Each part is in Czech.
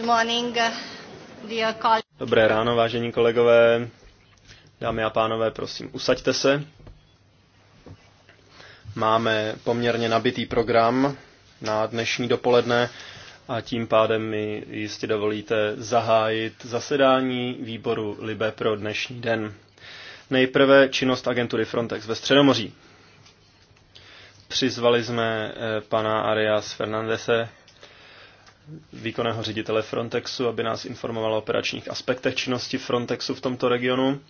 Uh, Dobré ráno, vážení kolegové. Dámy a pánové, prosím, usaďte se. Máme poměrně nabitý program na dnešní dopoledne a tím pádem mi jistě dovolíte zahájit zasedání výboru Libe pro dnešní den. Nejprve činnost agentury Frontex ve Středomoří. Přizvali jsme eh, pana Arias Fernandese výkonného ředitele Frontexu, aby nás informoval o operačních aspektech činnosti Frontexu v tomto regionu.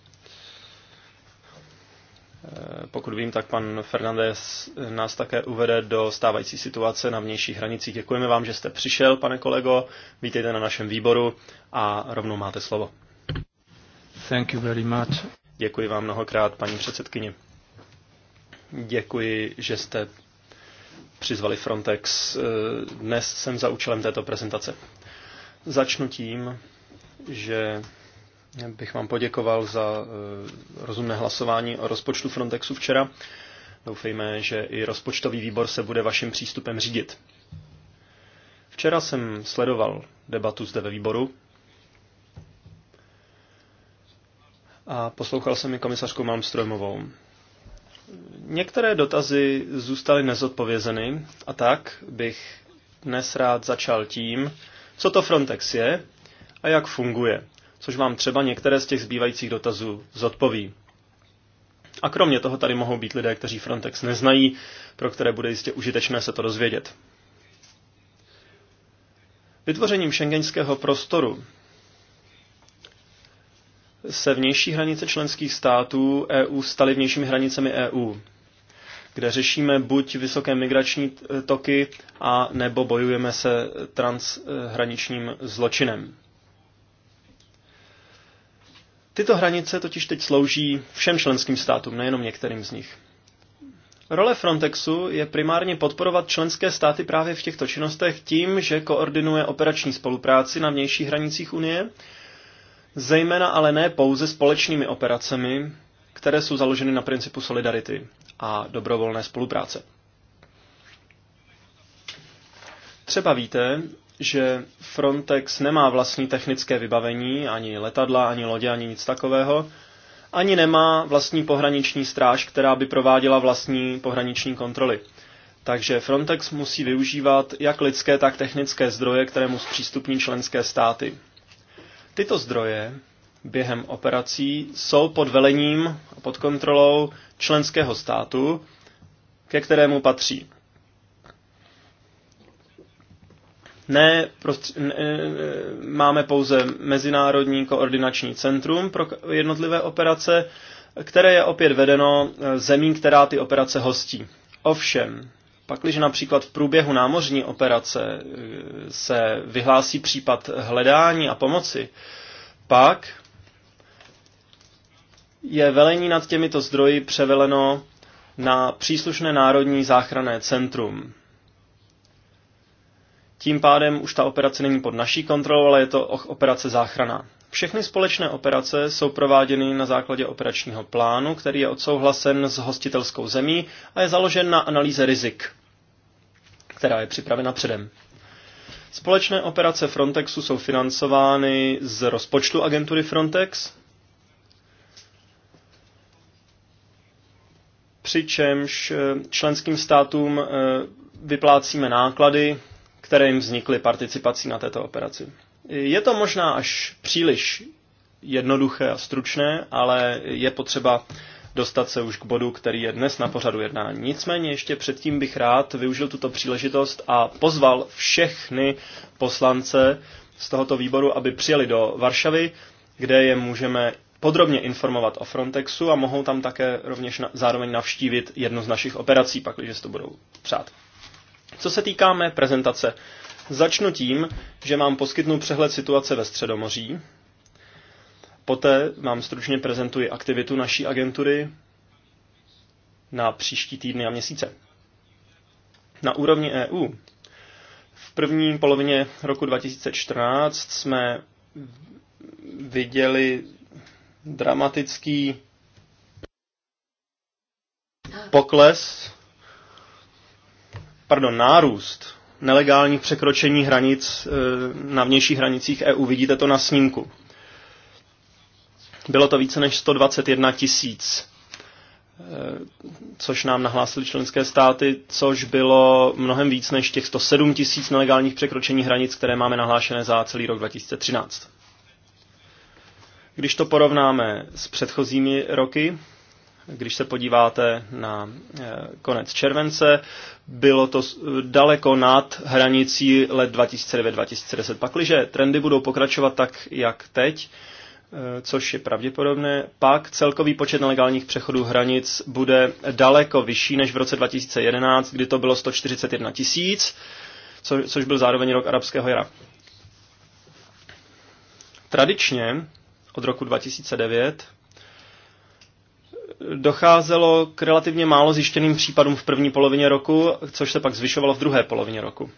Eh, pokud vím, tak pan Fernandez nás také uvede do stávající situace na vnějších hranicích. Děkujeme vám, že jste přišel, pane kolego. Vítejte na našem výboru a rovnou máte slovo. Thank you very much. Děkuji vám mnohokrát, paní předsedkyně. Děkuji, že jste přizvali Frontex eh, dnes jsem za účelem této prezentace. Začnu tím, že bych vám poděkoval za eh, rozumné hlasování o rozpočtu Frontexu včera. Doufejme, že i rozpočtový výbor se bude vaším přístupem řídit. Včera jsem sledoval debatu zde ve výboru a poslouchal jsem i komisařku Malmströmovou. Některé dotazy zůstaly nezodpovězeny a tak bych dnes rád začal tím, co to Frontex je a jak funguje, což vám třeba některé z těch zbývajících dotazů zodpoví. A kromě toho tady mohou být lidé, kteří Frontex neznají, pro které bude jistě užitečné se to dozvědět. Vytvořením šengenského prostoru se vnější hranice členských států EU staly vnějšími hranicemi EU, kde řešíme buď vysoké migrační toky a nebo bojujeme se transhraničním zločinem. Tyto hranice totiž teď slouží všem členským státům, nejenom některým z nich. Role Frontexu je primárně podporovat členské státy právě v těchto činnostech tím, že koordinuje operační spolupráci na vnějších hranicích Unie Zejména ale ne pouze společnými operacemi, které jsou založeny na principu solidarity a dobrovolné spolupráce. Třeba víte, že Frontex nemá vlastní technické vybavení, ani letadla, ani lodě, ani nic takového, ani nemá vlastní pohraniční stráž, která by prováděla vlastní pohraniční kontroly. Takže Frontex musí využívat jak lidské, tak technické zdroje, které mu zpřístupní členské státy. Tyto zdroje během operací jsou pod velením a pod kontrolou členského státu, ke kterému patří. Ne, prostř- ne, máme pouze Mezinárodní koordinační centrum pro jednotlivé operace, které je opět vedeno eh, zemí, která ty operace hostí. Ovšem, Pakliže například v průběhu námořní operace e, se vyhlásí případ hledání a pomoci, pak je velení nad těmito zdroji převeleno na příslušné národní záchranné centrum. Tím pádem už ta operace není pod naší kontrolou, ale je to operace záchrana. Všechny společné operace jsou prováděny na základě operačního plánu, který je odsouhlasen s hostitelskou zemí a je založen na analýze rizik, která je připravena předem. Společné operace Frontexu jsou financovány z rozpočtu agentury Frontex, přičemž eh, členským státům eh, vyplácíme náklady, které jim vznikly participací na této operaci. Je to možná až příliš jednoduché a stručné, ale je potřeba dostat se už k bodu, který je dnes na pořadu jednání. Nicméně ještě předtím bych rád využil tuto příležitost a pozval všechny poslance z tohoto výboru, aby přijeli do Varšavy, kde je můžeme podrobně informovat o Frontexu a mohou tam také rovněž na, zároveň navštívit jednu z našich operací, pakliže si to budou přát. Co se týká mé prezentace, Začnu tím, že mám poskytnout přehled situace ve Středomoří. Poté vám stručně prezentuji aktivitu naší agentury na příští týdny a měsíce. Na úrovni EU v první polovině roku 2014 jsme viděli dramatický pokles, pardon, nárůst nelegálních překročení hranic eh, na vnějších hranicích EU. Vidíte to na snímku. Bylo to více než 121 tisíc, eh, což nám nahlásily členské státy, což bylo mnohem víc než těch 107 tisíc nelegálních překročení hranic, které máme nahlášené za celý rok 2013. Když to porovnáme s předchozími roky, když se podíváte na eh, konec července, bylo to daleko nad hranicí let 2009-2010. Pakliže trendy budou pokračovat tak, jak teď, eh, což je pravděpodobné, pak celkový počet nelegálních přechodů hranic bude daleko vyšší než v roce 2011, kdy to bylo 141 tisíc, což byl zároveň rok arabského jara. Tradičně od roku 2009 docházelo k relativně málo zjištěným případům v první polovině roku, což se pak zvyšovalo v druhé polovině roku.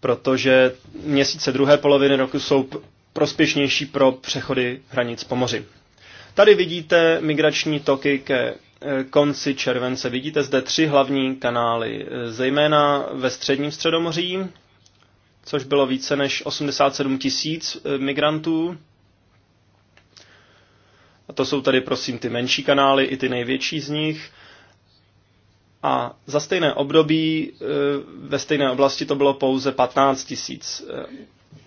Protože měsíce druhé poloviny roku jsou prospěšnější pro přechody hranic po moři. Tady vidíte migrační toky ke e, konci července. Vidíte zde tři hlavní kanály, e, zejména ve středním středomoří, což bylo více než 87 tisíc e, migrantů a to jsou tady prosím ty menší kanály i ty největší z nich. A za stejné období eh, ve stejné oblasti to bylo pouze 15 tisíc eh,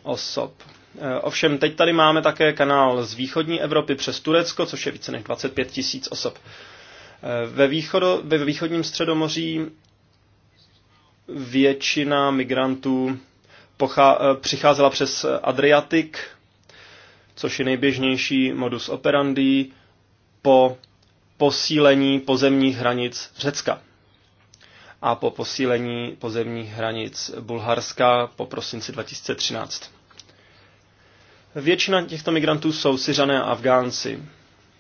osob. Eh, ovšem teď tady máme také kanál z východní Evropy přes Turecko, což je více než 25 tisíc osob. Ve, východu, ve východním středomoří většina migrantů pochá, přicházela přes Adriatik, což je nejběžnější modus operandi po posílení pozemních hranic Řecka a po posílení pozemních hranic Bulharska po prosinci 2013. Většina těchto migrantů jsou Syřané a Afgánci.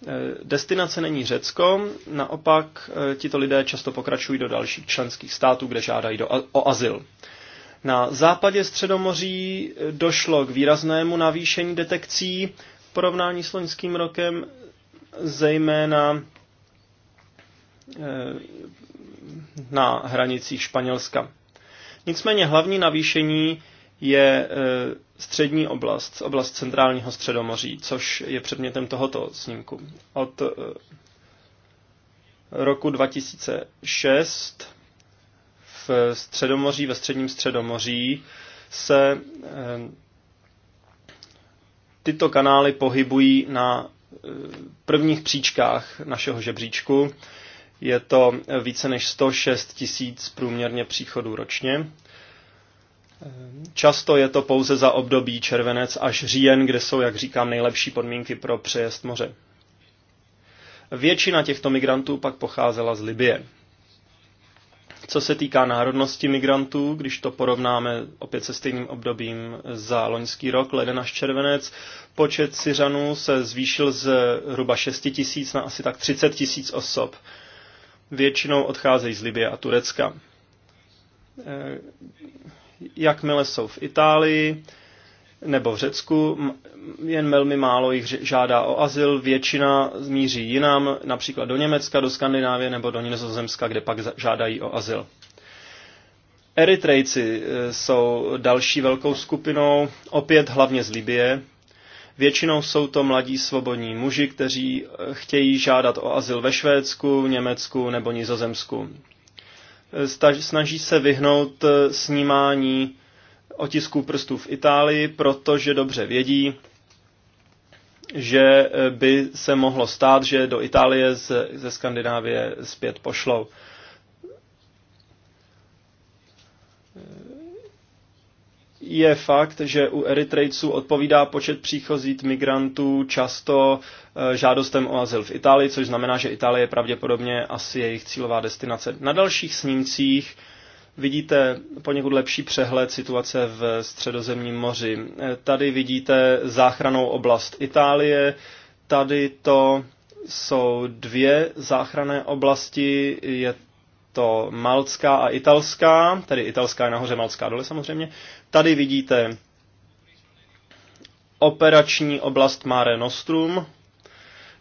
E, destinace není Řecko, naopak e, tito lidé často pokračují do dalších členských států, kde žádají do, o azyl. Na západě Středomoří došlo k výraznému navýšení detekcí v porovnání s loňským rokem, zejména eh, na hranicích Španělska. Nicméně hlavní navýšení je eh, střední oblast, oblast centrálního středomoří, což je předmětem tohoto snímku. Od eh, roku 2006 v Středomoří, ve středním Středomoří, se eh, tyto kanály pohybují na eh, prvních příčkách našeho žebříčku. Je to více než 106 tisíc průměrně příchodů ročně. Eh, často je to pouze za období červenec až říjen, kde jsou, jak říkám, nejlepší podmínky pro přejezd moře. Většina těchto migrantů pak pocházela z Libie. Co se týká národnosti migrantů, když to porovnáme opět se stejným obdobím za loňský rok, leden až červenec, počet Syřanů se zvýšil z hruba 6 tisíc na asi tak 30 tisíc osob. Většinou odcházejí z Libie a Turecka. Eh, jakmile jsou v Itálii, nebo v Řecku. Jen velmi málo jich žádá o azyl, většina míří jinam, například do Německa, do Skandinávie nebo do Nizozemska, kde pak žádají o azyl. Eritrejci e, jsou další velkou skupinou, opět hlavně z Libie. Většinou jsou to mladí svobodní muži, kteří e, chtějí žádat o azyl ve Švédsku, Německu nebo Nizozemsku. E, snaží se vyhnout snímání otisků prstů v Itálii, protože dobře vědí, že eh, by se mohlo stát, že do Itálie z, ze Skandinávie zpět pošlou. Eh, je fakt, že u Eritrejců odpovídá počet příchozích migrantů často eh, žádostem o azyl v Itálii, což znamená, že Itálie je pravděpodobně asi jejich cílová destinace. Na dalších snímcích vidíte poněkud lepší přehled situace v středozemním moři. Eh, tady vidíte záchranou oblast Itálie, tady to jsou dvě záchranné oblasti, je to maltská a italská, tedy italská je nahoře, maltská dole samozřejmě. Tady vidíte operační oblast Mare Nostrum,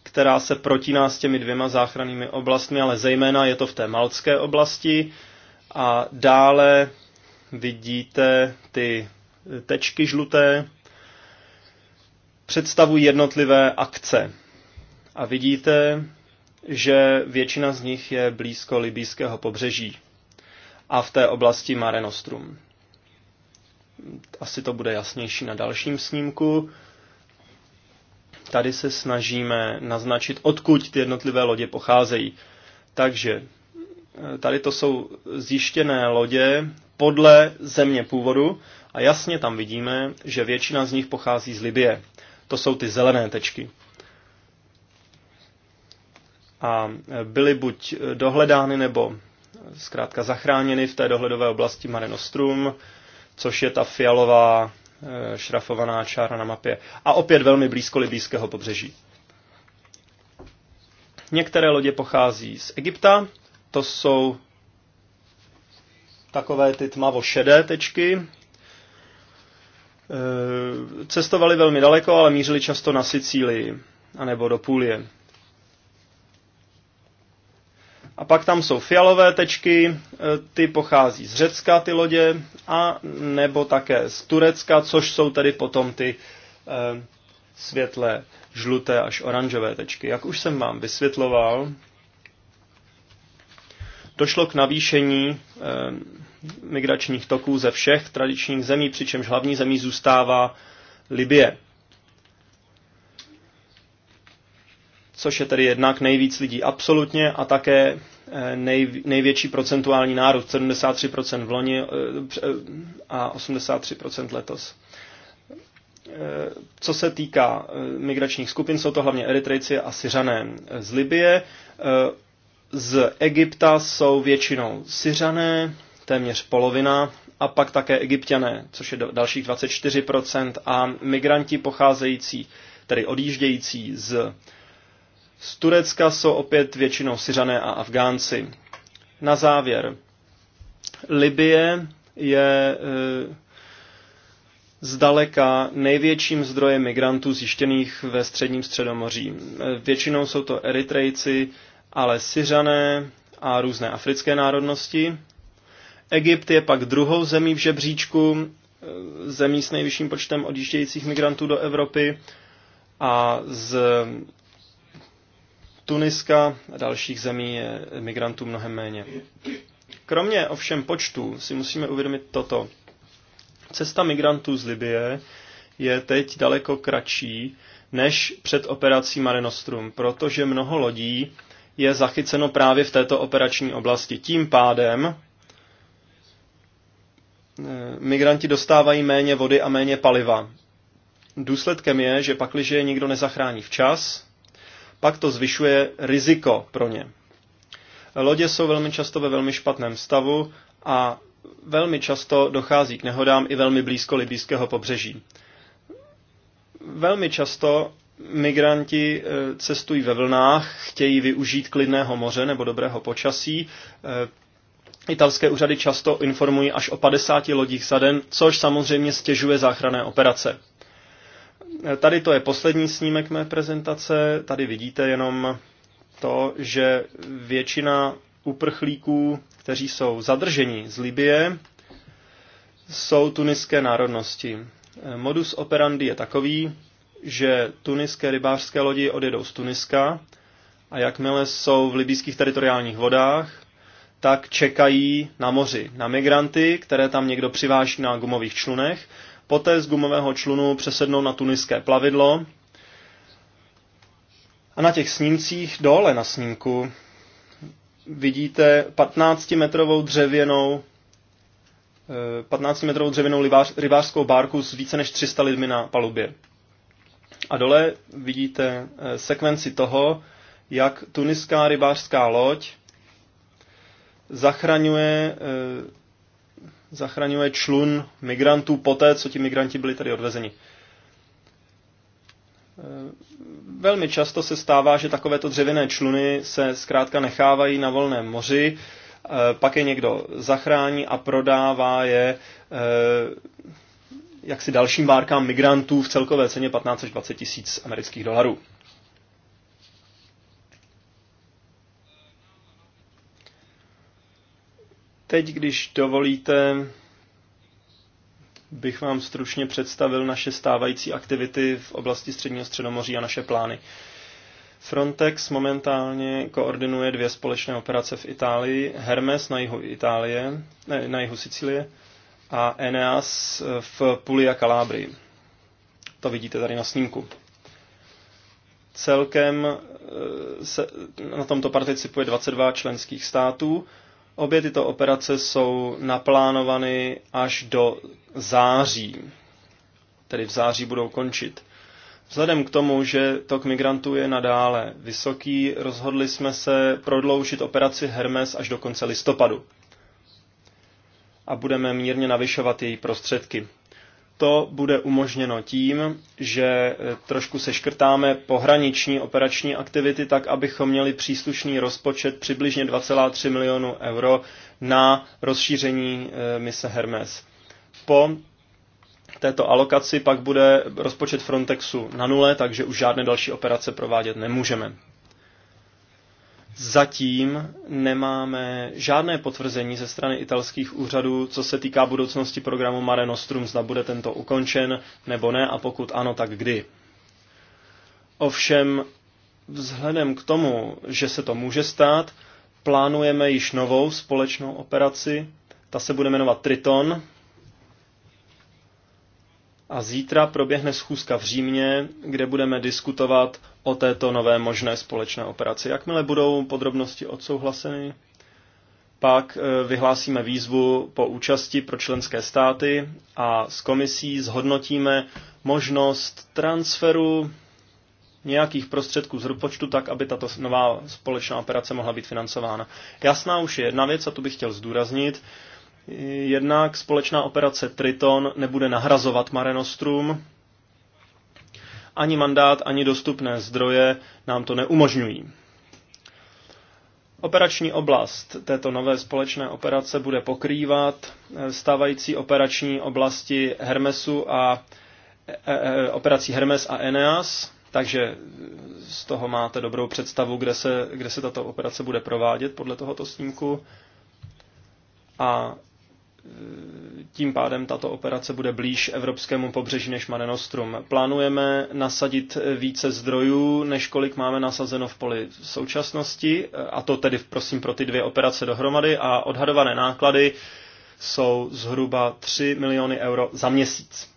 která se protíná s těmi dvěma záchrannými oblastmi, ale zejména je to v té maltské oblasti, a dále vidíte ty tečky žluté, představují jednotlivé akce. A vidíte, že většina z nich je blízko libýského pobřeží a v té oblasti Mare Nostrum. Asi to bude jasnější na dalším snímku. Tady se snažíme naznačit, odkud ty jednotlivé lodě pocházejí. Takže Eh, tady to jsou zjištěné lodě podle země původu a jasně tam vidíme, že většina z nich pochází z Libie. To jsou ty zelené tečky. A eh, byly buď eh, dohledány nebo zkrátka zachráněny v té dohledové oblasti Mare Nostrum, což je ta fialová šrafovaná čára na mapě. A opět velmi blízko libijského pobřeží. Některé lodě pochází z Egypta, to jsou takové ty tmavo-šedé tečky. E, cestovali velmi daleko, ale mířili často na Sicílii, anebo do Půlie. A pak tam jsou fialové tečky, e, ty pochází z Řecka, ty lodě, a nebo také z Turecka, což jsou tedy potom ty e, světlé, žluté až oranžové tečky. Jak už jsem vám vysvětloval, Došlo k navýšení eh, migračních toků ze všech tradičních zemí, přičemž hlavní zemí zůstává Libie. Což je tedy jednak nejvíc lidí absolutně a také eh, nej, největší procentuální nárůst, 73% v loni eh, a 83% letos. Co se týká migračních skupin, jsou to hlavně Eritrejci a Syřané z Libie. Z Egypta jsou většinou Syřané, téměř polovina, a pak také egyptiané, což je dalších 24%, a migranti pocházející, tedy odjíždějící z, z Turecka jsou opět většinou Syřané a Afgánci. Na závěr, Libie je e, zdaleka největším zdrojem migrantů zjištěných ve středním středomoří. E, většinou jsou to Eritrejci, ale Syřané a různé africké národnosti. Egypt je pak druhou zemí v žebříčku, eh, zemí s nejvyšším počtem odjíždějících migrantů do Evropy a z Tuniska a dalších zemí je migrantů mnohem méně. Kromě ovšem počtu si musíme uvědomit toto. Cesta migrantů z Libie je teď daleko kratší než před operací Mare Nostrum, protože mnoho lodí je zachyceno právě v této operační oblasti. Tím pádem eh, migranti dostávají méně vody a méně paliva. Důsledkem je, že pakliže je nikdo nezachrání včas, pak to zvyšuje riziko pro ně. Lodě jsou velmi často ve velmi špatném stavu a velmi často dochází k nehodám i velmi blízko libýského pobřeží. Velmi často migranti eh, cestují ve vlnách, chtějí využít klidného moře nebo dobrého počasí. Eh, italské úřady často informují až o 50 lodích za den, což samozřejmě stěžuje záchranné operace. Eh, tady to je poslední snímek mé prezentace. Tady vidíte jenom to, že většina uprchlíků, kteří jsou zadrženi z Libie, jsou tuniské národnosti. Modus operandi je takový, že tuniské rybářské lodi odjedou z Tuniska a jakmile jsou v libýských teritoriálních vodách, tak čekají na moři, na migranty, které tam někdo přiváží na gumových člunech, poté z gumového člunu přesednou na tuniské plavidlo a na těch snímcích dole na snímku vidíte 15-metrovou dřevěnou 15-metrovou eh, dřevěnou rybářskou bárku s více než 300 lidmi na palubě. A dole vidíte eh, sekvenci toho, jak tuniská rybářská loď zachraňuje, eh, zachraňuje člun migrantů poté, co ti migranti byli tady odvezeni. Eh, velmi často se stává, že takovéto dřevěné čluny se zkrátka nechávají na volném moři, pak je někdo zachrání a prodává je jaksi dalším várkám migrantů v celkové ceně 15 až 20 tisíc amerických dolarů. Teď, když dovolíte, bych vám stručně představil naše stávající aktivity v oblasti Středního středomoří a naše plány. Frontex momentálně koordinuje dvě společné operace v Itálii, Hermes na jihu Itálie, ne, na jihu Sicílie a Eneas eh, v Puli a Kalábrii. To vidíte tady na snímku. Celkem eh, se na tomto participuje 22 členských států. Obě tyto operace jsou naplánovány až do září, tedy v září budou končit. Vzhledem k tomu, že tok migrantů je nadále vysoký, rozhodli jsme se prodloužit operaci Hermes až do konce listopadu a budeme mírně navyšovat její prostředky. To bude umožněno tím, že eh, trošku seškrtáme pohraniční operační aktivity tak, abychom měli příslušný rozpočet přibližně 2,3 milionu euro na rozšíření eh, mise Hermes. Po této alokaci pak bude rozpočet Frontexu na nule, takže už žádné další operace provádět nemůžeme. Zatím nemáme žádné potvrzení ze strany italských úřadů, co se týká budoucnosti programu Mare Nostrum, zda bude tento ukončen nebo ne a pokud ano, tak kdy. Ovšem, vzhledem k tomu, že se to může stát, plánujeme již novou společnou operaci. Ta se bude jmenovat Triton. A zítra proběhne schůzka v Římě, kde budeme diskutovat o této nové možné společné operaci. Jakmile budou podrobnosti odsouhlaseny, pak e, vyhlásíme výzvu po účasti pro členské státy a s komisí zhodnotíme možnost transferu nějakých prostředků z rozpočtu tak, aby tato nová společná operace mohla být financována. Jasná už je jedna věc a tu bych chtěl zdůraznit. Jednak společná operace Triton nebude nahrazovat Mare Nostrum, ani mandát, ani dostupné zdroje nám to neumožňují. Operační oblast této nové společné operace bude pokrývat eh, stávající operační oblasti Hermesu a e, operací Hermes a Eneas, takže z toho máte dobrou představu, kde se, kde se tato operace bude provádět podle tohoto snímku. A tím pádem tato operace bude blíž evropskému pobřeží než Mare Nostrum. Plánujeme nasadit více zdrojů, než kolik máme nasazeno v poli v současnosti, a to tedy prosím pro ty dvě operace dohromady a odhadované náklady jsou zhruba 3 miliony euro za měsíc.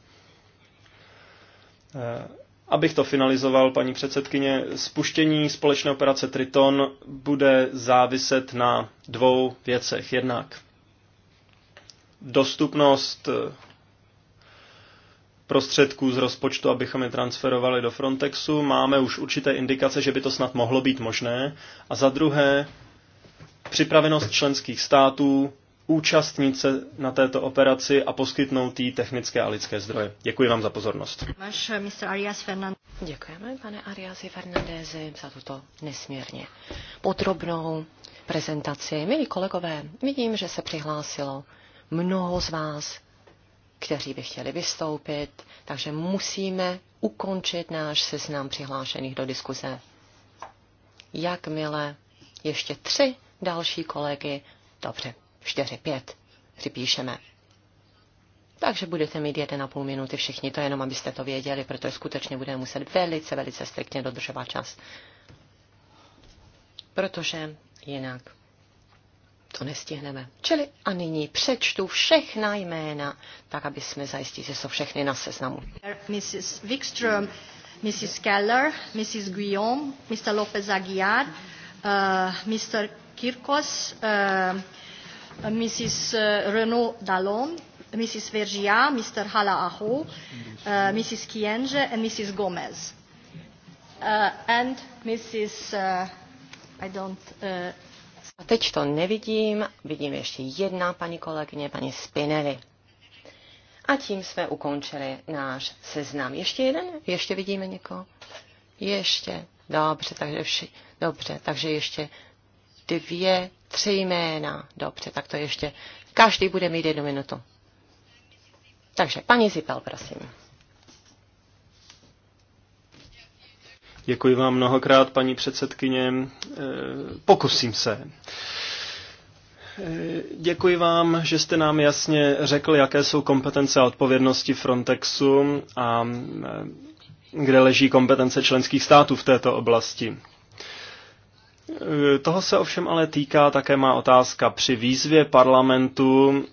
Eh, abych to finalizoval, paní předsedkyně, spuštění společné operace Triton bude záviset na dvou věcech. Jednak dostupnost eh, prostředků z rozpočtu, abychom je transferovali do Frontexu. Máme už určité indikace, že by to snad mohlo být možné. A za druhé, připravenost členských států účastnit se na této operaci a poskytnout jí technické a lidské zdroje. Děkuji vám za pozornost. Eh, Děkujeme, pane Ariasi Fernandézi, za tuto nesmírně podrobnou prezentaci. Milí kolegové, vidím, že se přihlásilo mnoho z vás, kteří by chtěli vystoupit, takže musíme ukončit náš seznam přihlášených do diskuze. Jakmile ještě tři další kolegy, dobře, čtyři, pět, připíšeme. Takže budete mít půl minuty všichni, to jenom abyste to věděli, protože skutečně budeme muset velice, velice striktně dodržovat čas. Protože jinak to nestihneme. Čili a nyní přečtu všechna jména, tak aby jsme zajistili, že jsou všechny na seznamu. Mrs. Wikström, Mrs. Keller, Mrs. Guillaume, Mr. Lopez Aguiar, uh, eh, Mr. Kirkos, uh, eh, Mrs. Eh, Renaud Dallon, Mrs. Vergia, Mr. Hala Aho, uh, Mrs. Kienge and Mrs. Gomez. Uh, and Mrs. Uh, I don't... Uh, a teď to nevidím, vidím ještě jedna paní kolegyně, paní Spinelli. A tím jsme ukončili náš seznam. Ještě jeden? Ještě vidíme někoho? Ještě. Dobře, takže vši... Dobře, takže ještě dvě, tři jména. Dobře, tak to ještě. Každý bude mít jednu minutu. Takže paní Zipel, prosím. Děkuji vám mnohokrát, paní předsedkyně. E, pokusím se. E, děkuji vám, že jste nám jasně řekl, jaké jsou kompetence a odpovědnosti Frontexu a e, kde leží kompetence členských států v této oblasti. Toho se ovšem ale týká také má otázka. Při výzvě parlamentu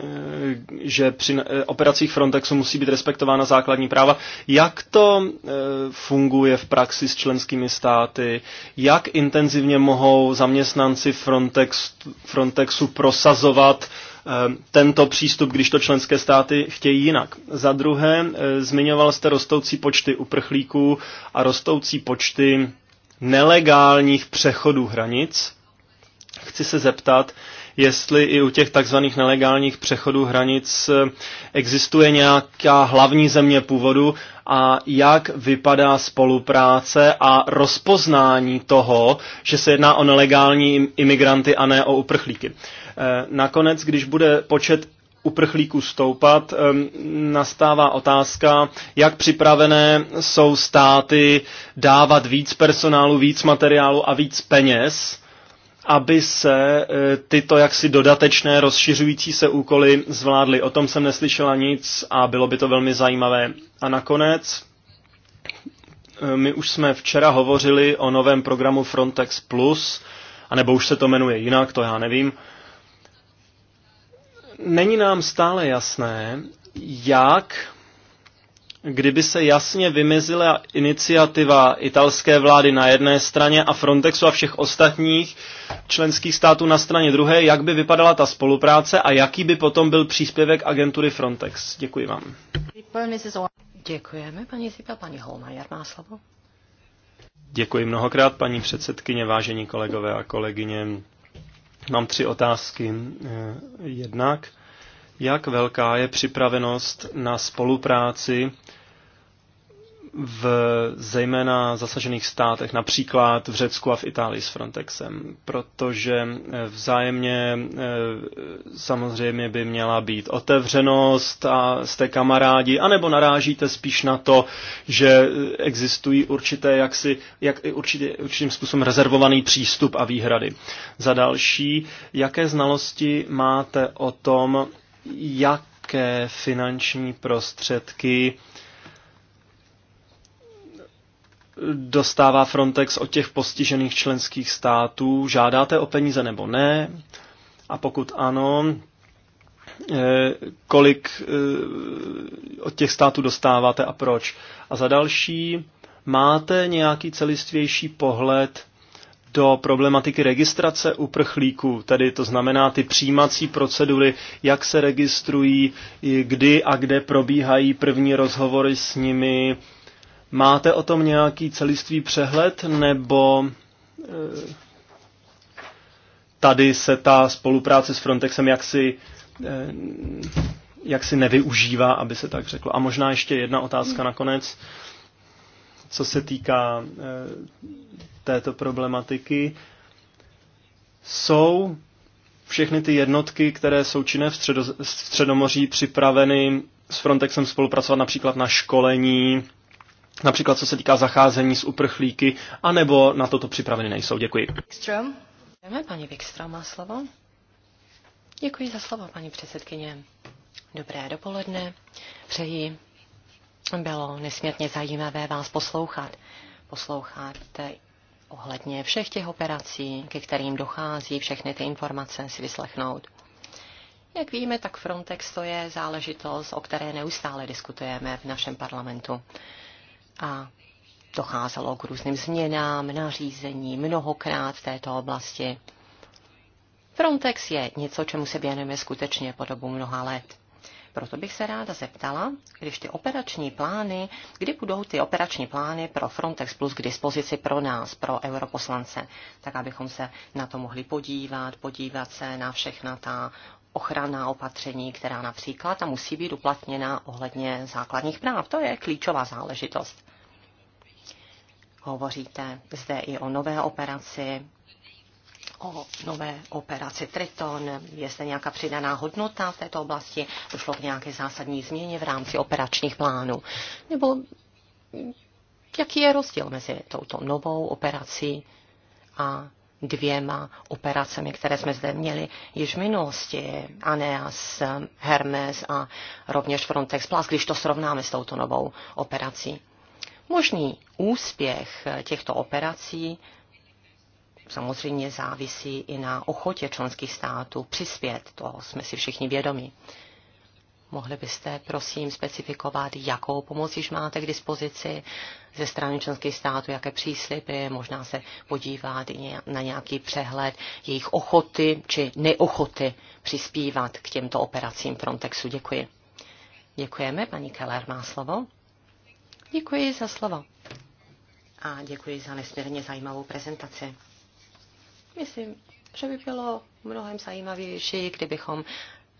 Eh, že při eh, operacích Frontexu musí být respektována základní práva. Jak to eh, funguje v praxi s členskými státy? Jak intenzivně mohou zaměstnanci Frontex, Frontexu prosazovat tento přístup, když to členské státy chtějí jinak. Za druhé, zmiňoval jste rostoucí počty uprchlíků a rostoucí počty nelegálních přechodů hranic. Chci se zeptat, jestli i u těch takzvaných nelegálních přechodů hranic eh, existuje nějaká hlavní země původu a jak vypadá spolupráce a rozpoznání toho, že se jedná o nelegální imigranty a ne o uprchlíky. Eh, nakonec, když bude počet uprchlíků stoupat, nastává otázka, jak připravené jsou státy dávat víc personálu, víc materiálu a víc peněz aby se e, tyto jaksi dodatečné rozšiřující se úkoly zvládly. O tom jsem neslyšela nic a bylo by to velmi zajímavé. A nakonec, e, my už jsme včera hovořili o novém programu Frontex Plus, anebo už se to jmenuje jinak, to já nevím. Není nám stále jasné, jak kdyby se jasně vymezila iniciativa italské vlády na jedné straně a Frontexu a všech ostatních členských států na straně druhé, jak by vypadala ta spolupráce a jaký by potom byl příspěvek agentury Frontex. Děkuji vám. Děkujeme, paní Zipa, paní Holmajer má slovo. Děkuji mnohokrát, paní předsedkyně, vážení kolegové a kolegyně. Mám tři otázky. Eh, jednak, jak velká je připravenost na spolupráci v zejména zasažených státech, například v Řecku a v Itálii s Frontexem, protože eh, vzájemně eh, samozřejmě by měla být otevřenost a jste kamarádi, anebo narážíte spíš na to, že existují určité jaksi, jak, určitě, určitým způsobem rezervovaný přístup a výhrady. Za další, jaké znalosti máte o tom, jaké finanční prostředky dostává Frontex od těch postižených členských států? Žádáte o peníze nebo ne? A pokud ano, eh, kolik eh, od těch států dostáváte a proč? A za další, máte nějaký celistvější pohled do problematiky registrace uprchlíků, tedy to znamená ty přijímací procedury, jak se registrují, kdy a kde probíhají první rozhovory s nimi, Máte o tom nějaký celistvý přehled, nebo eh, tady se ta spolupráce s Frontexem jaksi, eh, jaksi nevyužívá, aby se tak řeklo. A možná ještě jedna otázka hmm. nakonec, co se týká eh, této problematiky. Jsou všechny ty jednotky, které jsou činné v, středo, v Středomoří, připraveny s Frontexem spolupracovat například na školení například co se týká zacházení s uprchlíky, anebo na toto připraveny nejsou. Děkuji. Wikström. Jdeme, paní Wikström má slovo. Děkuji za slovo, paní předsedkyně. Dobré dopoledne. Přeji. Bylo nesmírně zajímavé vás poslouchat. Poslouchat ohledně všech těch operací, ke kterým dochází, všechny ty informace si vyslechnout. Jak víme, tak Frontex to je záležitost, o které neustále diskutujeme v našem parlamentu a docházelo k různým změnám, nařízení mnohokrát v této oblasti. Frontex je něco, čemu se věnujeme skutečně po dobu mnoha let. Proto bych se ráda zeptala, když ty operační plány, kdy budou ty operační plány pro Frontex Plus k dispozici pro nás, pro europoslance, tak abychom se na to mohli podívat, podívat se na všechna ta ochranná opatření, která například a musí být uplatněna ohledně základních práv. To je klíčová záležitost. Hovoříte zde i o nové operaci, o nové operaci Triton. Je zde nějaká přidaná hodnota v této oblasti? Došlo k nějaké zásadní změně v rámci operačních plánů? Nebo jaký je rozdíl mezi touto novou operací a dvěma operacemi, které jsme zde měli již v minulosti, Aneas, Hermes a rovněž Frontex Plus, když to srovnáme s touto novou operací. Možný úspěch těchto operací samozřejmě závisí i na ochotě členských států přispět, To jsme si všichni vědomi. Mohli byste, prosím, specifikovat, jakou pomoc již máte k dispozici ze strany členských států, jaké přísliby, možná se podívat i na nějaký přehled jejich ochoty či neochoty přispívat k těmto operacím Frontexu. Děkuji. Děkujeme, paní Keller má slovo. Děkuji za slovo a děkuji za nesmírně zajímavou prezentaci. Myslím, že by bylo mnohem zajímavější, kdybychom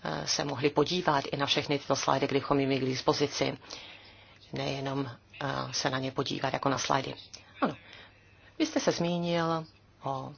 eh, se mohli podívat i na všechny tyto slajdy, kdybychom jim měli k dispozici. Nejenom eh, se na ně podívat jako na slajdy. Ano. Vy jste se zmínil o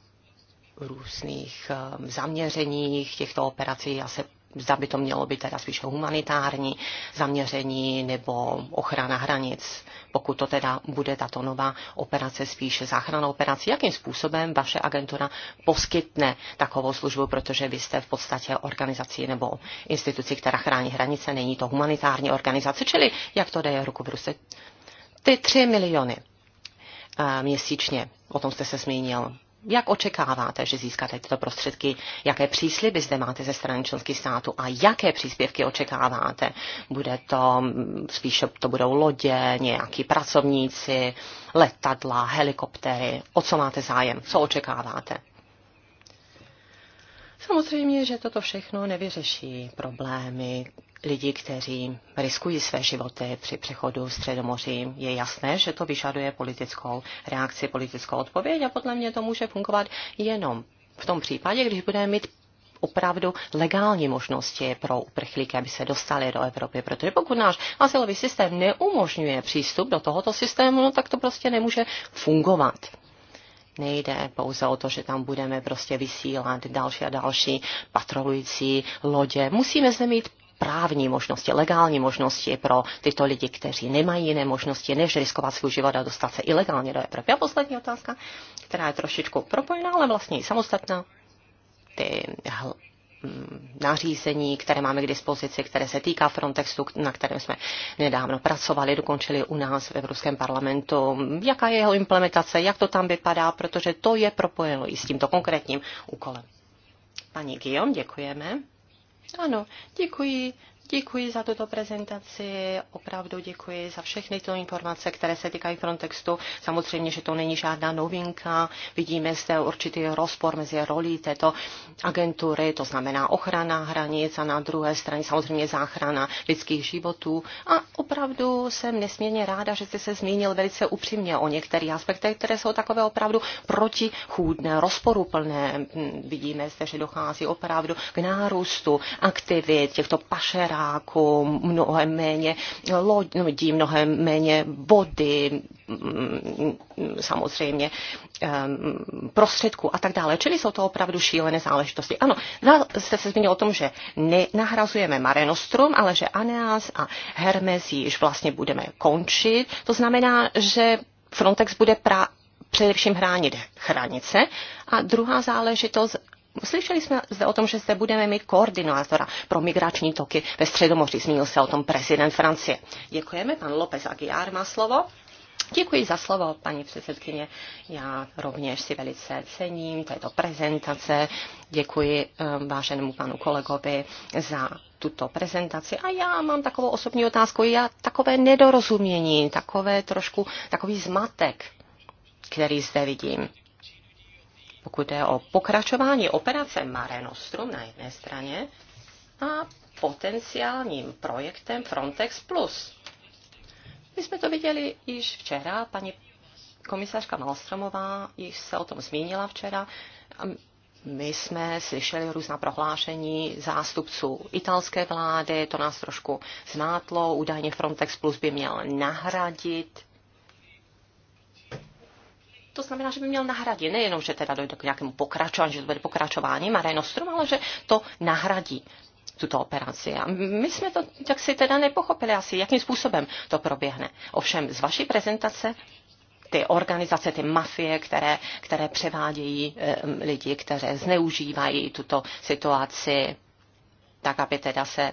různých eh, zaměřeních těchto operací. Já se zda by to mělo být teda spíše humanitární zaměření nebo ochrana hranic, pokud to teda bude tato nová operace spíše záchrana operací, jakým způsobem vaše agentura poskytne takovou službu, protože vy jste v podstatě organizací nebo instituci, která chrání hranice, není to humanitární organizace, čili jak to jde ruku v ruce. Ty tři miliony eh, měsíčně, o tom jste se zmínil, jak očekáváte, že získáte tyto prostředky? Jaké přísliby zde máte ze strany členských států a jaké příspěvky očekáváte? Bude to, mm, spíše to budou lodě, nějaký pracovníci, letadla, helikoptery? O co máte zájem? Co očekáváte? Samozřejmě, že toto všechno nevyřeší problémy, lidi, kteří riskují své životy při přechodu Středomoří. Je jasné, že to vyžaduje politickou reakci, politickou odpověď a podle mě to může fungovat jenom v tom případě, když budeme mít opravdu legální možnosti pro uprchlíky, aby se dostali do Evropy. Protože pokud náš asilový systém neumožňuje přístup do tohoto systému, no, tak to prostě nemůže fungovat. Nejde pouze o to, že tam budeme prostě vysílat další a další patrolující lodě. Musíme zde mít právní možnosti, legální možnosti pro tyto lidi, kteří nemají jiné možnosti, než riskovat svůj život a dostat se ilegálně do Evropy. A poslední otázka, která je trošičku propojená, ale vlastně i samostatná. Ty mm, nařízení, které máme k dispozici, které se týká Frontexu, na kterém jsme nedávno pracovali, dokončili u nás v Evropském parlamentu. Jaká je jeho implementace, jak to tam vypadá, protože to je propojeno i s tímto konkrétním úkolem. Paní Guillaume, děkujeme. Ano, děkuji Děkuji za tuto prezentaci, opravdu děkuji za všechny tyto informace, které se týkají Frontextu. Samozřejmě, že to není žádná novinka. Vidíme zde určitý rozpor mezi rolí této agentury, to znamená ochrana hranic a na druhé straně samozřejmě záchrana lidských životů. A opravdu jsem nesmírně ráda, že jste se zmínil velice upřímně o některých aspektech, které jsou takové opravdu protichůdné, rozporuplné. Vidíme zde, že dochází opravdu k nárůstu aktivit těchto pašerů padáků, mnohem méně lodí, mnohem méně vody, mm, samozřejmě prostředků a tak dále. Čili jsou to opravdu šílené záležitosti. Ano, jste se zmínil o tom, že nenahrazujeme Marenostrum, ale že Aneas a Hermes již vlastně budeme končit. To znamená, že Frontex bude pra, především chránit hranice. A druhá záležitost, Slyšeli jsme zde o tom, že zde budeme mít koordinátora pro migrační toky ve Středomoří. Zmínil se o tom prezident Francie. Děkujeme. Pan López Aguiar má slovo. Děkuji za slovo, paní předsedkyně. Já rovněž si velice cením této prezentace. Děkuji eh, váženému panu kolegovi za tuto prezentaci. A já mám takovou osobní otázku. Já takové nedorozumění, takové trošku, takový zmatek, který zde vidím pokud jde o pokračování operace Mare Nostrum na jedné straně a potenciálním projektem Frontex Plus. My jsme to viděli již včera, paní komisařka Malstromová již se o tom zmínila včera. My jsme slyšeli různá prohlášení zástupců italské vlády, to nás trošku zmátlo. Údajně Frontex Plus by měl nahradit to znamená, že by měl nahradit. Nejenom, že teda dojde k nějakému pokračování, že to bude pokračování Mare Nostrum, ale že to nahradí tuto operaci. A my jsme to tak si teda nepochopili asi, jakým způsobem to proběhne. Ovšem z vaší prezentace ty organizace, ty mafie, které, které převádějí e, lidi, které zneužívají tuto situaci, tak aby teda se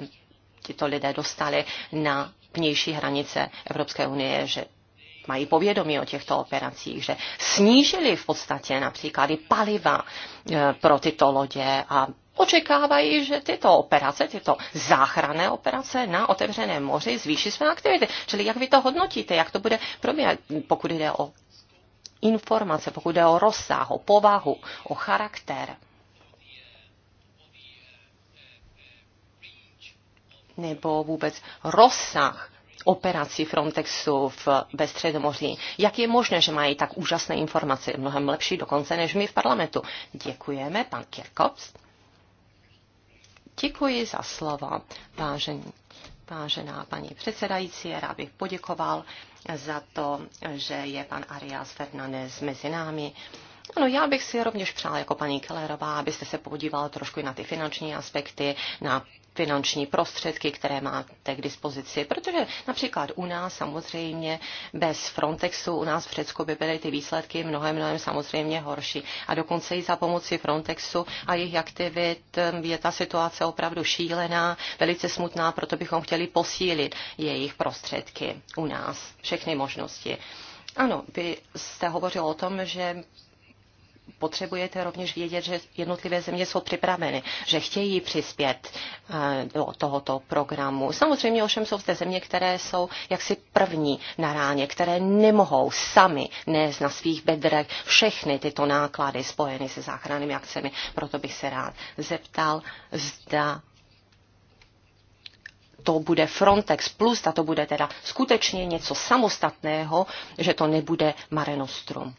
tito lidé dostali na vnější hranice Evropské unie, že mají povědomí o těchto operacích, že snížili v podstatě například i paliva e, pro tyto lodě a očekávají, že tyto operace, tyto záchranné operace na otevřeném moři zvýší své aktivity. Čili jak vy to hodnotíte, jak to bude probíhat, pokud jde o informace, pokud jde o rozsah, o povahu, o charakter. Nebo vůbec rozsah operací Frontexu v, ve Středomoří. Jak je možné, že mají tak úžasné informace, mnohem lepší dokonce než my v parlamentu? Děkujeme, pan Kirkops. Děkuji za slova, vážení. Vážená paní předsedající, rád bych poděkoval za to, že je pan Arias Fernandez mezi námi. Ano, já bych si rovněž přál jako paní Kellerová, abyste se podívala trošku i na ty finanční aspekty, na finanční prostředky, které máte k dispozici. Protože například u nás samozřejmě bez Frontexu, u nás v Řecku by byly ty výsledky mnohem, mnohem samozřejmě horší. A dokonce i za pomoci Frontexu a jejich aktivit um, je ta situace opravdu šílená, velice smutná, proto bychom chtěli posílit jejich prostředky u nás, všechny možnosti. Ano, vy jste hovořil o tom, že potřebujete rovněž vědět, že jednotlivé země jsou připraveny, že chtějí přispět eh, do tohoto programu. Samozřejmě ovšem jsou zde země, které jsou jaksi první na ráně, které nemohou sami nést na svých bedrech všechny tyto náklady spojeny se záchrannými akcemi. Proto bych se rád zeptal, zda to bude Frontex plus, a to bude teda skutečně něco samostatného, že to nebude Marenostrum.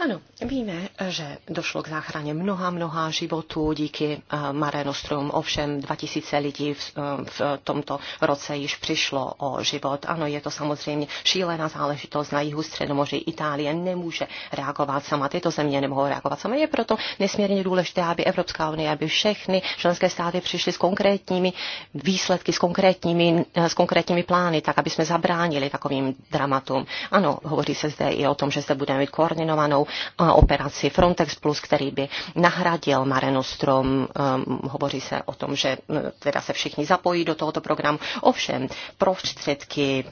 Ano, víme, že došlo k záchraně mnoha, mnoha životů díky eh, Mare Nostrum. Ovšem 2000 lidí v, eh, v tomto roce již přišlo o život. Ano, je to samozřejmě šílená záležitost na jihu středomoří. Itálie nemůže reagovat sama, tyto země nemohou reagovat sama. Je proto nesmírně důležité, aby Evropská unie, aby všechny členské státy přišly s konkrétními výsledky, s konkrétními, eh, s konkrétními plány, tak aby jsme zabránili takovým dramatům. Ano, hovoří se zde i o tom, že zde budeme mít koordinovanou operaci Frontex Plus, který by nahradil Mare Nostrum. Ehm, hovoří se o tom, že eh, teda se všichni zapojí do tohoto programu. Ovšem, prostředky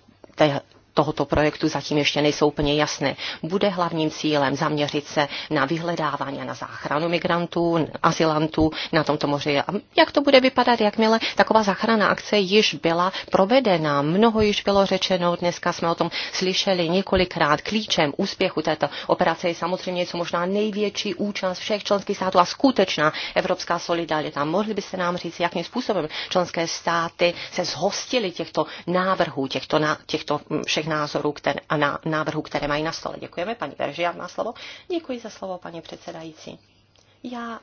tohoto projektu zatím ještě nejsou úplně jasné. Bude hlavním cílem zaměřit se na vyhledávání a na záchranu migrantů, asilantů na tomto moři. A jak to bude vypadat, jakmile taková záchrana akce již byla provedena? Mnoho již bylo řečeno, dneska jsme o tom slyšeli několikrát. Klíčem úspěchu této operace je samozřejmě co možná největší účast všech členských států a skutečná evropská solidarita. Mohli byste nám říct, jakým způsobem členské státy se zhostily těchto návrhů, těchto, na, těchto všech vašich názorů které, a na, návrhů, které mají na stole. Děkujeme, paní já má slovo. Děkuji za slovo, paní předsedající. Já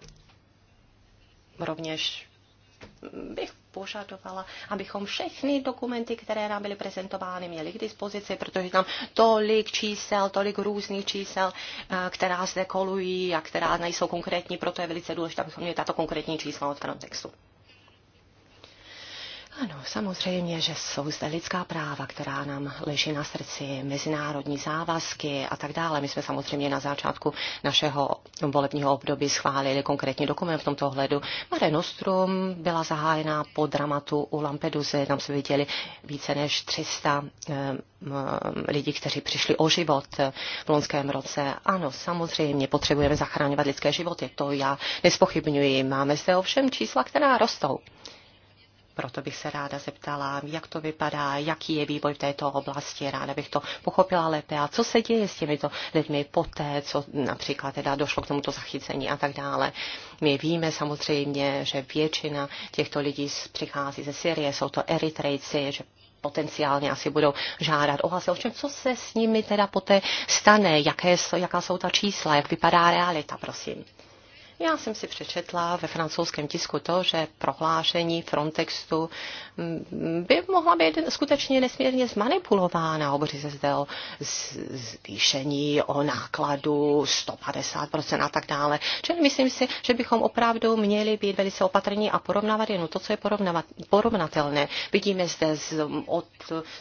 rovněž bych požadovala, abychom všechny dokumenty, které nám byly prezentovány, měli k dispozici, protože tam tolik čísel, tolik různých čísel, eh, která zde kolují a která nejsou konkrétní, proto je velice důležité, abychom měli tato konkrétní čísla od Frontexu. Ano, samozřejmě, že jsou zde lidská práva, která nám leží na srdci, mezinárodní závazky a tak dále. My jsme samozřejmě na začátku našeho volebního období schválili konkrétní dokument v tomto ohledu. Mare Nostrum byla zahájena po dramatu u Lampeduzy. Tam jsme viděli více než 300 eh, eh, lidí, kteří přišli o život eh, v loňském roce. Ano, samozřejmě potřebujeme zachraňovat lidské životy, to já nespochybňuji. Máme zde ovšem čísla, která rostou. Proto bych se ráda zeptala, jak to vypadá, jaký je vývoj v této oblasti. Ráda bych to pochopila lépe. A co se děje s těmito lidmi poté, co například teda došlo k tomuto zachycení a tak dále. My víme samozřejmě, že většina těchto lidí přichází ze Syrie, jsou to Eritrejci, že potenciálně asi budou žádat o hlasy. Ovšem, co se s nimi teda poté stane, jaké, jaká jsou ta čísla, jak vypadá realita, prosím. Já jsem si přečetla ve francouzském tisku to, že prohlášení Frontextu mm, by mohla být skutečně nesmírně zmanipulována. Hovoří se zde o zvýšení, o nákladu 150% a tak dále. Čili myslím si, že bychom opravdu měli být velice opatrní a porovnávat jen to, co je porovnatelné. Vidíme zde z, od,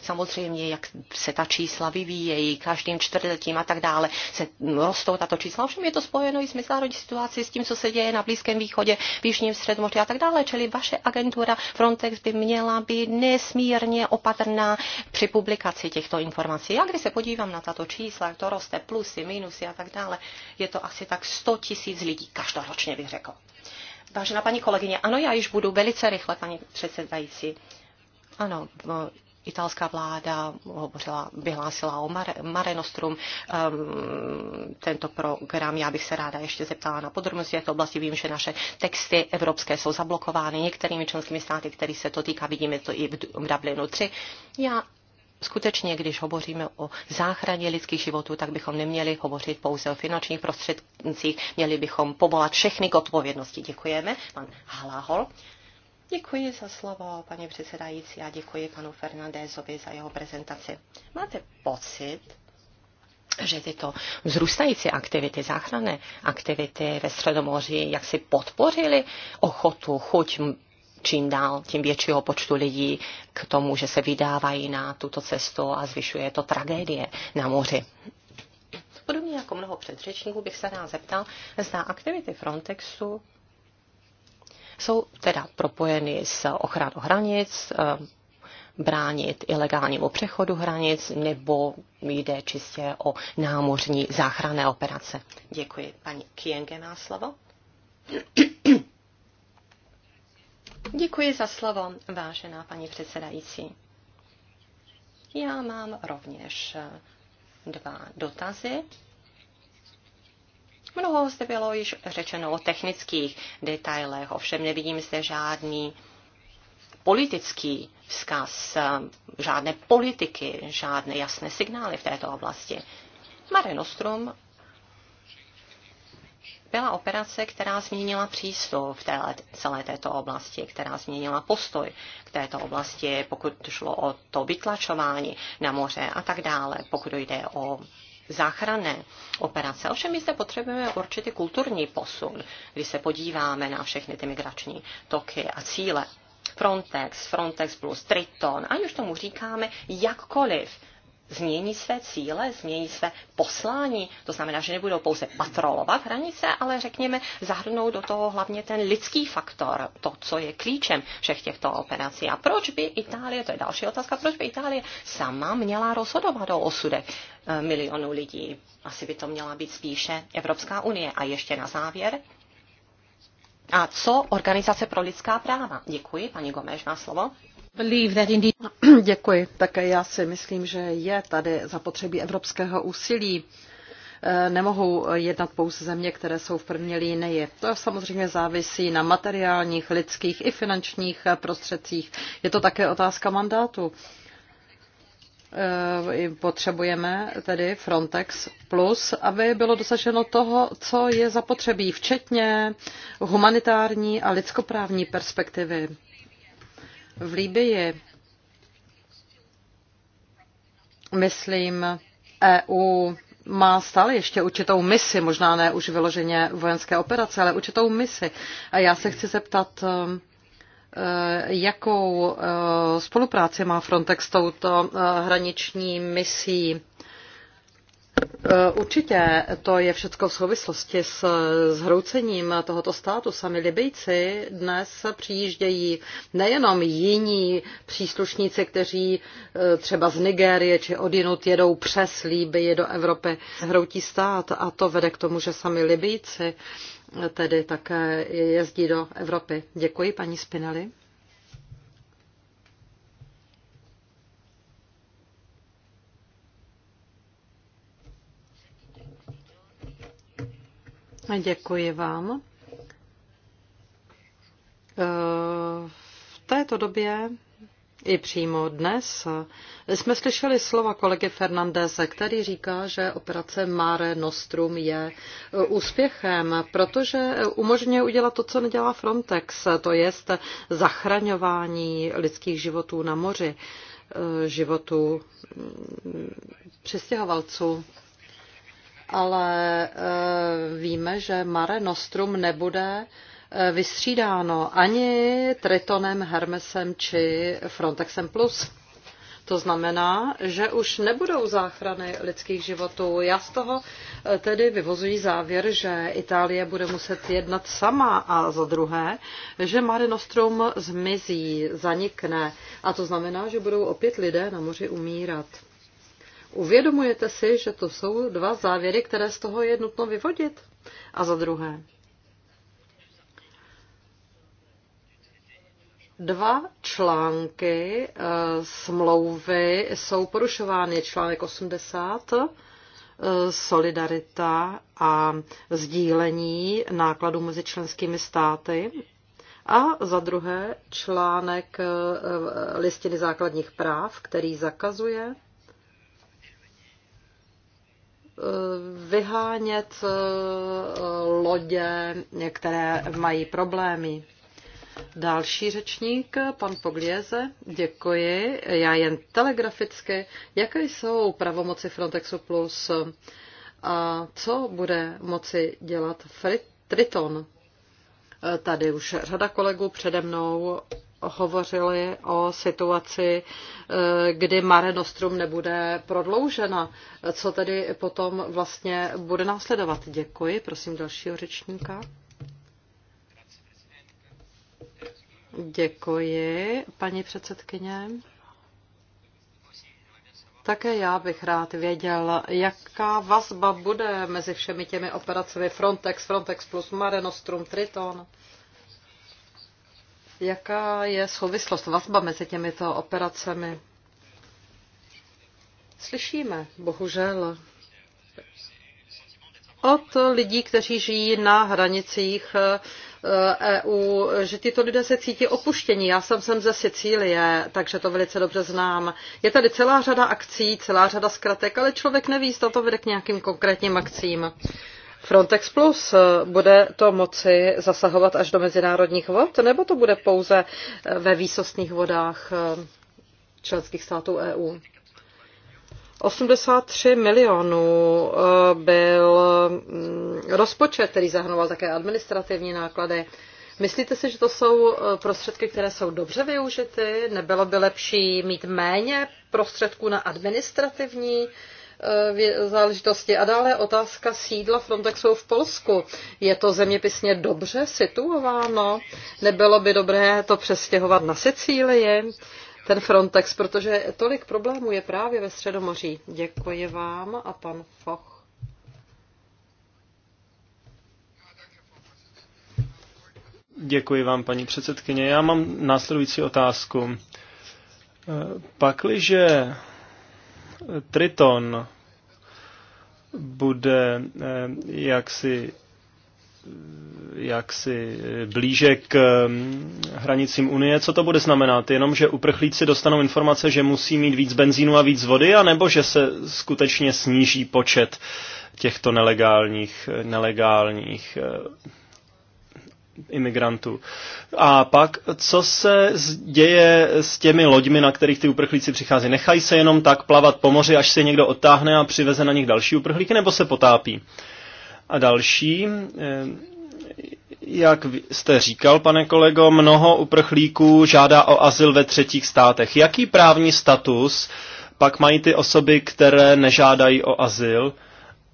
samozřejmě, jak se ta čísla vyvíjejí každým čtvrtletím a tak dále. Se rostou tato čísla. Ovšem je to spojeno i s mezinárodní situací, s tím, co se děje na Blízkém východě, v Jižním Středomoří a tak dále. Čili vaše agentura Frontex by měla být nesmírně opatrná při publikaci těchto informací. Já když se podívám na tato čísla, jak to roste, plusy, minusy a tak dále, je to asi tak 100 tisíc lidí každoročně, bych řekl. Vážená paní kolegyně, ano, já již budu velice rychle, paní předsedající. Ano, italská vláda hovořila, vyhlásila o Mare, Mare Nostrum, um, tento program. Já bych se ráda ještě zeptala na podrobnosti této oblasti. Vím, že naše texty evropské jsou zablokovány některými členskými státy, který se to týká. Vidíme to i v, v Dublinu 3. Já skutečně, když hovoříme o záchraně lidských životů, tak bychom neměli hovořit pouze o finančních prostředcích, měli bychom povolat všechny k odpovědnosti. Děkujeme, pan Halahol. Děkuji za slovo, paní předsedající, a děkuji panu Fernandézovi za jeho prezentaci. Máte pocit, že tyto vzrůstající aktivity, záchranné aktivity ve Středomoří, jak si podpořili ochotu, chuť čím dál, tím většího počtu lidí k tomu, že se vydávají na tuto cestu a zvyšuje to tragédie na moři. Podobně jako mnoho předřečníků bych se rád zeptal, zda aktivity Frontexu jsou teda propojeny s ochranou hranic, eh, bránit ilegálnímu přechodu hranic nebo jde čistě o námořní záchranné operace. Děkuji. Paní Kienge má slovo. Děkuji za slovo, vážená paní předsedající. Já mám rovněž eh, dva dotazy Mnoho zde bylo již řečeno o technických detailech, ovšem nevidím zde žádný politický vzkaz, žádné politiky, žádné jasné signály v této oblasti. Mare Nostrum byla operace, která změnila přístup v téhle, celé této oblasti, která změnila postoj k této oblasti, pokud šlo o to vytlačování na moře a tak dále, pokud jde o záchranné operace. Ovšem my zde potřebujeme určitý kulturní posun, když se podíváme na všechny ty migrační toky a cíle. Frontex, Frontex plus Triton, ať už tomu říkáme jakkoliv, změní své cíle, změní své poslání. To znamená, že nebudou pouze patrolovat hranice, ale řekněme, zahrnou do toho hlavně ten lidský faktor, to, co je klíčem všech těchto operací. A proč by Itálie, to je další otázka, proč by Itálie sama měla rozhodovat o osudech eh, milionů lidí? Asi by to měla být spíše Evropská unie. A ještě na závěr, a co Organizace pro lidská práva? Děkuji, paní Gomeš, má slovo. Děkuji. Také já si myslím, že je tady zapotřebí evropského úsilí. Eh, nemohou jednat pouze země, které jsou v první linii. To samozřejmě závisí na materiálních, lidských i finančních eh, prostředcích. Je to také otázka mandátu. Eh, potřebujeme tedy Frontex Plus, aby bylo dosaženo toho, co je zapotřebí, včetně humanitární a lidskoprávní perspektivy v Líbii, myslím, EU má stále ještě určitou misi, možná ne už vyloženě vojenské operace, ale určitou misi. A já se chci zeptat, eh, jakou eh, spolupráci má Frontex s touto eh, hraniční misí E, určitě to je všechno v souvislosti s zhroucením tohoto státu. Sami Libyjci dnes přijíždějí nejenom jiní příslušníci, kteří e, třeba z Nigérie či odinut jedou přes Líby do Evropy, Zhroutí stát a to vede k tomu, že sami Libyjci tedy také jezdí do Evropy. Děkuji, paní Spinelli. Děkuji vám. E, v této době i přímo dnes jsme slyšeli slova kolegy Fernandeze, který říká, že operace Mare Nostrum je úspěchem, protože umožňuje udělat to, co nedělá Frontex, to je zachraňování lidských životů na moři, e, životů přistěhovalců ale eh, víme, že Mare Nostrum nebude eh, vystřídáno ani Tritonem, Hermesem či Frontexem Plus. To znamená, že už nebudou záchrany lidských životů. Já z toho eh, tedy vyvozuji závěr, že Itálie bude muset jednat sama a za druhé, že Mare Nostrum zmizí, zanikne. A to znamená, že budou opět lidé na moři umírat. Uvědomujete si, že to jsou dva závěry, které z toho je nutno vyvodit? A za druhé, dva články e, smlouvy jsou porušovány. Článek 80 e, eh, solidarita a sdílení nákladů mezi členskými státy a za druhé článek eh, listiny základních práv, který zakazuje vyhánět eh, lodě, které mají problémy. Další řečník, pan Poglieze, děkuji. Já jen telegraficky. Jaké jsou pravomoci Frontexu Plus a co bude moci dělat Triton? Eh, tady už řada kolegů přede mnou hovořili o situaci, eh, kdy Mare Nostrum nebude prodloužena. Co tedy potom vlastně bude následovat? Děkuji. Prosím dalšího řečníka. Děkuji, paní předsedkyně. Také já bych rád věděl, jaká vazba bude mezi všemi těmi operacemi Frontex, Frontex plus Mare Nostrum, Triton. Jaká je souvislost, vazba mezi těmito operacemi? Slyšíme, bohužel, od lidí, kteří žijí na hranicích eh, EU, že tyto lidé se cítí opuštění. Já jsem sem ze Sicílie, takže to velice dobře znám. Je tady celá řada akcí, celá řada zkratek, ale člověk neví, zda to vede k nějakým konkrétním akcím. Frontex Plus, eh, bude to moci zasahovat až do mezinárodních vod, nebo to bude pouze eh, ve výsostných vodách eh, členských států EU? 83 milionů byl mm, rozpočet, který zahrnoval také administrativní náklady. Myslíte si, že to jsou prostředky, které jsou dobře využity? Nebylo by lepší mít méně prostředků na administrativní uh, Eh, záležitosti. A dále otázka sídla Frontexu v Polsku. Je to zeměpisně dobře situováno? Nebylo by dobré to přestěhovat na Sicílii? ten Frontex, protože tolik problémů je právě ve Středomoří. Děkuji vám a pan Foch. Děkuji vám, paní předsedkyně. Já mám následující otázku. Eh, pakliže Triton bude eh, jaksi jaksi blíže k mm, hranicím Unie. Co to bude znamenat? Jenom, že uprchlíci dostanou informace, že musí mít víc benzínu a víc vody, anebo že se skutečně sníží počet těchto nelegálních, nelegálních eh, imigrantů. A pak, co se děje s těmi loďmi, na kterých ty uprchlíci přichází? Nechají se jenom tak plavat po moři, až se někdo odtáhne a přiveze na nich další uprchlíky, nebo se potápí? A další, eh, jak jste říkal, pane kolego, mnoho uprchlíků žádá o azyl ve třetích státech. Jaký právní status pak mají ty osoby, které nežádají o azyl,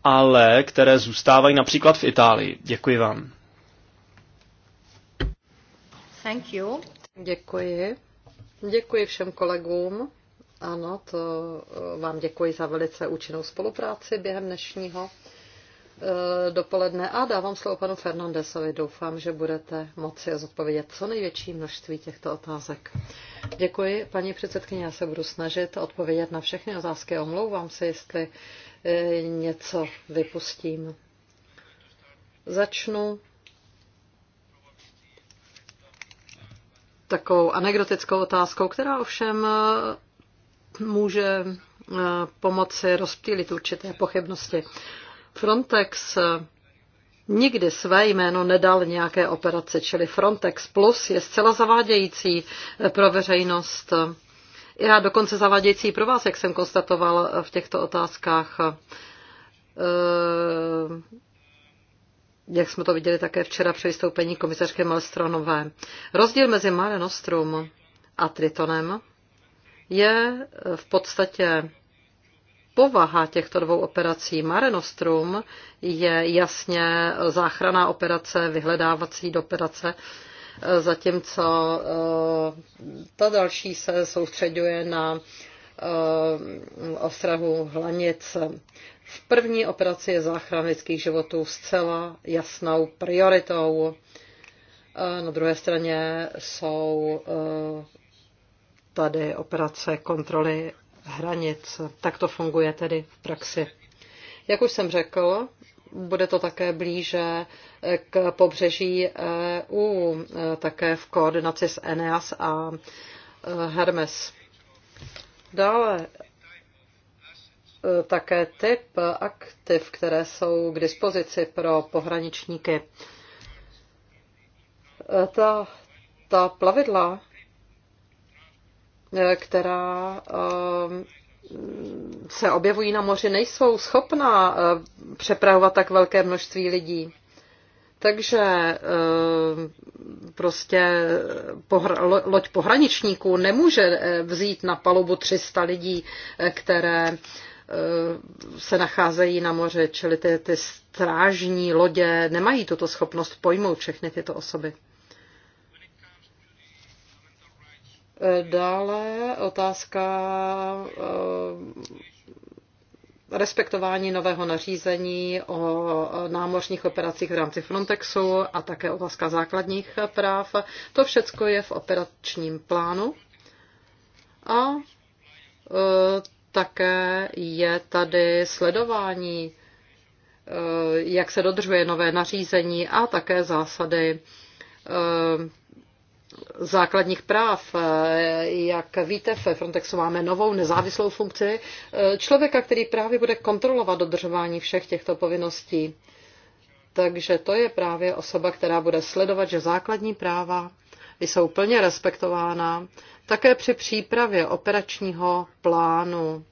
ale které zůstávají například v Itálii? Děkuji vám. Thank you. Děkuji. Děkuji všem kolegům. Ano, to eh, vám děkuji za velice účinnou spolupráci během dnešního eh, dopoledne a dávám slovo panu Fernandesovi. Doufám, že budete moci zodpovědět co největší množství těchto otázek. Děkuji, paní předsedkyně, já se budu snažit odpovědět na všechny otázky. Omlouvám se, jestli eh, něco vypustím. Začnu takovou anekdotickou otázkou, která ovšem eh, může eh, pomoci rozptýlit určité pochybnosti. Frontex eh, nikdy své jméno nedal nějaké operace, čili Frontex Plus je zcela zavádějící pro veřejnost. Já dokonce zavádějící pro vás, jak jsem konstatoval v těchto otázkách jak jsme to viděli také včera při vystoupení komisařky Malstronové. Rozdíl mezi Mare Nostrum a Tritonem je v podstatě povaha těchto dvou operací. Mare Nostrum je jasně záchranná operace, vyhledávací operace, zatímco eh, ta další se soustředuje na eh, ostrahu hlanic v první operaci je záchrana lidských životů zcela jasnou prioritou. Eh, na druhé straně jsou eh, tady operace kontroly hranic. Tak to funguje tedy v praxi. Jak už jsem řekl, bude to také blíže eh, k pobřeží EU, také v koordinaci s ENEAS a Hermes. Dále E, také typ aktiv, které jsou k dispozici pro pohraničníky. E, ta, ta plavidla, e, která se objevují na moři, nejsou schopná přepravovat tak velké množství lidí. Takže prostě loď pohraničníků nemůže vzít na palubu 300 lidí, které se nacházejí na moře, čili ty, ty strážní lodě nemají tuto schopnost pojmout všechny tyto osoby. Dále otázka eh, respektování nového nařízení o námořních operacích v rámci Frontexu a také otázka základních práv. To všechno je v operačním plánu a eh, také je tady sledování, eh, jak se dodržuje nové nařízení a také zásady eh, základních práv. Eh, jak víte, ve Frontexu máme novou nezávislou funkci člověka, který právě bude kontrolovat dodržování všech těchto povinností. Takže to je právě osoba, která bude sledovat, že základní práva jsou plně respektována také při přípravě operačního plánu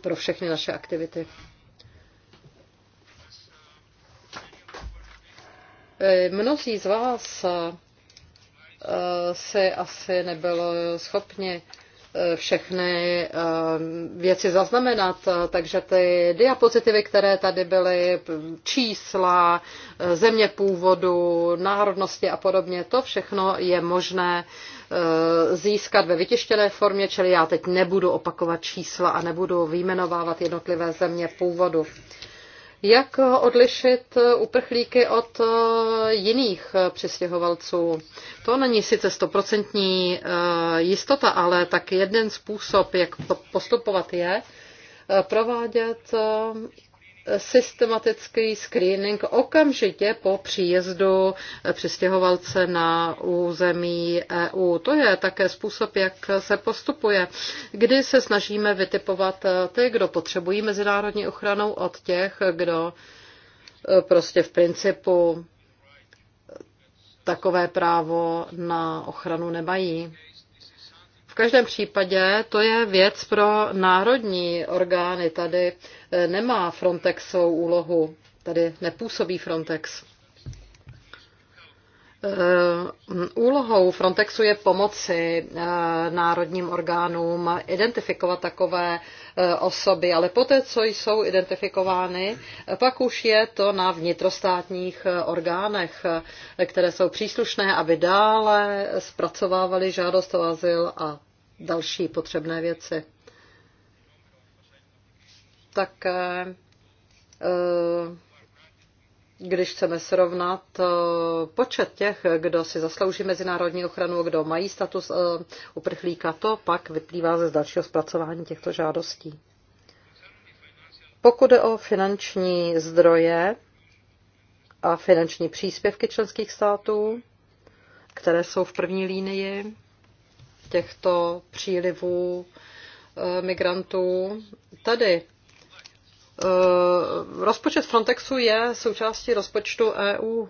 pro všechny naše aktivity. Eh, mnozí z vás eh, si asi nebylo schopni Eh, všechny eh, věci zaznamenat, eh, takže ty diapozitivy, které tady byly, čísla, země původu, národnosti a podobně, to všechno je možné získat ve vytištěné formě, čili já teď nebudu opakovat čísla a nebudu výjmenovávat jednotlivé země původu. Jak odlišit uprchlíky od eh, jiných eh, přistěhovalců? To není sice stoprocentní eh, jistota, ale tak jeden způsob, jak postupovat je, provádět systematický screening okamžitě po příjezdu přistěhovalce na území EU. To je také způsob, jak se postupuje, kdy se snažíme vytipovat ty, kdo potřebují mezinárodní ochranu od těch, kdo eh, prostě v principu takové právo na ochranu nemají. V každém případě to je věc pro národní orgány. Tady eh, nemá Frontex svou úlohu. Tady nepůsobí Frontex. Eh, Úlohou Frontexu je pomoci eh, národním orgánům identifikovat takové eh, osoby, ale poté, co jsou identifikovány, pak už je to na vnitrostátních eh, orgánech, které jsou příslušné, aby dále zpracovávali žádost o azyl a další potřebné věci. Tak když chceme srovnat eh, počet těch, kdo si zaslouží mezinárodní ochranu, kdo mají status eh, uprchlíka, to pak vyplývá ze dalšího zpracování těchto žádostí. Pokud jde o finanční zdroje a finanční příspěvky členských států, které jsou v první línii těchto přílivů eh, migrantů, tady Eh, rozpočet Frontexu je součástí rozpočtu EU.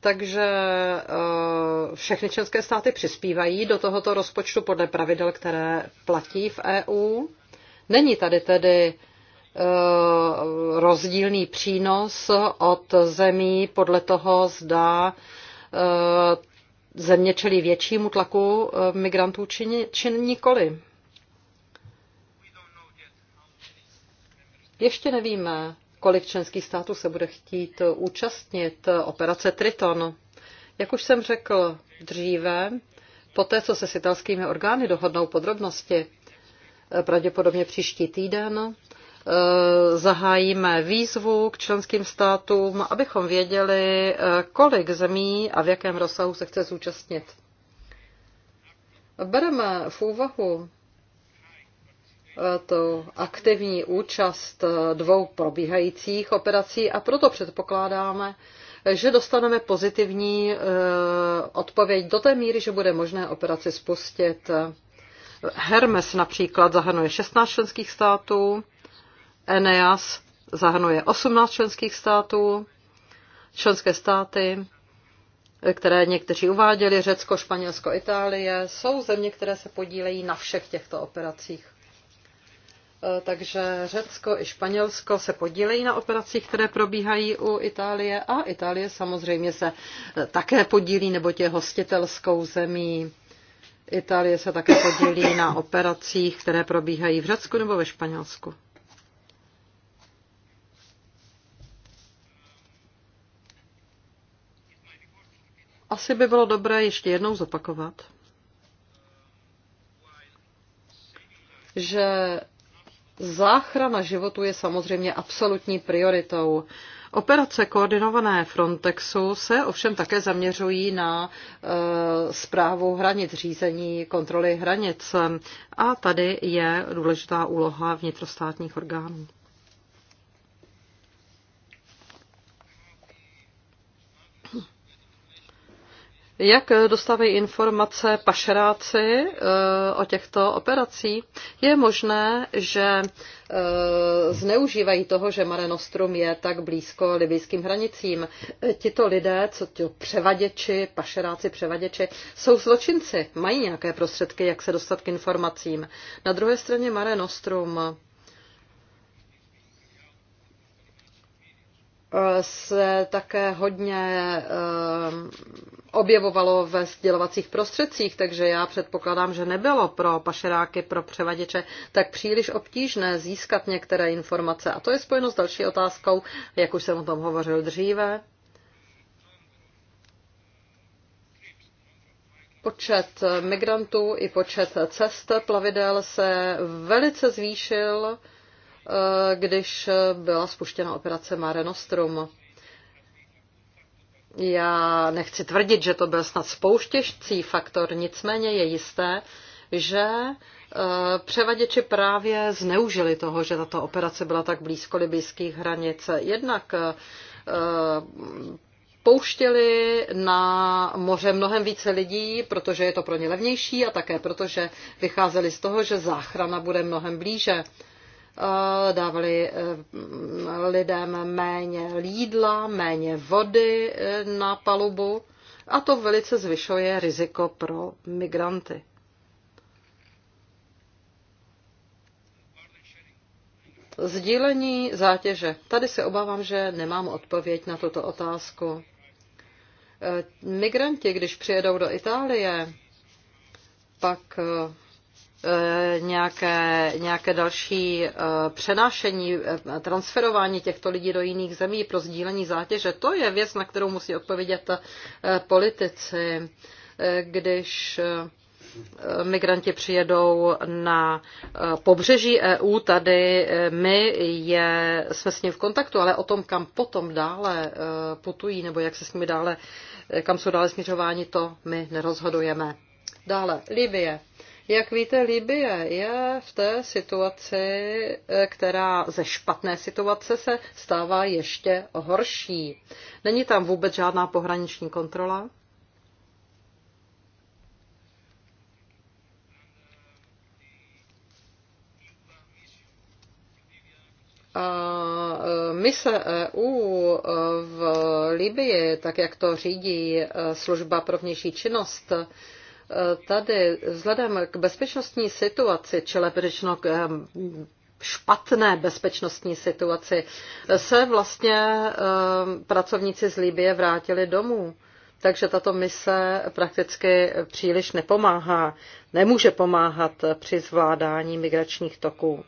Takže eh, všechny členské státy přispívají do tohoto rozpočtu podle pravidel, které platí v EU. Není tady tedy eh, rozdílný přínos od zemí podle toho, zda země čelí většímu tlaku migrantů či, či nikoli. Ještě nevíme, kolik členských států se bude chtít účastnit operace Triton. Jak už jsem řekl dříve, poté, co se s italskými orgány dohodnou podrobnosti, pravděpodobně příští týden, eh, zahájíme výzvu k členským státům, abychom věděli, eh, kolik zemí a v jakém rozsahu se chce zúčastnit. Bereme v úvahu E, to aktivní účast e, dvou probíhajících operací a proto předpokládáme, že dostaneme pozitivní e, odpověď do té míry, že bude možné operaci spustit. Hermes například zahrnuje 16 členských států, Eneas zahrnuje 18 členských států, členské státy, které někteří uváděli, Řecko, Španělsko, Itálie, jsou země, které se podílejí na všech těchto operacích. Eh, takže Řecko i Španělsko se podílejí na operacích, které probíhají u Itálie a Itálie samozřejmě se eh, také podílí, nebo je hostitelskou zemí. Itálie se také podílí na operacích, které probíhají v Řecku nebo ve Španělsku. Asi by bylo dobré ještě jednou zopakovat, že Záchrana životu je samozřejmě absolutní prioritou. Operace koordinované Frontexu se ovšem také zaměřují na e, eh, zprávu hranic, řízení kontroly hranic a tady je důležitá úloha vnitrostátních orgánů. Jak dostávají informace pašeráci eh, o těchto operacích? Je možné, že eh, zneužívají toho, že Mare Nostrum je tak blízko libijským hranicím. Eh, tito lidé, co ti převaděči, pašeráci, převaděči, jsou zločinci, mají nějaké prostředky, jak se dostat k informacím. Na druhé straně Mare Nostrum se také hodně objevovalo ve sdělovacích prostředcích, takže já předpokládám, že nebylo pro pašeráky, pro převaděče tak příliš obtížné získat některé informace. A to je spojeno s další otázkou, jak už jsem o tom hovořil dříve. Počet migrantů i počet cest plavidel se velice zvýšil, eh, když byla spuštěna operace Mare Nostrum. Já nechci tvrdit, že to byl snad spouštěžcí faktor, nicméně je jisté, že e, převaděči právě zneužili toho, že tato operace byla tak blízko libijských hranic. Jednak e, pouštěli na moře mnohem více lidí, protože je to pro ně levnější a také protože vycházeli z toho, že záchrana bude mnohem blíže. Eh, dávali eh, lidem méně lídla, méně vody eh, na palubu a to velice zvyšuje riziko pro migranty. Sdílení zátěže. Tady se obávám, že nemám odpověď na tuto otázku. Migranti, když přijedou do Itálie, pak Eh, nějaké, nějaké další eh, přenášení, eh, transferování těchto lidí do jiných zemí pro sdílení zátěže. To je věc, na kterou musí odpovědět politici, když migranti přijedou na pobřeží EU, tady my je, jsme s ním v kontaktu, ale o tom, kam potom dále putují, nebo jak se s nimi dále, kam jsou dále směřováni, to my nerozhodujeme. Dále, Libie. Jak víte, Libie je v té situaci, eh, která ze špatné situace se stává ještě horší. Není tam vůbec žádná pohraniční kontrola? A eh, mise EU eh, v Libii, tak jak to řídí služba pro vnější činnost, tady vzhledem k bezpečnostní situaci, či přečno k eh, špatné bezpečnostní situaci, se vlastně eh, pracovníci z Líbie vrátili domů. Takže tato mise prakticky příliš nepomáhá, nemůže pomáhat při zvládání migračních toků.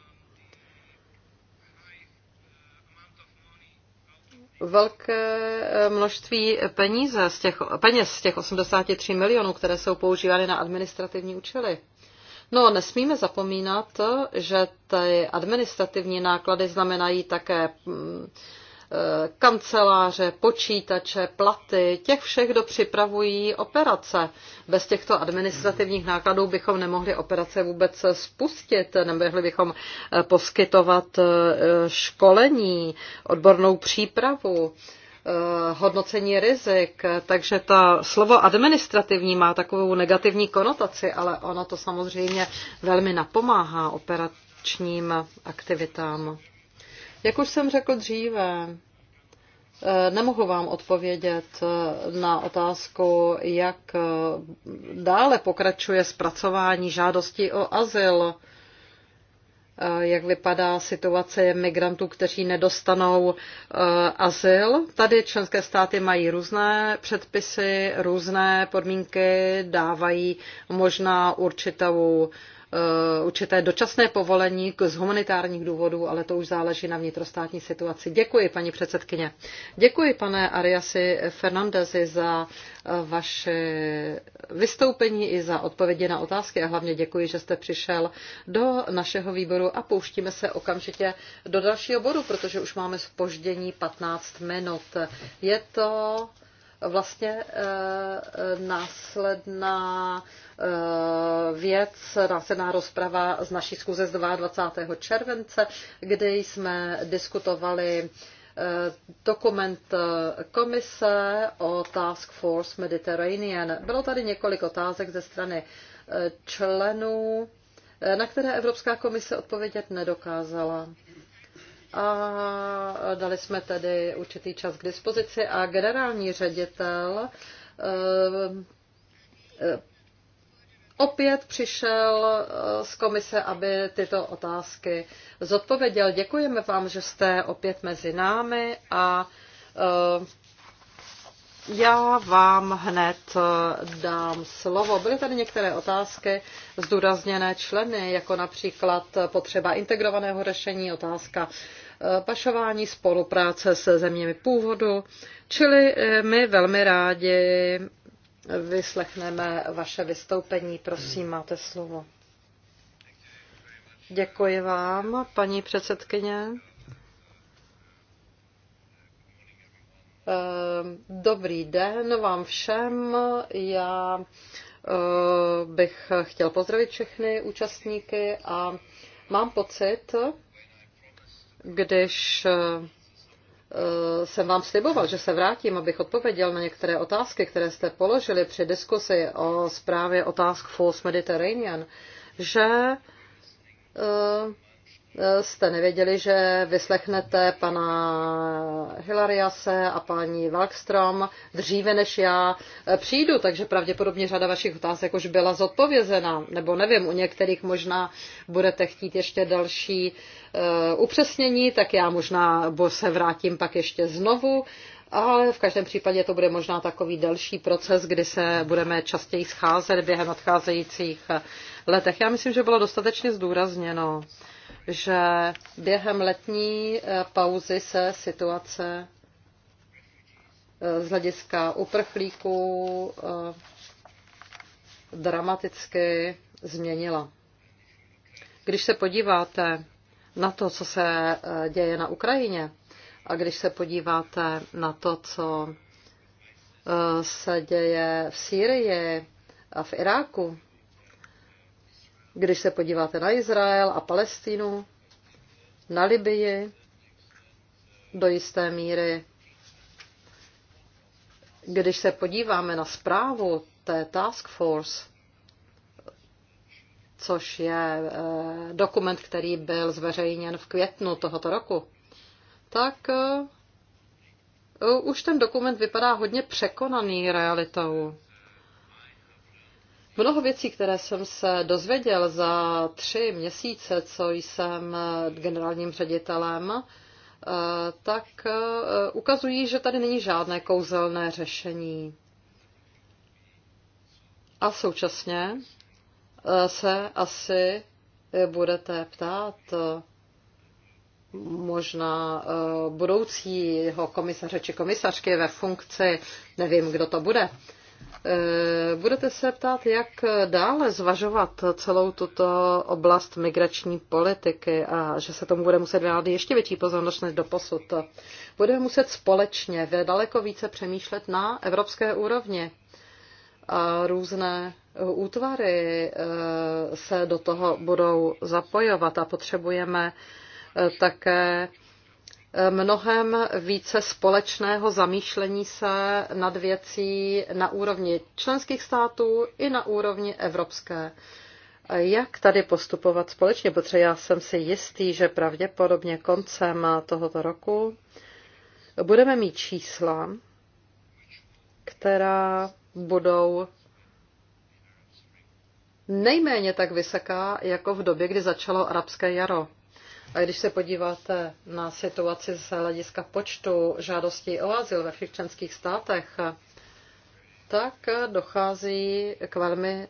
velké eh, množství peníze z těch, peněz z těch 83 milionů, které jsou používány na administrativní účely. No, nesmíme zapomínat, že ty administrativní náklady znamenají také mm, Eh, kanceláře, počítače, platy, těch všech, kdo připravují operace. Bez těchto administrativních nákladů bychom nemohli operace vůbec spustit, nemohli bychom eh, poskytovat eh, školení, odbornou přípravu hodnocení rizik, takže ta slovo administrativní má takovou negativní konotaci, ale ono to samozřejmě velmi napomáhá operačním aktivitám. Jak už jsem řekl dříve, eh, Nemohu vám odpovědět eh, na otázku, jak eh, dále pokračuje zpracování žádosti o azyl, jak vypadá situace migrantů, kteří nedostanou azyl. Tady členské státy mají různé předpisy, různé podmínky, dávají možná určitou Eh, určité dočasné povolení z humanitárních důvodů, ale to už záleží na vnitrostátní situaci. Děkuji, paní předsedkyně. Děkuji, pane Ariasi Fernandezi, za eh, vaše vystoupení i za odpovědi na otázky a hlavně děkuji, že jste přišel do našeho výboru a pouštíme se okamžitě do dalšího bodu, protože už máme spoždění 15 minut. Je to vlastně eh, eh, následná eh, věc, následná rozprava z naší zkuze z 22. července, kde jsme diskutovali dokument komise o Task Force Mediterranean. Bylo tady několik otázek ze strany členů, na které Evropská komise odpovědět nedokázala a dali jsme tedy určitý čas k dispozici a generální ředitel eh, eh, opět přišel eh, z komise, aby tyto otázky zodpověděl. Děkujeme vám, že jste opět mezi námi a já vám hned dám slovo. Byly tady některé otázky zdůrazněné členy, jako například potřeba integrovaného řešení, otázka pašování, spolupráce se zeměmi původu, čili eh, my velmi rádi vyslechneme vaše vystoupení. Prosím, máte slovo. Děkuji vám, paní předsedkyně. Eh, dobrý den vám všem. Já eh, bych chtěl pozdravit všechny účastníky a mám pocit, když eh, eh, jsem vám sliboval, že se vrátím, abych odpověděl na některé otázky, které jste položili při diskusi o zprávě otázk Force Mediterranean, že eh, jste nevěděli, že vyslechnete pana Hilariase a paní Valkstrom dříve, než já eh, přijdu, takže pravděpodobně řada vašich otázek už byla zodpovězena, nebo nevím, u některých možná budete chtít ještě další eh, upřesnění, tak já možná se vrátím pak ještě znovu, ale v každém případě to bude možná takový další proces, kdy se budeme častěji scházet během nadcházejících eh, letech. Já myslím, že bylo dostatečně zdůrazněno že během letní eh, pauzy se situace eh, z hlediska uprchlíků eh, dramaticky změnila. Když se podíváte na to, co se děje na Ukrajině, a když se podíváte na to, co se děje v Sýrii a v Iráku, když se podíváte na Izrael a Palestínu, na Libii, do jisté míry, když se podíváme na zprávu té task force, což je eh, dokument, který byl zveřejněn v květnu tohoto roku, tak eh, už ten dokument vypadá hodně překonaný realitou. Mnoho věcí, které jsem se dozvěděl za tři měsíce, co jsem generálním ředitelem, eh, tak eh, ukazují, že tady není žádné kouzelné řešení. A současně eh, se asi budete ptát možná budoucího komisaře či komisařky ve funkci, nevím, kdo to bude, Eh, budete se ptát, jak dále zvažovat celou tuto oblast migrační politiky a že se tomu bude muset věnovat ještě větší pozornost než do posud. Budeme muset společně daleko více přemýšlet na evropské úrovni. A různé útvary eh, se do toho budou zapojovat a potřebujeme eh, také mnohem více společného zamýšlení se nad věcí na úrovni členských států i na úrovni evropské. Jak tady postupovat společně? Protože já jsem si jistý, že pravděpodobně koncem tohoto roku budeme mít čísla, která budou nejméně tak vysoká, jako v době, kdy začalo arabské jaro. A když se podíváte na situaci z hlediska počtu žádostí o azyl ve všech členských státech, tak dochází k velmi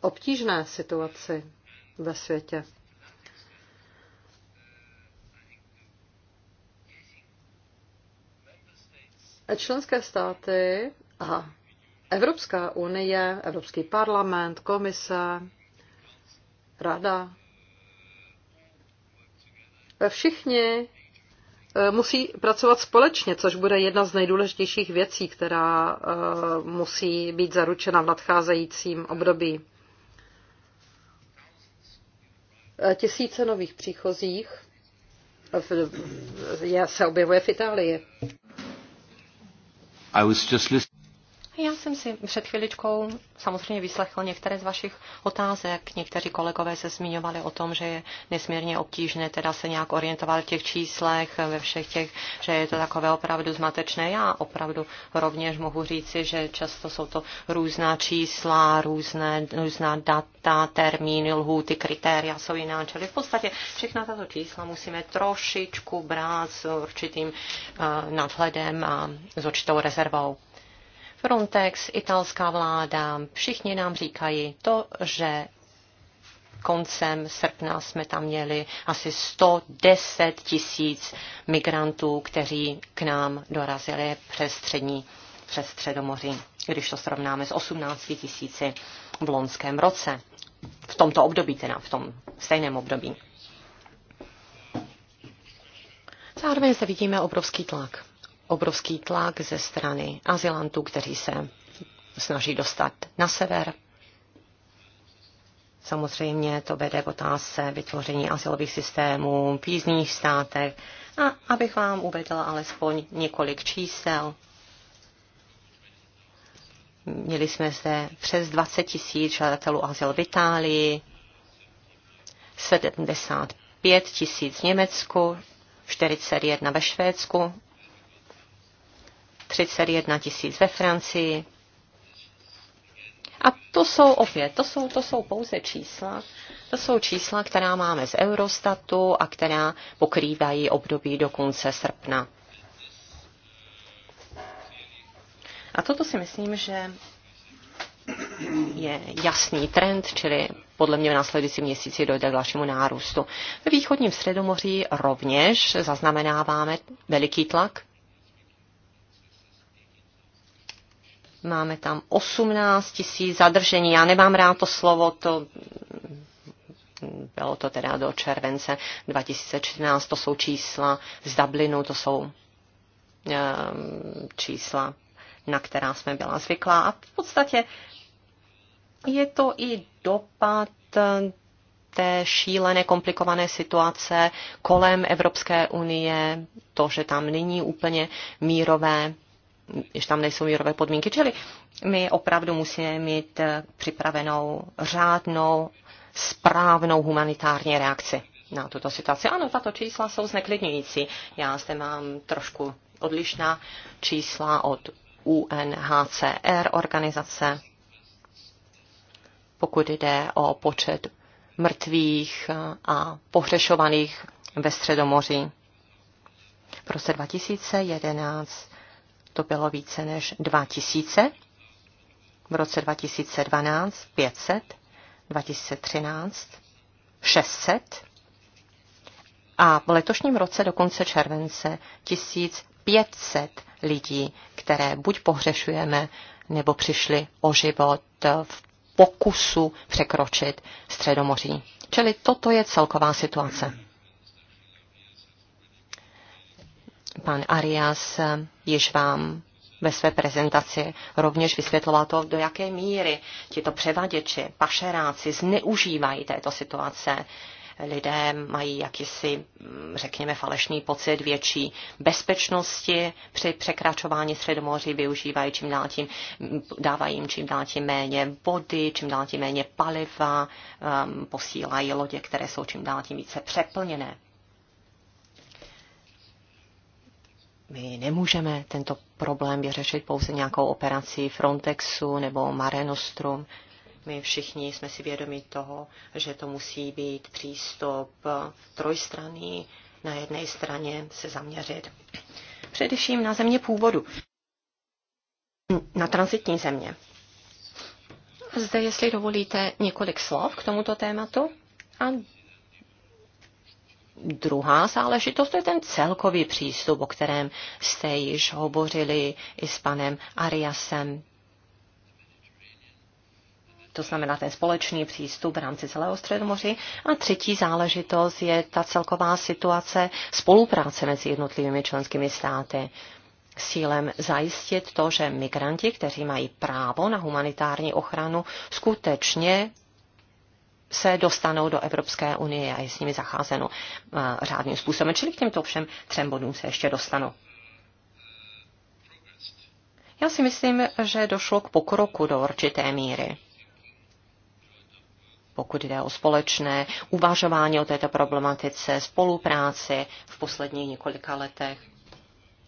obtížné situaci ve světě. Členské státy a Evropská unie, Evropský parlament, komise, rada Všichni eh, musí pracovat společně, což bude jedna z nejdůležitějších věcí, která eh, musí být zaručena v nadcházejícím období. Eh, tisíce nových příchozích se objevuje v Itálii. I was just já jsem si před chviličkou samozřejmě vyslechl některé z vašich otázek. Někteří kolegové se zmiňovali o tom, že je nesmírně obtížné teda se nějak orientovat v těch číslech, ve všech těch, že je to takové opravdu zmatečné. Já opravdu rovněž mohu říci, že často jsou to různá čísla, různé, různá data, termíny, lhůty, kritéria jsou jiná. Čili v podstatě všechna tato čísla musíme trošičku brát s určitým uh, nadhledem a s určitou rezervou. Frontex, italská vláda, všichni nám říkají to, že koncem srpna jsme tam měli asi 110 tisíc migrantů, kteří k nám dorazili přes střední, přes středomoří, když to srovnáme s 18 tisíci v loňském roce. V tomto období, teda v tom stejném období. Zároveň se vidíme obrovský tlak obrovský tlak ze strany azylantů, kteří se snaží dostat na sever. Samozřejmě to vede k otázce vytvoření asilových systémů v jízdních státech. A abych vám uvedla alespoň několik čísel. Měli jsme zde přes 20 tisíc žadatelů azyl v Itálii, 75 tisíc v Německu, 41 ve Švédsku, 31 tisíc ve Francii. A to jsou opět, to jsou, to jsou pouze čísla, to jsou čísla, která máme z Eurostatu a která pokrývají období do konce srpna. A toto si myslím, že je jasný trend, čili podle mě v následující měsíci dojde k dalšímu nárůstu. Ve východním středomoří rovněž zaznamenáváme veliký tlak Máme tam 18 tisíc zadržení. Já nemám rád to slovo, to bylo to teda do července 2014, to jsou čísla z Dublinu, to jsou ehm, čísla, na která jsme byla zvyklá. A v podstatě je to i dopad eh, té šílené, komplikované situace kolem Evropské unie, to, že tam není úplně mírové když tam nejsou mírové podmínky. Čili my opravdu musíme mít eh, připravenou řádnou, správnou humanitární reakci na tuto situaci. Ano, tato čísla jsou zneklidňující. Já zde mám trošku odlišná čísla od UNHCR organizace, pokud jde o počet mrtvých eh, a pohřešovaných ve Středomoří. V roce 2011 to bylo více než 2000, v roce 2012 500, 2013 600 a v letošním roce do konce července 1500 lidí, které buď pohřešujeme, nebo přišli o život v pokusu překročit Středomoří. Čili toto je celková situace. Pan Arias již vám ve své prezentaci rovněž vysvětloval to, do jaké míry tito převaděči, pašeráci zneužívají této situace. Lidé mají jakýsi, mm, řekněme, falešný pocit větší bezpečnosti při překračování Středomoří, využívají čím dál tím, mm, dávají jim čím dál tím méně vody, čím dál tím méně paliva, um, posílají lodě, které jsou čím dál tím více přeplněné. My nemůžeme tento problém vyřešit pouze nějakou operací Frontexu nebo Mare Nostrum. My všichni jsme si vědomi toho, že to musí být přístup trojstranný, na jedné straně se zaměřit především na země původu, na transitní země. Zde, jestli dovolíte, několik slov k tomuto tématu a druhá záležitost, to je ten celkový přístup, o kterém jste již hovořili i s panem Ariasem. To znamená ten společný přístup v rámci celého Středomoří. A třetí záležitost je ta celková situace spolupráce mezi jednotlivými členskými státy s cílem zajistit to, že migranti, kteří mají právo na humanitární ochranu, skutečně se dostanou do Evropské unie a je s nimi zacházeno eh, řádným způsobem. Čili k těmto všem třem bodům se ještě dostanu. Já si myslím, že došlo k pokroku do určité míry. Pokud jde o společné uvažování o této problematice, spolupráci v posledních několika letech,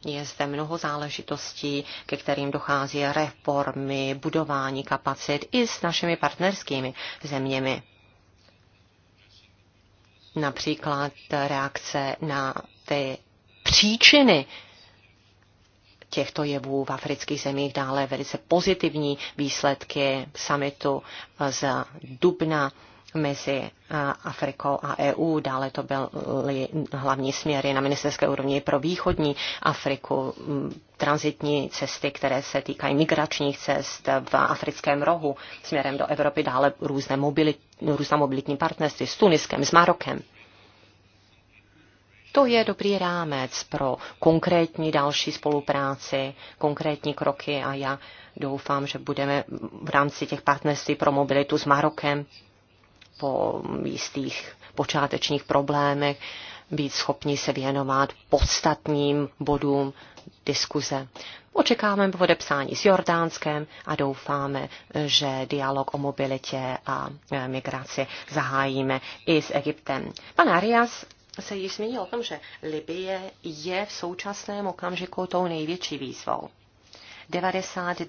je zde mnoho záležitostí, ke kterým dochází reformy, budování kapacit i s našimi partnerskými zeměmi například reakce na ty příčiny těchto jevů v afrických zemích, dále velice pozitivní výsledky summitu z Dubna mezi eh, Afrikou a EU. Dále to byly hlavní směry na ministerské úrovni pro východní Afriku, mm, transitní cesty, které se týkají migračních cest v africkém rohu směrem do Evropy, dále různé mobilit, různá mobilitní partnerství s Tuniskem, s Marokem. To je dobrý rámec pro konkrétní další spolupráci, konkrétní kroky a já doufám, že budeme v rámci těch partnerství pro mobilitu s Marokem po jistých počátečních problémech být schopni se věnovat podstatným bodům diskuze. Očekáváme podepsání s Jordánskem a doufáme, že dialog o mobilitě a e, migraci zahájíme i s Egyptem. Pan Arias se již zmínil o tom, že Libie je v současném okamžiku tou největší výzvou. 92%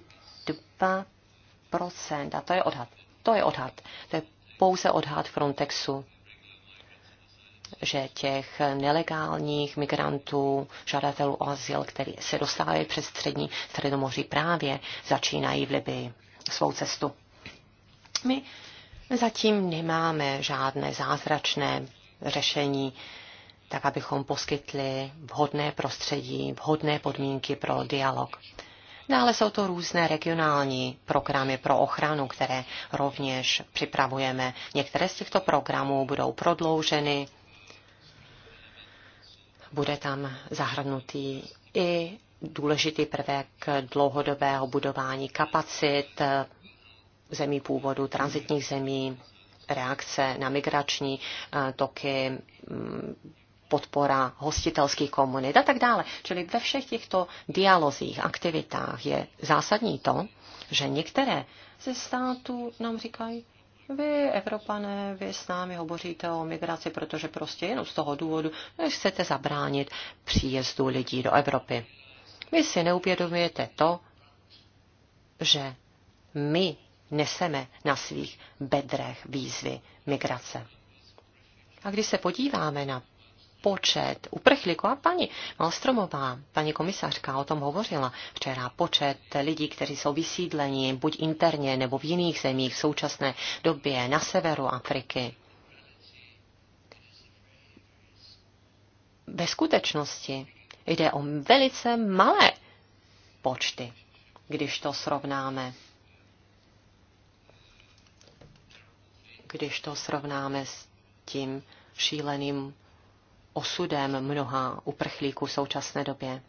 a to je odhad. To je odhad. To je pouze odhad Frontexu, že těch nelegálních migrantů, žadatelů o azyl, který se dostávají přes střední středomoří právě, začínají v Libii svou cestu. My zatím nemáme žádné zázračné řešení, tak abychom poskytli vhodné prostředí, vhodné podmínky pro dialog. Dále no, jsou to různé regionální programy pro ochranu, které rovněž připravujeme. Některé z těchto programů budou prodlouženy, bude tam zahrnutý i důležitý prvek dlouhodobého budování kapacit zemí původu, transitních zemí, reakce na migrační eh, toky, mm, podpora hostitelských komunit a tak dále. Čili ve všech těchto dialozích, aktivitách je zásadní to, že některé ze států nám říkají, vy, Evropané, vy s námi hovoříte o migraci, protože prostě jenom z toho důvodu, že chcete zabránit příjezdu lidí do Evropy. Vy si neuvědomujete to, že my neseme na svých bedrech výzvy migrace. A když se podíváme na počet uprchlíků a paní Malstromová, paní komisařka o tom hovořila včera, počet lidí, kteří jsou vysídleni buď interně nebo v jiných zemích v současné době na severu Afriky. Ve skutečnosti jde o velice malé počty, když to srovnáme. Když to srovnáme s tím šíleným osudem mnoha uprchlíků v současné době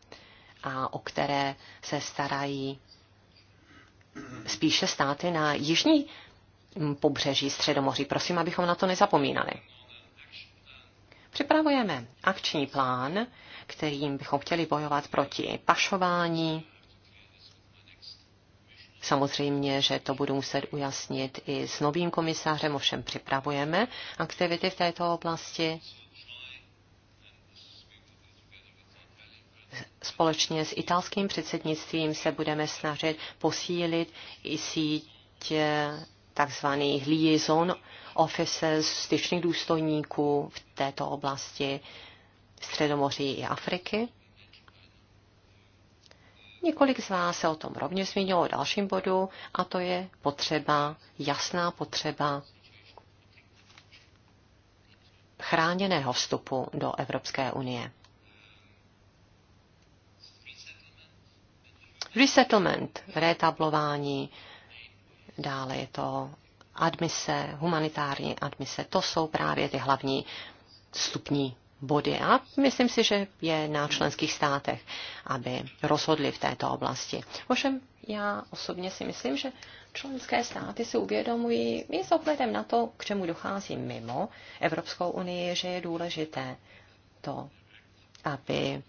a o které se starají spíše státy na jižní pobřeží Středomoří. Prosím, abychom na to nezapomínali. Připravujeme akční plán, kterým bychom chtěli bojovat proti pašování. Samozřejmě, že to budu muset ujasnit i s novým komisářem, ovšem připravujeme aktivity v této oblasti. Společně s italským předsednictvím se budeme snažit posílit i síť eh, takzvaných liaison offices, styčných důstojníků v této oblasti Středomoří i Afriky. Několik z vás se o tom rovně zmínilo o dalším bodu, a to je potřeba, jasná potřeba chráněného vstupu do Evropské unie. resettlement, retablování, dále je to admise, humanitární admise. To jsou právě ty hlavní vstupní body a myslím si, že je na členských státech, aby rozhodli v této oblasti. Ovšem já osobně si myslím, že členské státy si uvědomují i s ohledem na to, k čemu dochází mimo Evropskou unii, že je důležité to, aby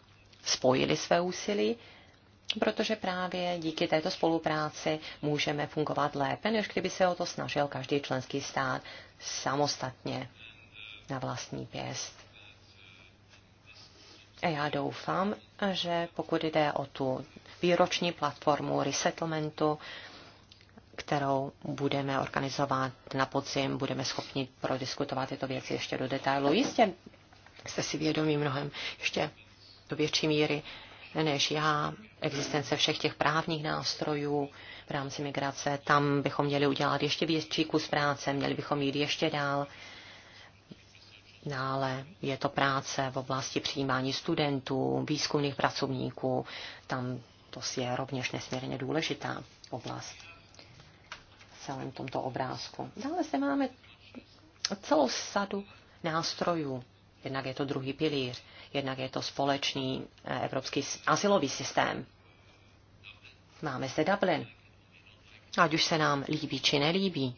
spojili své úsilí protože právě díky této spolupráci můžeme fungovat lépe, než kdyby se o to snažil každý členský stát samostatně na vlastní pěst. A já doufám, že pokud jde o tu výroční platformu resettlementu, kterou budeme organizovat na podzim, budeme schopni prodiskutovat tyto věci ještě do detailu. Jistě jste si vědomí mnohem ještě do větší míry než já existence všech těch právních nástrojů v rámci migrace. Tam bychom měli udělat ještě větší kus práce, měli bychom jít ještě dál. Ale je to práce v oblasti přijímání studentů, výzkumných pracovníků. Tam to je rovněž nesmírně důležitá oblast v celém tomto obrázku. Dále zde máme celou sadu nástrojů, Jednak je to druhý pilíř, jednak je to společný eh, evropský asilový systém. Máme zde Dublin. Ať už se nám líbí či nelíbí.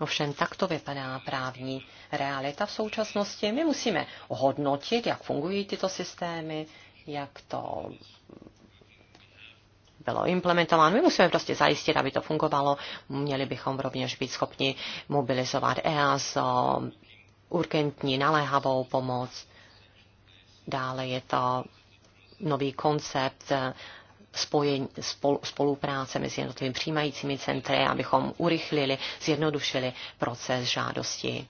Ovšem takto vypadá právní realita v současnosti. My musíme hodnotit, jak fungují tyto systémy, jak to bylo implementováno. My musíme prostě zajistit, aby to fungovalo. Měli bychom rovněž být schopni mobilizovat EASO, urgentní, naléhavou pomoc. Dále je to nový koncept eh, spojení, spol, spolupráce mezi jednotlivými přijímajícími centry, abychom urychlili, zjednodušili proces žádosti.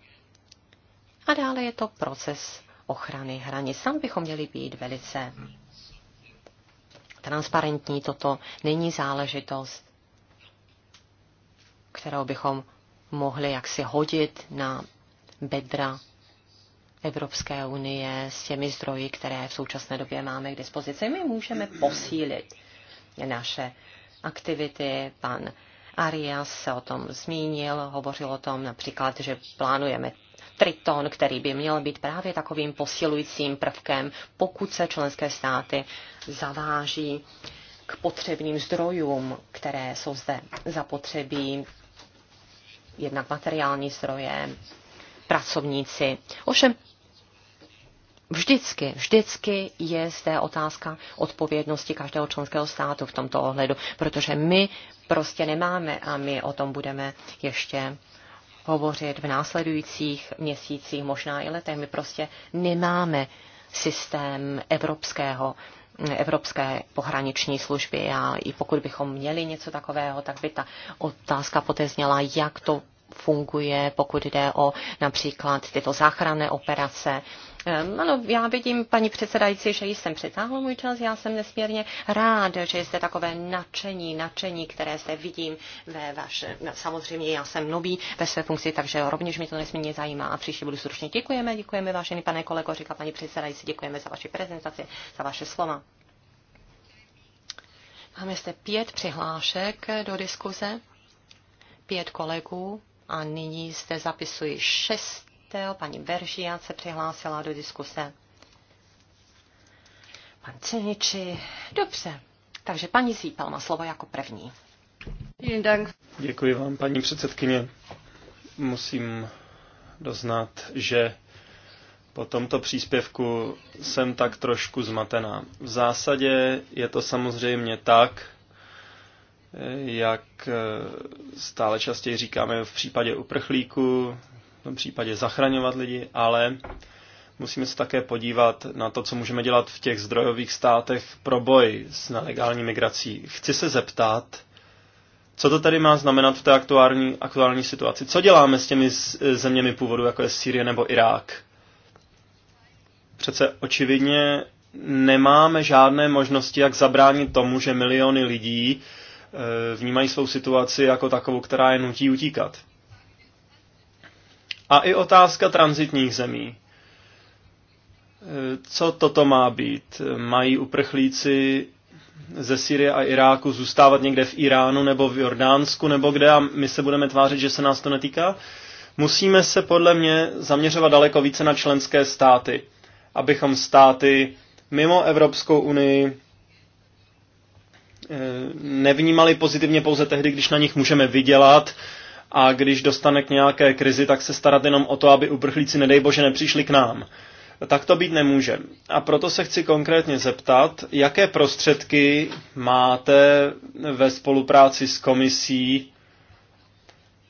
A dále je to proces ochrany hranic. Tam bychom měli být velice transparentní. Toto není záležitost, kterou bychom mohli jaksi hodit na bedra Evropské unie s těmi zdroji, které v současné době máme k dispozici. My můžeme posílit naše aktivity. Pan Arias se o tom zmínil, hovořil o tom například, že plánujeme Triton, který by měl být právě takovým posilujícím prvkem, pokud se členské státy zaváží k potřebným zdrojům, které jsou zde zapotřebí, jednak materiální zdroje, pracovníci. Ovšem Vždycky, vždycky je zde otázka odpovědnosti každého členského státu v tomto ohledu, protože my prostě nemáme a my o tom budeme ještě hovořit v následujících měsících, možná i letech. My prostě nemáme systém evropského Evropské pohraniční služby a i pokud bychom měli něco takového, tak by ta otázka poté zněla, jak to funguje, pokud jde o například tyto záchranné operace. Ano, já vidím, paní předsedající, že jsem přetáhl můj čas. Já jsem nesmírně rád, že jste takové nadšení, nadšení, které se vidím ve vaše. No, samozřejmě já jsem nový ve své funkci, takže rovněž mi to nesmírně zajímá a příště budu stručně. Děkujeme, děkujeme, vážený pane kolego, říká paní předsedající, děkujeme za vaši prezentaci, za vaše slova. Máme zde pět přihlášek do diskuze, pět kolegů a nyní zde zapisuji šestého. Paní Veržian se přihlásila do diskuse. Pan Ciniči. Dobře. Takže paní Zípel má slovo jako první. Děkuji vám, paní předsedkyně. Musím doznat, že po tomto příspěvku jsem tak trošku zmatená. V zásadě je to samozřejmě tak, jak eh, stále častěji říkáme v případě uprchlíků, v tom případě zachraňovat lidi, ale musíme se také podívat na to, co můžeme dělat v těch zdrojových státech pro boj s nelegální migrací. Chci se zeptat, co to tady má znamenat v té aktuální, aktuální situaci? Co děláme s těmi eh, zeměmi původu, jako je Sýrie nebo Irák? Přece očividně nemáme žádné možnosti, jak zabránit tomu, že miliony lidí Eh, vnímají svou situaci jako takovou, která je nutí utíkat. A i otázka transitních zemí. Eh, co toto má být? Mají uprchlíci ze Syrie a Iráku zůstávat někde v Iránu nebo v Jordánsku nebo kde a my se budeme tvářit, že se nás to netýká? Musíme se podle mě zaměřovat daleko více na členské státy, abychom státy mimo Evropskou unii nevnímali pozitivně pouze tehdy, když na nich můžeme vydělat a když dostane k nějaké krizi, tak se starat jenom o to, aby uprchlíci, nedej bože, nepřišli k nám. Tak to být nemůže. A proto se chci konkrétně zeptat, jaké prostředky máte ve spolupráci s komisí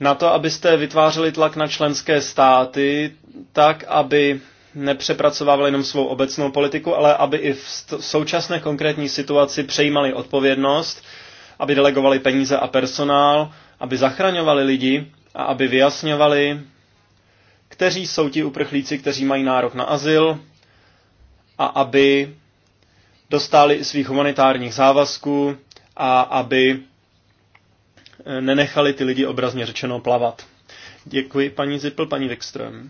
na to, abyste vytvářeli tlak na členské státy, tak aby nepřepracovávali jenom svou obecnou politiku, ale aby i v současné konkrétní situaci přejímali odpovědnost, aby delegovali peníze a personál, aby zachraňovali lidi a aby vyjasňovali, kteří jsou ti uprchlíci, kteří mají nárok na azyl a aby dostali i svých humanitárních závazků a aby eh, nenechali ty lidi obrazně řečeno plavat. Děkuji paní Zippel, paní Wikström.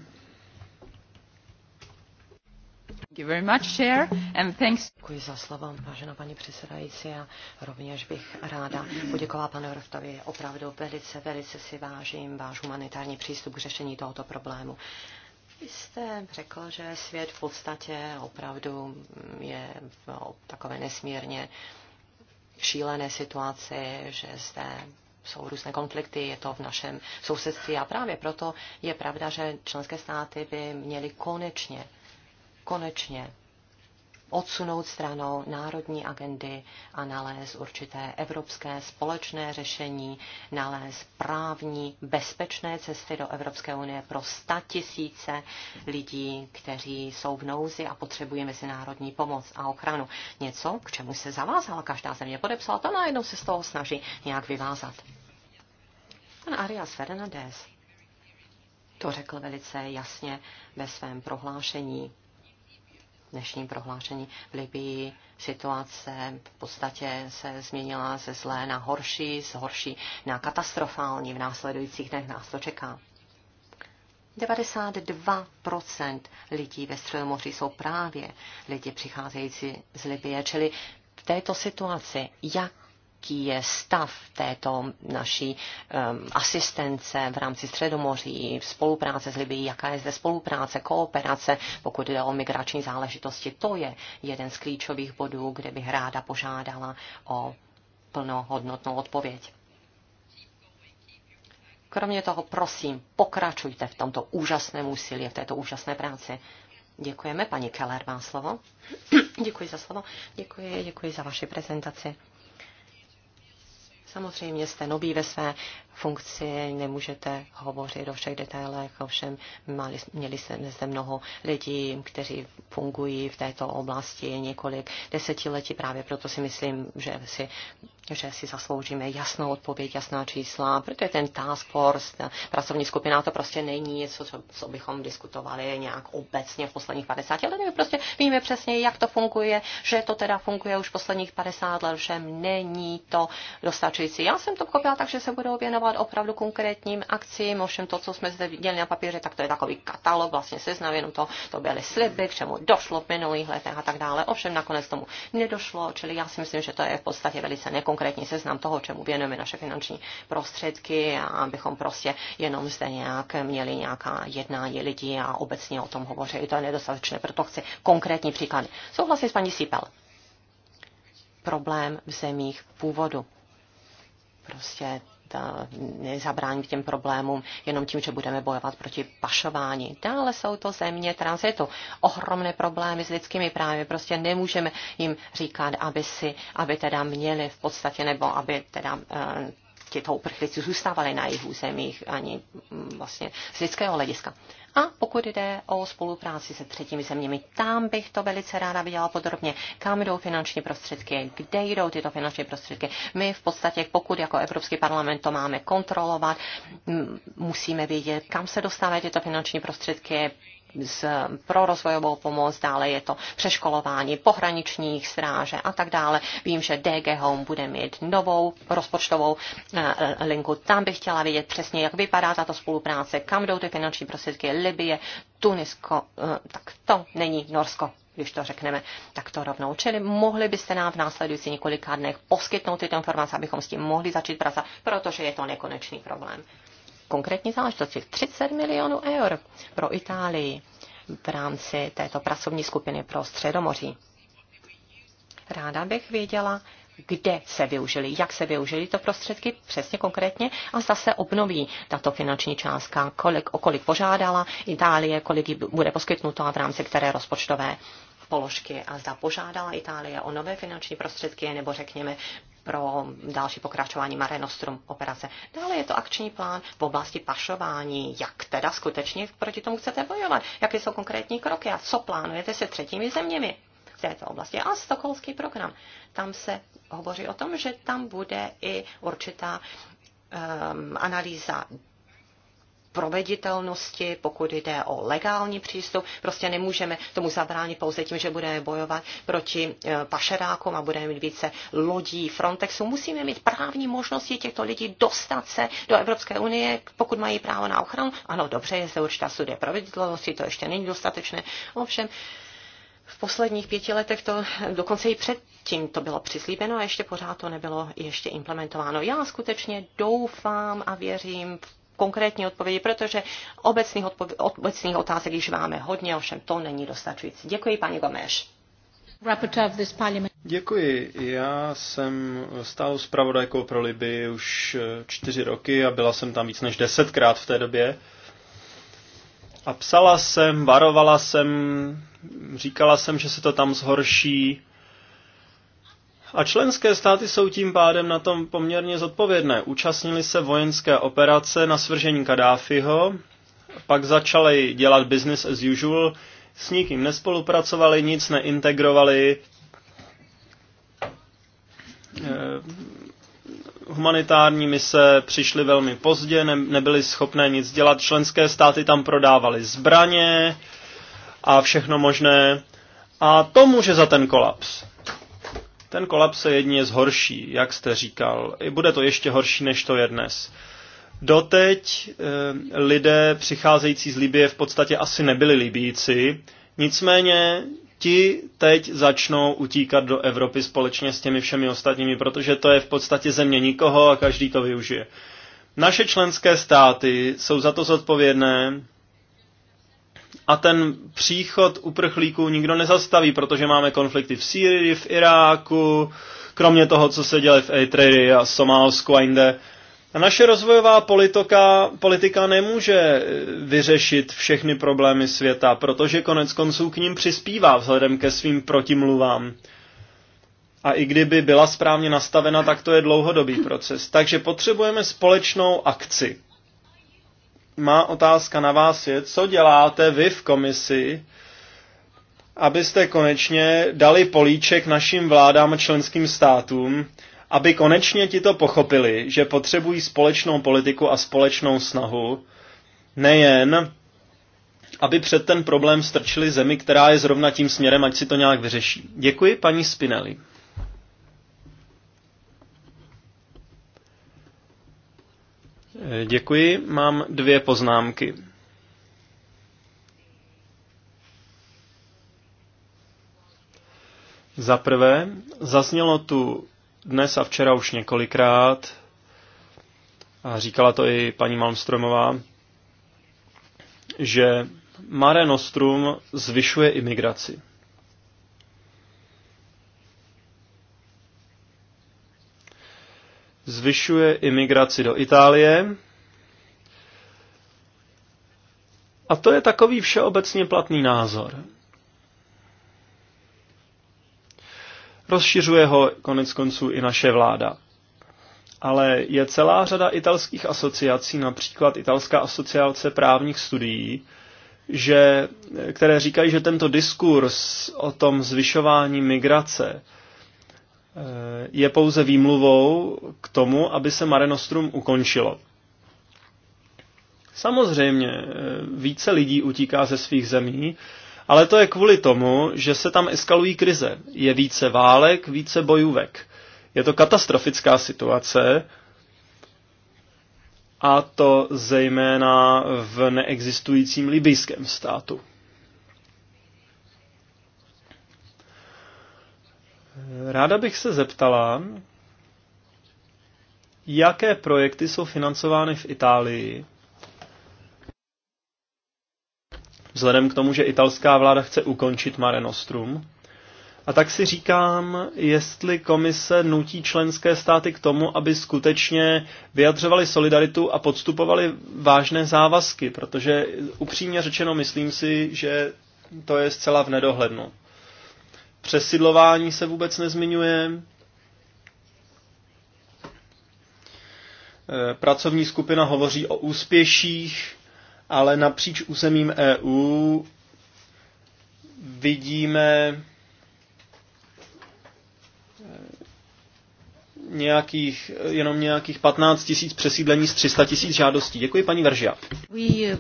Děkuji za slovo, vážená paní předsedající. A rovněž bych ráda poděkovala panu Rostovi. Opravdu velice, velice si vážím váš humanitární přístup k řešení tohoto problému. Vy jste řekl, že svět v podstatě opravdu je v takové nesmírně šílené situaci, že zde jsou různé konflikty, je to v našem sousedství a právě proto je pravda, že členské státy by měly konečně konečně odsunout stranou národní agendy a nalézt určité evropské společné řešení, nalézt právní bezpečné cesty do Evropské unie pro sta tisíce lidí, kteří jsou v nouzi a potřebují mezinárodní pomoc a ochranu. Něco, k čemu se zavázala každá země, podepsala to najednou no se z toho snaží nějak vyvázat. Pan Arias Fernandez to řekl velice jasně ve svém prohlášení dnešním prohlášení v Libii. Situace v podstatě se změnila ze zlé na horší, z horší na katastrofální. V následujících dnech nás to čeká. 92% lidí ve Středomoří jsou právě lidi přicházející z Libie, čili v této situaci, jak jaký je stav této naší um, asistence v rámci Středomoří, spolupráce s Libií, jaká je zde spolupráce, kooperace, pokud jde o migrační záležitosti. To je jeden z klíčových bodů, kde bych ráda požádala o plnohodnotnou odpověď. Kromě toho, prosím, pokračujte v tomto úžasném úsilí, v této úžasné práci. Děkujeme, paní Keller má slovo. děkuji za slovo, děkuji, děkuji za vaši prezentaci. Samozřejmě jste nový ve své funkci, nemůžete hovořit o všech detailech, ovšem mali, měli jsme zde mnoho lidí, kteří fungují v této oblasti několik desetiletí, právě proto si myslím, že si že si zasloužíme jasnou odpověď, jasná čísla, protože ten task force, ta pracovní skupina, to prostě není něco, co, co bychom diskutovali nějak obecně v posledních 50 let. My prostě víme přesně, jak to funguje, že to teda funguje už posledních 50 let, že není to dostačující. Já jsem to pochopila tak, že se budou věnovat opravdu konkrétním akcím, ovšem to, co jsme zde viděli na papíře, tak to je takový katalog, vlastně seznam, jenom to, to byly sliby, k čemu došlo v minulých letech a tak dále. Ovšem nakonec tomu nedošlo, čili já si myslím, že to je v podstatě velice nekonkrétní konkrétní seznam toho, čemu věnujeme naše finanční prostředky a abychom prostě jenom zde nějak měli nějaká jednání lidí a obecně o tom hovořili. To je nedostatečné, proto chci konkrétní příklady. Souhlasím s paní Sipel. Problém v zemích původu. Prostě zabránit těm problémům jenom tím, že budeme bojovat proti pašování. Dále jsou to země transitu. Ohromné problémy s lidskými právy. Prostě nemůžeme jim říkat, aby si, aby teda měli v podstatě, nebo aby teda eh, tyto uprchlíci zůstávali na jejich územích ani mm, vlastně z lidského hlediska. A pokud jde o spolupráci se třetími zeměmi, tam bych to velice ráda viděla podrobně, kam jdou finanční prostředky, kde jdou tyto finanční prostředky. My v podstatě, pokud jako Evropský parlament to máme kontrolovat, musíme vědět, kam se dostávají tyto finanční prostředky, s pro rozvojovou pomoc, dále je to přeškolování pohraničních stráže a tak dále. Vím, že DG Home bude mít novou rozpočtovou eh, linku. Tam bych chtěla vidět přesně, jak vypadá tato spolupráce, kam jdou ty finanční prostředky Libie, Tunisko, eh, tak to není Norsko když to řekneme Tak to rovnou. Čili mohli byste nám v následující několika dnech poskytnout tyto informace, abychom s tím mohli začít pracovat, protože je to nekonečný problém konkrétní záležitosti. 30 milionů eur pro Itálii v rámci této pracovní skupiny pro Středomoří. Ráda bych věděla, kde se využili, jak se využili to prostředky přesně konkrétně a zase obnoví tato finanční částka, kolik, o kolik požádala Itálie, kolik jí bude poskytnuto a v rámci které rozpočtové položky a zda požádala Itálie o nové finanční prostředky, nebo řekněme pro další pokračování Mare Nostrum operace. Dále je to akční plán v oblasti pašování. Jak teda skutečně proti tomu chcete bojovat? Jaké jsou konkrétní kroky a co plánujete se třetími zeměmi? v této oblasti. A stokholský program. Tam se hovoří o tom, že tam bude i určitá um, analýza proveditelnosti, pokud jde o legální přístup. Prostě nemůžeme tomu zabránit pouze tím, že budeme bojovat proti e, pašerákům a budeme mít více lodí Frontexu. Musíme mít právní možnosti těchto lidí dostat se do Evropské unie, pokud mají právo na ochranu. Ano, dobře, je zde určitá studie proveditelnosti, to ještě není dostatečné. Ovšem, v posledních pěti letech to dokonce i předtím to bylo přislíbeno a ještě pořád to nebylo ještě implementováno. Já skutečně doufám a věřím v konkrétní odpovědi, protože obecných, odpověd, obecných otázek již máme hodně, ovšem to není dostačující. Děkuji, paní Gomeš. Děkuji. Já jsem stál zpravodajkou pro Liby už eh, čtyři roky a byla jsem tam víc než desetkrát v té době. A psala jsem, varovala jsem, říkala jsem, že se to tam zhorší, a členské státy jsou tím pádem na tom poměrně zodpovědné. Účastnili se vojenské operace na svržení Kadáfiho, pak začali dělat business as usual, s nikým nespolupracovali, nic neintegrovali, eh, humanitární mise přišly velmi pozdě, ne, nebyly schopné nic dělat, členské státy tam prodávaly zbraně a všechno možné. A to může za ten kolaps. Ten kolaps se jedině zhorší, jak jste říkal. I bude to ještě horší, než to je dnes. Doteď e, lidé přicházející z Libie v podstatě asi nebyli Libíci, nicméně ti teď začnou utíkat do Evropy společně s těmi všemi ostatními, protože to je v podstatě země nikoho a každý to využije. Naše členské státy jsou za to zodpovědné, a ten příchod uprchlíků nikdo nezastaví, protože máme konflikty v Sýrii, v Iráku, kromě toho, co se děje v Eritreji a Somálsku a jinde. A naše rozvojová politika, politika nemůže vyřešit všechny problémy světa, protože konec konců k ním přispívá vzhledem ke svým protimluvám. A i kdyby byla správně nastavena, tak to je dlouhodobý proces. Takže potřebujeme společnou akci má otázka na vás je, co děláte vy v komisi, abyste konečně dali políček našim vládám a členským státům, aby konečně ti to pochopili, že potřebují společnou politiku a společnou snahu, nejen aby před ten problém strčili zemi, která je zrovna tím směrem, ať si to nějak vyřeší. Děkuji paní Spinelli. Eh, děkuji. Mám dvě poznámky. Za prvé, zaznělo tu dnes a včera už několikrát, a říkala to i paní Malmstromová, že Mare Nostrum zvyšuje imigraci. zvyšuje imigraci do Itálie. A to je takový všeobecně platný názor. Rozšiřuje ho konec konců i naše vláda. Ale je celá řada italských asociací, například Italská asociace právních studií, že, které říkají, že tento diskurs o tom zvyšování migrace Eh, je pouze výmluvou k tomu, aby se Mare Nostrum ukončilo. Samozřejmě eh, více lidí utíká ze svých zemí, ale to je kvůli tomu, že se tam eskalují krize. Je více válek, více bojůvek. Je to katastrofická situace a to zejména v neexistujícím libijském státu. Ráda bych se zeptala, jaké projekty jsou financovány v Itálii, vzhledem k tomu, že italská vláda chce ukončit Mare Nostrum. A tak si říkám, jestli komise nutí členské státy k tomu, aby skutečně vyjadřovali solidaritu a podstupovali vážné závazky, protože upřímně řečeno myslím si, že to je zcela v nedohlednu. Přesidlování se vůbec nezmiňuje. Eh, pracovní skupina hovoří o úspěších, ale napříč územím EU vidíme eh, nějakých, jenom nějakých 15 tisíc přesídlení z 300 tisíc žádostí. Děkuji, paní Veržia. Eh,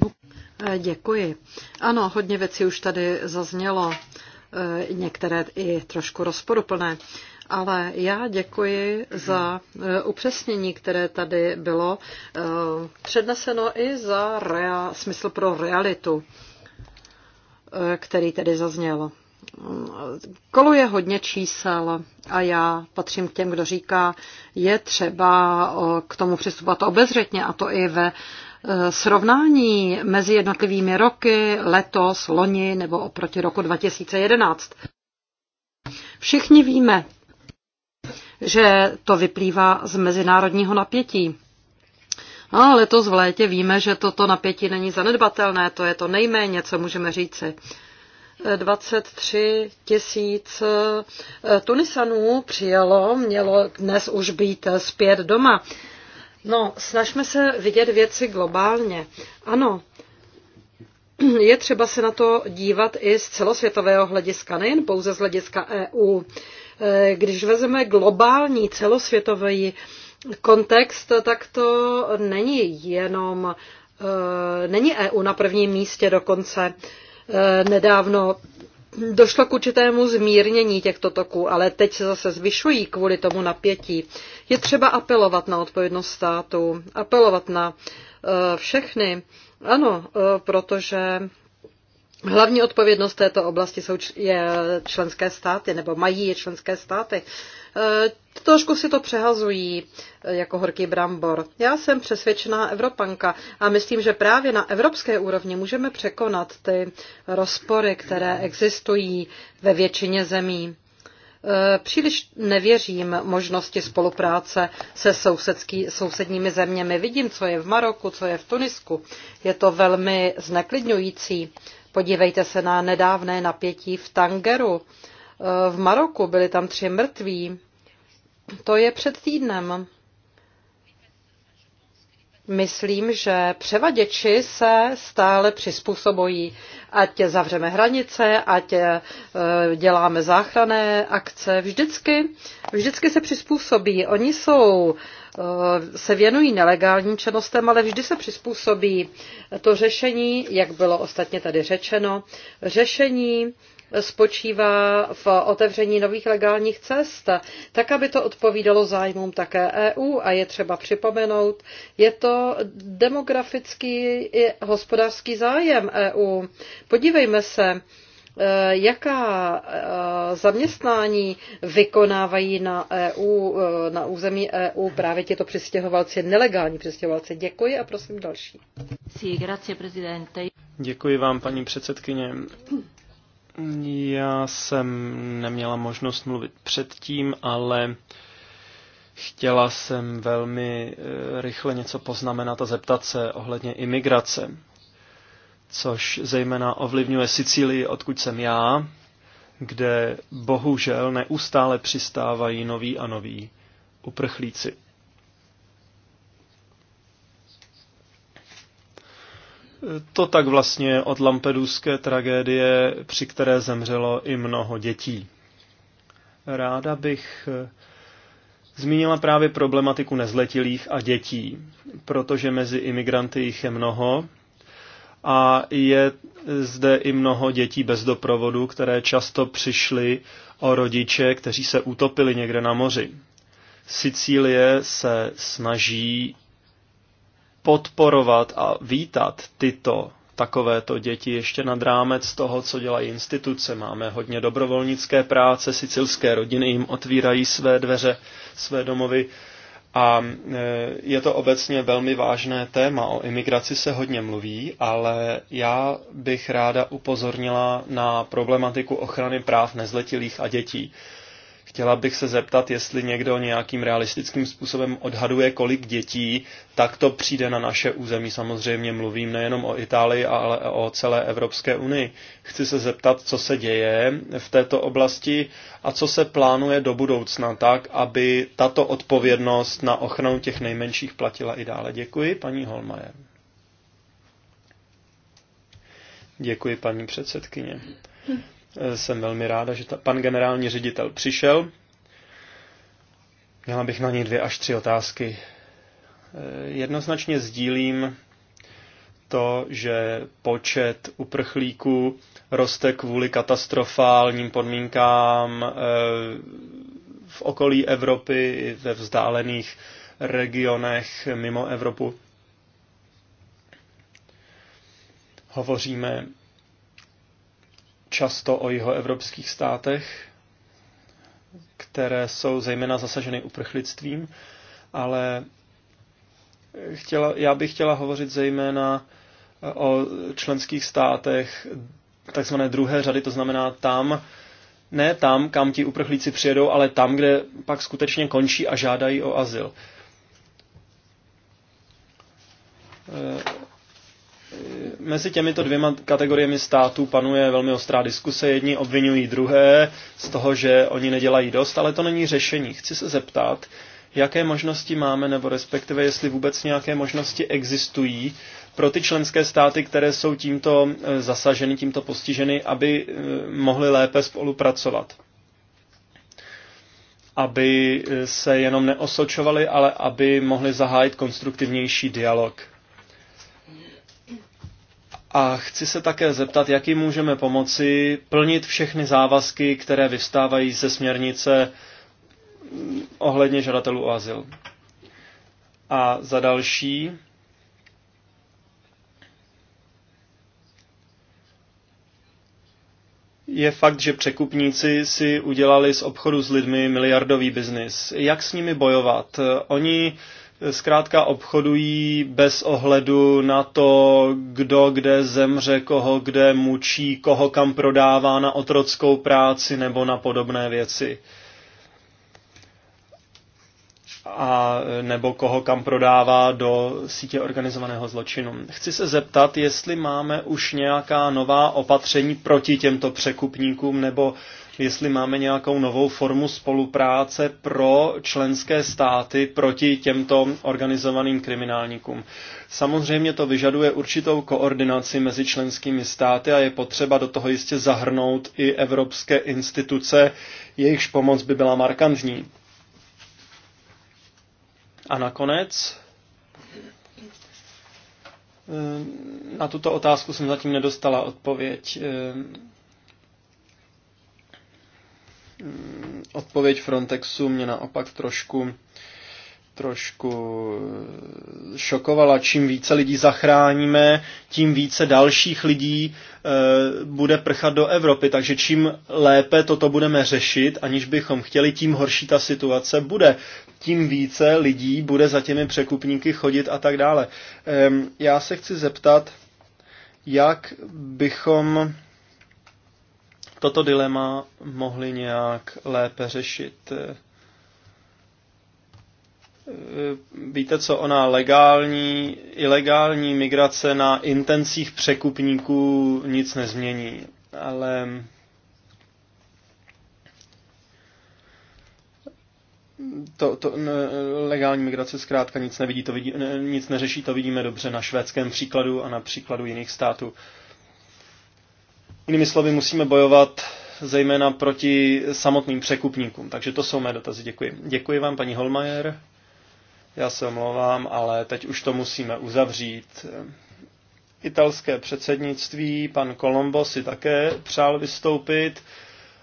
děkuji. Ano, hodně věcí už tady zaznělo E, některé i trošku rozporuplné. Ale já děkuji za e, upřesnění, které tady bylo e, předneseno i za rea, smysl pro realitu, který tedy zazněl. Koluje hodně čísel a já patřím k těm, kdo říká, je třeba k tomu přistupovat obezřetně a to i ve Eh, srovnání mezi jednotlivými roky, letos, loni nebo oproti roku 2011. Všichni víme, že to vyplývá z mezinárodního napětí. A letos v létě víme, že toto napětí není zanedbatelné, to je to nejméně, co můžeme říci. 23 eh, tisíc eh, Tunisanů přijelo, mělo dnes už být zpět doma. No, snažme se vidět věci globálně. Ano, je třeba se na to dívat i z celosvětového hlediska, nejen pouze z hlediska EU. E, když vezmeme globální celosvětový kontext, tak to není jenom, e, není EU na prvním místě dokonce. E, nedávno došlo k určitému zmírnění těchto toků, ale teď se zase zvyšují kvůli tomu napětí. Je třeba apelovat na odpovědnost státu, apelovat na eh, všechny. Ano, eh, protože hlavní odpovědnost této oblasti jsou je členské státy, nebo mají je členské státy. Eh, trošku si to přehazují eh, jako horký brambor. Já jsem přesvědčená Evropanka a myslím, že právě na evropské úrovni můžeme překonat ty rozpory, které existují ve většině zemí. Eh, příliš nevěřím možnosti spolupráce se sousedský, sousedními zeměmi. Vidím, co je v Maroku, co je v Tunisku. Je to velmi zneklidňující. Podívejte se na nedávné napětí v Tangeru v Maroku, byli tam tři mrtví. To je před týdnem. Myslím, že převaděči se stále přizpůsobují. Ať zavřeme hranice, ať eh, děláme záchrané akce, vždycky, vždycky se přizpůsobí. Oni jsou, eh, se věnují nelegálním činnostem, ale vždy se přizpůsobí to řešení, jak bylo ostatně tady řečeno, řešení spočívá v otevření nových legálních cest, tak aby to odpovídalo zájmům také EU a je třeba připomenout, je to demografický i hospodářský zájem EU. Podívejme se, eh, jaká eh, zaměstnání vykonávají na EU, eh, na území EU právě těto přistěhovalci, nelegální přistěhovalci. Děkuji a prosím další. Děkuji vám, paní předsedkyně. Já jsem neměla možnost mluvit předtím, ale chtěla jsem velmi eh, rychle něco poznamenat a zeptat se ohledně imigrace, což zejména ovlivňuje Sicílii, odkud jsem já, kde bohužel neustále přistávají noví a noví uprchlíci. To tak vlastně od lampeduské tragédie, při které zemřelo i mnoho dětí. Ráda bych eh, zmínila právě problematiku nezletilých a dětí, protože mezi imigranty jich je mnoho a je zde i mnoho dětí bez doprovodu, které často přišly o rodiče, kteří se utopili někde na moři. Sicílie se snaží podporovat a vítat tyto takovéto děti ještě nad rámec toho, co dělají instituce. Máme hodně dobrovolnické práce, sicilské rodiny jim otvírají své dveře, své domovy. A e, je to obecně velmi vážné téma. O imigraci se hodně mluví, ale já bych ráda upozornila na problematiku ochrany práv nezletilých a dětí. Chtěla bych se zeptat, jestli někdo nějakým realistickým způsobem odhaduje, kolik dětí takto přijde na naše území. Samozřejmě mluvím nejenom o Itálii, ale o celé Evropské unii. Chci se zeptat, co se děje v této oblasti a co se plánuje do budoucna tak, aby tato odpovědnost na ochranu těch nejmenších platila i dále. Děkuji, paní Holmaje. Děkuji, paní předsedkyně. Eh, jsem velmi ráda, že ta, pan generální ředitel přišel. Měla bych na něj dvě až tři otázky. Eh, jednoznačně sdílím to, že počet uprchlíků roste kvůli katastrofálním podmínkám eh, v okolí Evropy i ve vzdálených regionech mimo Evropu. Hovoříme často o jeho evropských státech, které jsou zejména zasaženy uprchlictvím, ale chtěla, já bych chtěla hovořit zejména eh, o členských státech takzvané druhé řady, to znamená tam, ne tam, kam ti uprchlíci přijedou, ale tam, kde pak skutečně končí a žádají o azyl. Eh, mezi těmito dvěma kategoriemi států panuje velmi ostrá diskuse. Jedni obvinují druhé z toho, že oni nedělají dost, ale to není řešení. Chci se zeptat, jaké možnosti máme, nebo respektive jestli vůbec nějaké možnosti existují pro ty členské státy, které jsou tímto eh, zasaženy, tímto postiženy, aby eh, mohly lépe spolupracovat. Aby eh, se jenom neosočovali, ale aby mohli zahájit konstruktivnější dialog. A chci se také zeptat, jim můžeme pomoci plnit všechny závazky, které vystávají ze směrnice mm, ohledně žadatelů o azyl. A za další, je fakt, že překupníci si udělali z obchodu s lidmi miliardový biznis. Jak s nimi bojovat? Oni zkrátka obchodují bez ohledu na to, kdo kde zemře, koho kde mučí, koho kam prodává na otrockou práci nebo na podobné věci. A nebo koho kam prodává do sítě organizovaného zločinu. Chci se zeptat, jestli máme už nějaká nová opatření proti těmto překupníkům nebo jestli máme nějakou novou formu spolupráce pro členské státy proti těmto organizovaným kriminálníkům. Samozřejmě to vyžaduje určitou koordinaci mezi členskými státy a je potřeba do toho jistě zahrnout i evropské instituce, jejichž pomoc by byla markantní. A nakonec eh, na tuto otázku jsem zatím nedostala odpověď. Eh, Mm, odpověď Frontexu mě naopak trošku trošku eh, šokovala. Čím více lidí zachráníme, tím více dalších lidí e, bude prchat do Evropy. Takže čím lépe toto budeme řešit, aniž bychom chtěli, tím horší ta situace bude. Tím více lidí bude za těmi překupníky chodit a tak dále. E, já se chci zeptat, jak bychom toto dilema mohli nějak lépe řešit. Víte co, ona legální, ilegální migrace na intencích překupníků nic nezmění, ale to, to ne, legální migrace zkrátka nic nevidí, to vidí, ne, nic neřeší, to vidíme dobře na švédském příkladu a na příkladu jiných států. Uh, Jinými slovy, musíme bojovat zejména proti samotným překupníkům. Takže to jsou mé dotazy. Děkuji. Děkuji vám, paní Holmajer. Já se omlouvám, ale teď už to musíme uzavřít. Italské předsednictví, pan Colombo si také přál vystoupit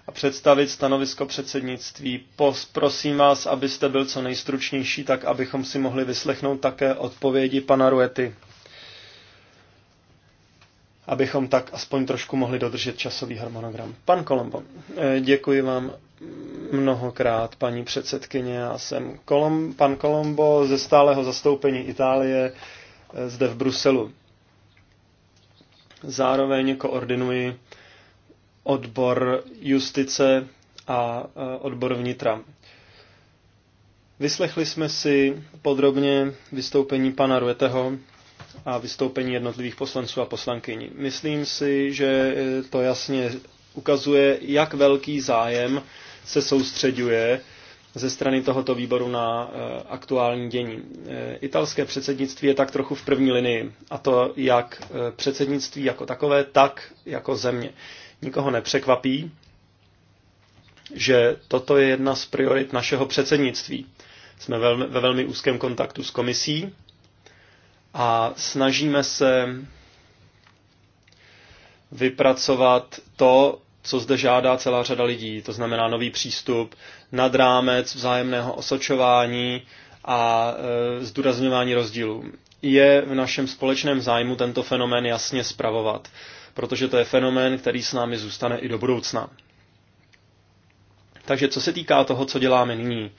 a představit stanovisko předsednictví. Pos, prosím vás, abyste byl co nejstručnější, tak abychom si mohli vyslechnout také odpovědi pana Ruety abychom tak aspoň trošku mohli dodržet časový harmonogram. Pan Kolombo, eh, děkuji vám mnohokrát, paní předsedkyně. Já jsem Kolom, pan Kolombo ze stáleho zastoupení Itálie eh, zde v Bruselu. Zároveň koordinuji odbor justice a eh, odbor vnitra. Vyslechli jsme si podrobně vystoupení pana Rueteho a vystoupení jednotlivých poslanců a poslankyní. Myslím si, že to jasně ukazuje, jak velký zájem se soustředuje ze strany tohoto výboru na eh, aktuální dění. Eh, italské předsednictví je tak trochu v první linii, a to jak eh, předsednictví jako takové, tak jako země. Nikoho nepřekvapí, že toto je jedna z priorit našeho předsednictví. Jsme ve velmi úzkém kontaktu s komisí a snažíme se vypracovat to, co zde žádá celá řada lidí, to znamená nový přístup nad rámec vzájemného osočování a e, zdůrazňování rozdílů. Je v našem společném zájmu tento fenomén jasně spravovat, protože to je fenomén, který s námi zůstane i do budoucna. Takže co se týká toho, co děláme nyní,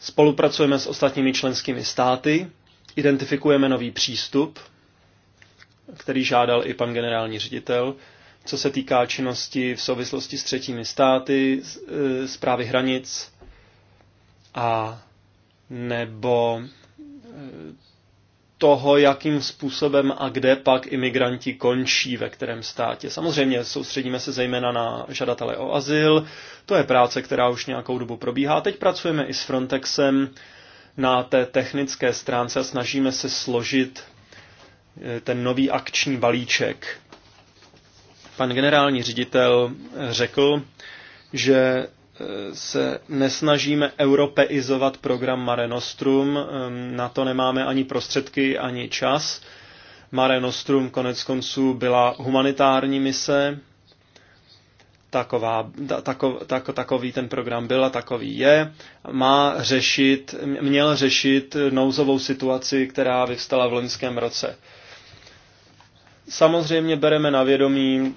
spolupracujeme s ostatními členskými státy, Identifikujeme nový přístup, který žádal i pan generální ředitel, co se týká činnosti v souvislosti s třetími státy, e, zprávy hranic a nebo e, toho, jakým způsobem a kde pak imigranti končí, ve kterém státě. Samozřejmě soustředíme se zejména na žadatele o azyl, to je práce, která už nějakou dobu probíhá. Teď pracujeme i s Frontexem na té technické stránce a snažíme se složit eh, ten nový akční balíček. Pan generální ředitel eh, řekl, že eh, se nesnažíme europeizovat program Mare Nostrum, ehm, na to nemáme ani prostředky, ani čas. Mare Nostrum konec konců byla humanitární mise, taková, tako, tako, takový ten program byl a takový je. Má řešit, měl řešit nouzovou situaci, která vyvstala v loňském roce. Samozřejmě bereme na vědomí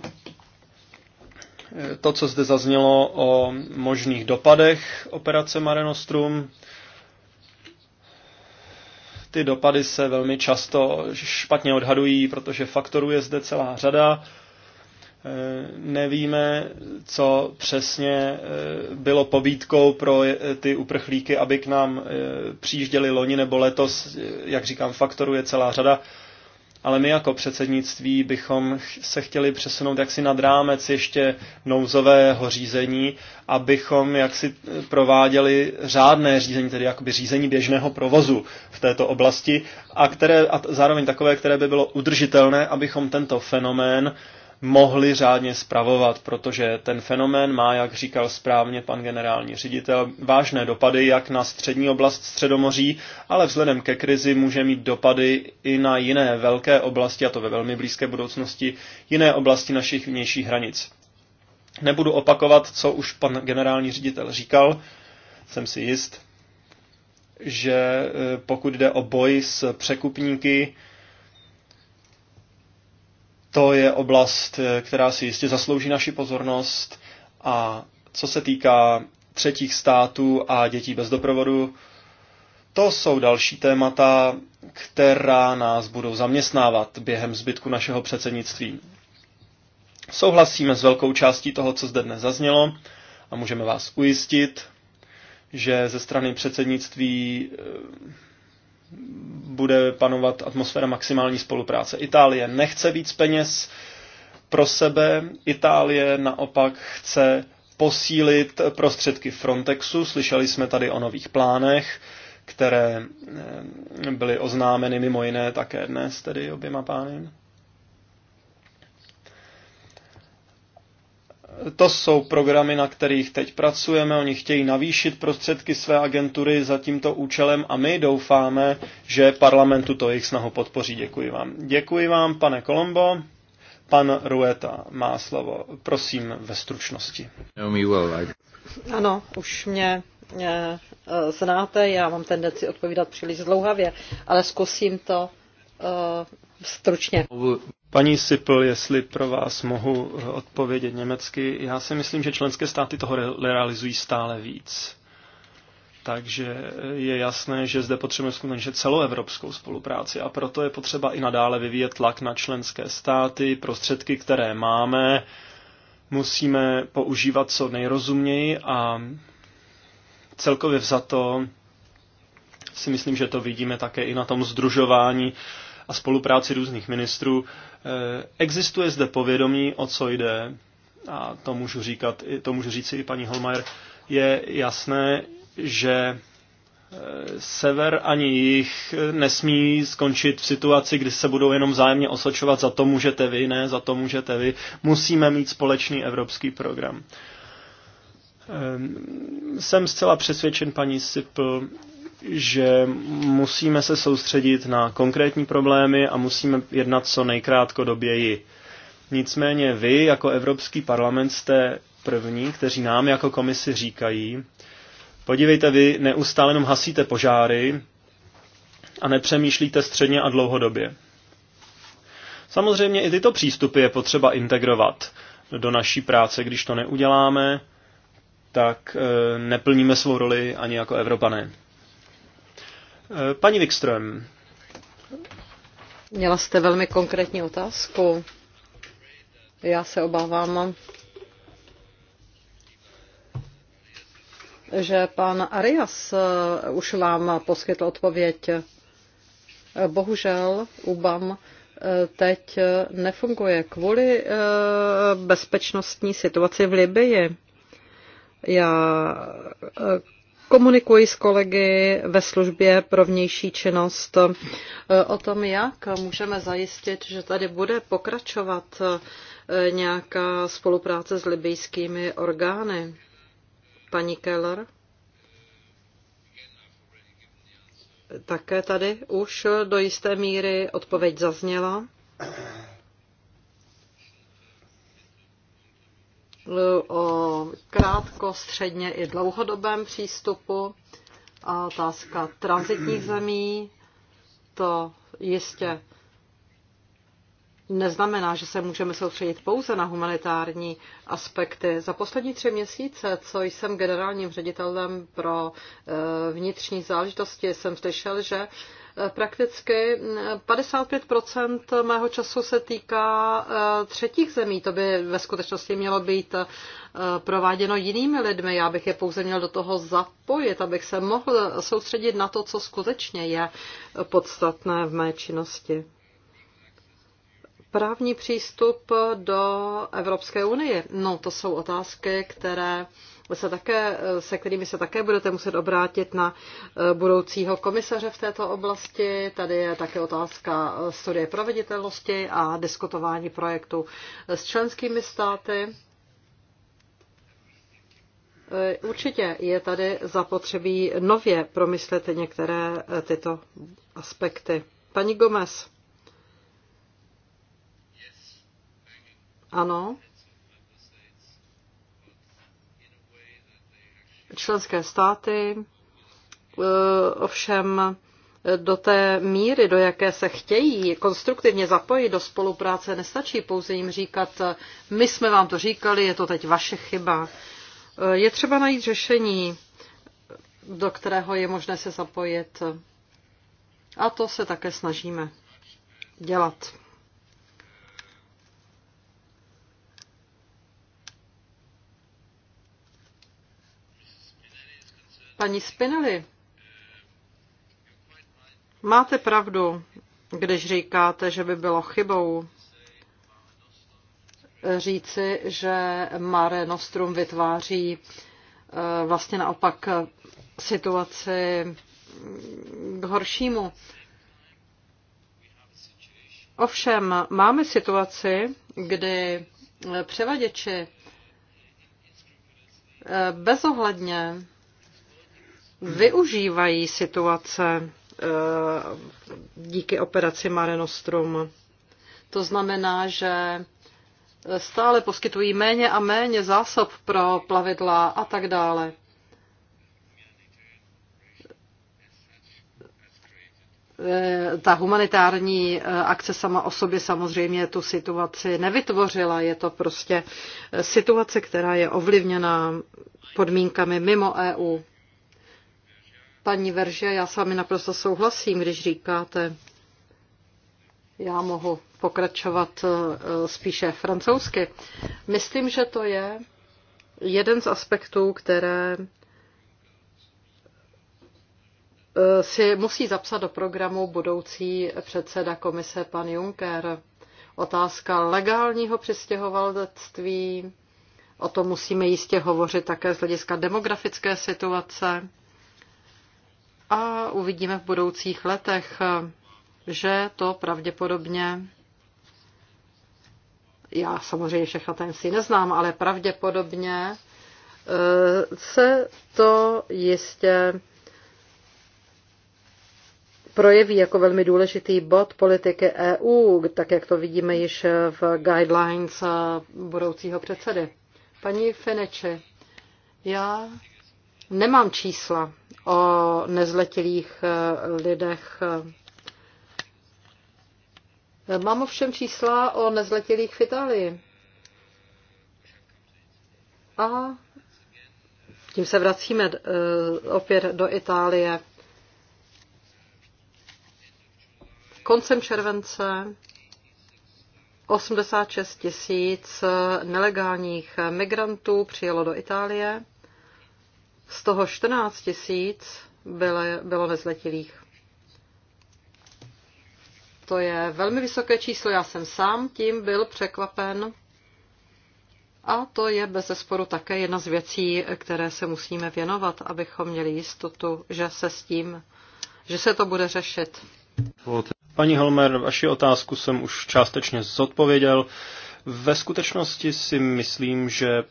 eh, to, co zde zaznělo o možných dopadech operace Mare Nostrum. Ty dopady se velmi často špatně odhadují, protože faktorů je zde celá řada nevíme, co přesně eh, bylo pobídkou pro eh, ty uprchlíky, aby k nám eh, přijížděli loni nebo letos, jak říkám, faktorů je celá řada, ale my jako předsednictví bychom se chtěli přesunout jaksi nad rámec ještě nouzového řízení, abychom jaksi prováděli řádné řízení, tedy jakoby řízení běžného provozu v této oblasti a, které, a zároveň takové, které by bylo udržitelné, abychom tento fenomén eh, mohli řádně spravovat, protože ten fenomén má, jak říkal správně pan generální ředitel, vážné dopady jak na střední oblast Středomoří, ale vzhledem ke krizi může mít dopady i na jiné velké oblasti, a to ve velmi blízké budoucnosti, jiné oblasti našich vnějších hranic. Nebudu opakovat, co už pan generální ředitel říkal, jsem si jist, že eh, pokud jde o boj s překupníky, to je oblast, eh, která si jistě zaslouží naši pozornost. A co se týká třetích států a dětí bez doprovodu, to jsou další témata, která nás budou zaměstnávat během zbytku našeho předsednictví. Souhlasíme s velkou částí toho, co zde dnes zaznělo a můžeme vás ujistit, že ze strany předsednictví eh, bude panovat atmosféra maximální spolupráce. Itálie nechce víc peněz pro sebe, Itálie naopak chce posílit prostředky Frontexu. Slyšeli jsme tady o nových plánech, které eh, byly oznámeny mimo jiné také dnes, tedy oběma pány. To jsou programy, na kterých teď pracujeme. Oni chtějí navýšit prostředky své agentury za tímto účelem a my doufáme, že parlamentu to jejich snahu podpoří. Děkuji vám. Děkuji vám, pane Kolombo. Pan Rueta má slovo. Prosím ve stručnosti. Ano, už mě e, znáte, já mám tendenci odpovídat příliš zlouhavě, ale zkusím to e, stručně. Paní Sipl, jestli pro vás mohu eh, odpovědět německy, já si myslím, že členské státy toho realizují stále víc. Takže eh, je jasné, že zde potřebujeme skutečně celoevropskou spolupráci a proto je potřeba i nadále vyvíjet tlak na členské státy, prostředky, které máme, musíme používat co nejrozuměji a celkově vzato si myslím, že to vidíme také i na tom združování a spolupráci různých ministrů. Eh, existuje zde povědomí, o co jde, a to můžu, říkat, to můžu říct i paní Holmajer, je jasné, že eh, sever ani jich eh, nesmí skončit v situaci, kdy se budou jenom zájemně osočovat za to můžete vy, ne, za to můžete vy. Musíme mít společný evropský program. Ehm, jsem zcela přesvědčen, paní Sipl, že musíme se soustředit na konkrétní problémy a musíme jednat co nejkrátkodoběji. Nicméně vy jako Evropský parlament jste první, kteří nám jako komisi říkají, podívejte, vy neustále jenom hasíte požáry a nepřemýšlíte středně a dlouhodobě. Samozřejmě i tyto přístupy je potřeba integrovat do naší práce. Když to neuděláme, tak eh, neplníme svou roli ani jako Evropané. Eh, paní Wikström. Měla jste velmi konkrétní otázku. Já se obávám, že pan Arias eh, už vám poskytl odpověď. Bohužel UBAM eh, teď nefunguje kvůli bezpečnostní situaci v Libii. Já Komunikuji s kolegy ve službě pro vnější činnost eh, o tom, jak můžeme zajistit, že tady bude pokračovat eh, nějaká spolupráce s libijskými orgány. Paní Keller? Také tady už do jisté míry odpověď zazněla. o krátko, středně i dlouhodobém přístupu a otázka transitních zemí. To jistě neznamená, že se můžeme soustředit pouze na humanitární aspekty. Za poslední tři měsíce, co jsem generálním ředitelem pro eh, vnitřní záležitosti, jsem slyšel, že Prakticky 55 mého času se týká eh, třetích zemí. To by ve skutečnosti mělo být eh, prováděno jinými lidmi. Já bych je pouze měl do toho zapojit, abych se mohl soustředit na to, co skutečně je podstatné v mé činnosti právní přístup do Evropské unie? No, to jsou otázky, které se, také, se kterými se také budete muset obrátit na eh, budoucího komisaře v této oblasti. Tady je také otázka eh, studie proveditelnosti a diskutování projektu eh, s členskými státy. Určitě je tady zapotřebí nově promyslet některé tyto aspekty. Paní Gomez. Ano. Členské státy eh, ovšem eh, do té míry, do jaké se chtějí konstruktivně zapojit do spolupráce, nestačí pouze jim říkat, eh, my jsme vám to říkali, je to teď vaše chyba. Je třeba najít řešení, do kterého je možné se zapojit. A to se také snažíme dělat. Paní Spinelli, máte pravdu, když říkáte, že by bylo chybou říci, že Mare Nostrum vytváří eh, vlastně naopak situaci k horšímu. Ovšem, máme situaci, kdy eh, převaděči eh, bezohledně využívají situace eh, díky operaci Mare Nostrum. To znamená, že stále poskytují méně a méně zásob pro plavidla a tak dále. Eh, ta humanitární eh, akce sama o sobě samozřejmě tu situaci nevytvořila. Je to prostě situace, která je ovlivněna podmínkami mimo EU. Paní Verže, já s vámi naprosto souhlasím, když říkáte, já mohu pokračovat eh, spíše francouzsky. Myslím, že to je jeden z aspektů, které eh, si musí zapsat do programu budoucí předseda komise pan Juncker. Otázka legálního přistěhovalectví, o tom musíme jistě hovořit také z hlediska demografické situace a uvidíme v budoucích letech, že to pravděpodobně já samozřejmě ten si neznám, ale pravděpodobně eh, se to jistě projeví jako velmi důležitý bod politiky EU, tak jak to vidíme již v guidelines budoucího předsedy. Paní Fineči, já nemám čísla o nezletilých eh, lidech. Mám ovšem čísla o nezletilých v Itálii. A tím se vracíme eh, opět do Itálie. Koncem července 86 tisíc nelegálních migrantů přijelo do Itálie z toho 14 tisíc bylo nezletilých. To je velmi vysoké číslo. Já jsem sám tím byl překvapen. A to je bez zesporu také jedna z věcí, které se musíme věnovat, abychom měli jistotu, že se s tím, že se to bude řešit. Paní Holmer, vaši otázku jsem už částečně zodpověděl. Ve skutečnosti si myslím, že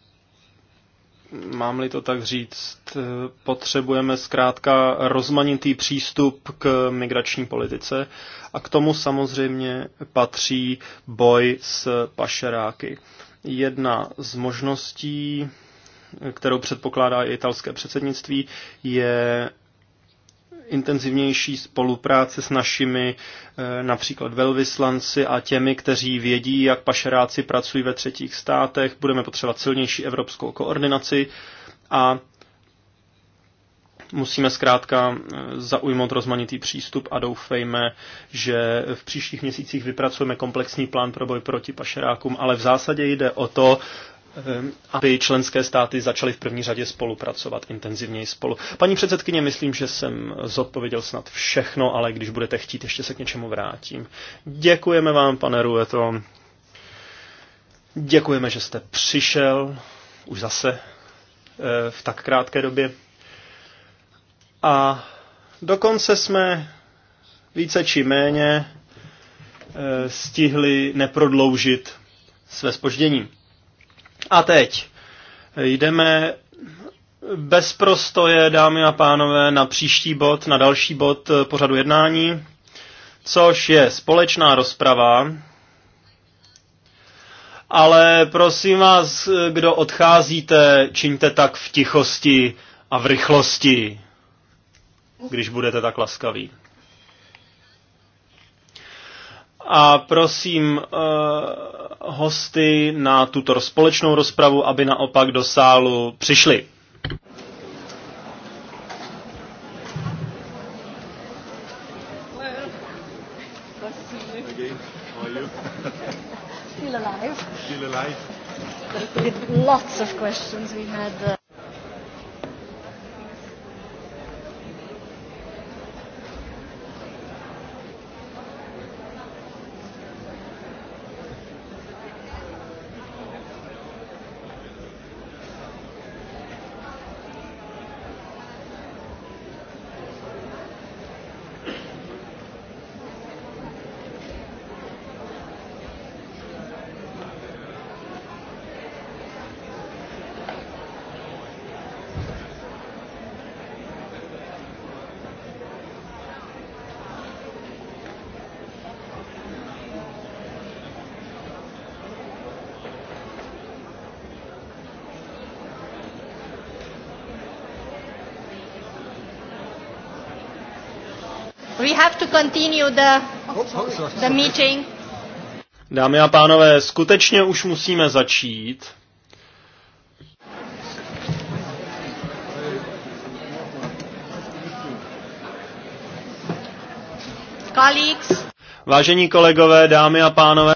mám-li to tak říct, eh, potřebujeme zkrátka rozmanitý přístup k migrační politice a k tomu samozřejmě patří boj s pašeráky. Jedna z možností, kterou předpokládá i italské předsednictví, je intenzivnější spolupráce s našimi eh, například velvyslanci a těmi, kteří vědí, jak pašeráci pracují ve třetích státech. Budeme potřebovat silnější evropskou koordinaci a musíme zkrátka eh, zaujmout rozmanitý přístup a doufejme, že v příštích měsících vypracujeme komplexní plán pro boj proti pašerákům, ale v zásadě jde o to Ehm, aby členské státy začaly v první řadě spolupracovat intenzivněji spolu. Paní předsedkyně, myslím, že jsem zodpověděl snad všechno, ale když budete chtít, ještě se k něčemu vrátím. Děkujeme vám, pane Rueto. Děkujeme, že jste přišel už zase eh, v tak krátké době. A dokonce jsme více či méně eh, stihli neprodloužit své spoždění. A teď jdeme bez prostoje, dámy a pánové, na příští bod, na další bod pořadu jednání, což je společná rozprava. Ale prosím vás, kdo odcházíte, čiňte tak v tichosti a v rychlosti, když budete tak laskaví a prosím uh, hosty na tuto společnou rozpravu, aby naopak do sálu přišli. Still alive. Still alive. With lots of questions we had. Uh... We have to continue the, oh, the meeting. Dámy a pánové, skutečně už musíme začít. Colleagues. Vážení kolegové, dámy a pánové,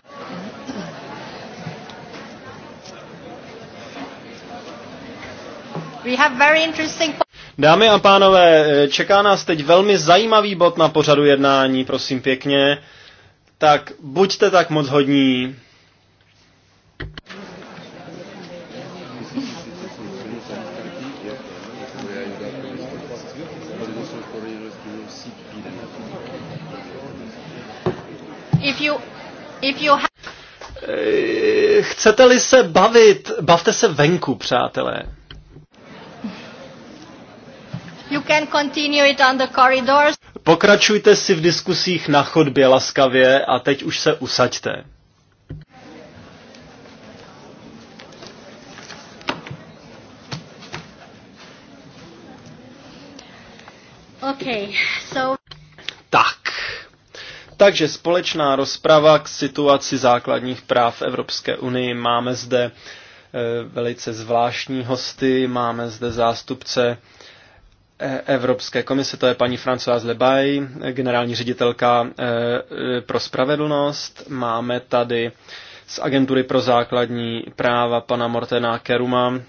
We have very interesting... Dámy a pánové, eh, čeká nás teď velmi zajímavý bod na pořadu jednání, prosím pěkně. Tak buďte tak moc hodní. If you, if you have... Eh, chcete-li se bavit, bavte se venku, přátelé. can continue it on the corridors. Pokračujte si v diskusích na chodbě laskavě a teď už se usaďte. Okay, so... Tak. Takže společná rozprava k situaci základních práv Evropské unii. Máme zde eh, velice zvláštní hosty, máme zde zástupce E, Evropské komise, to je paní Françoise Lebaj, generální ředitelka e, e, pro spravedlnost. Máme tady z agentury pro základní práva pana Mortena Keruma,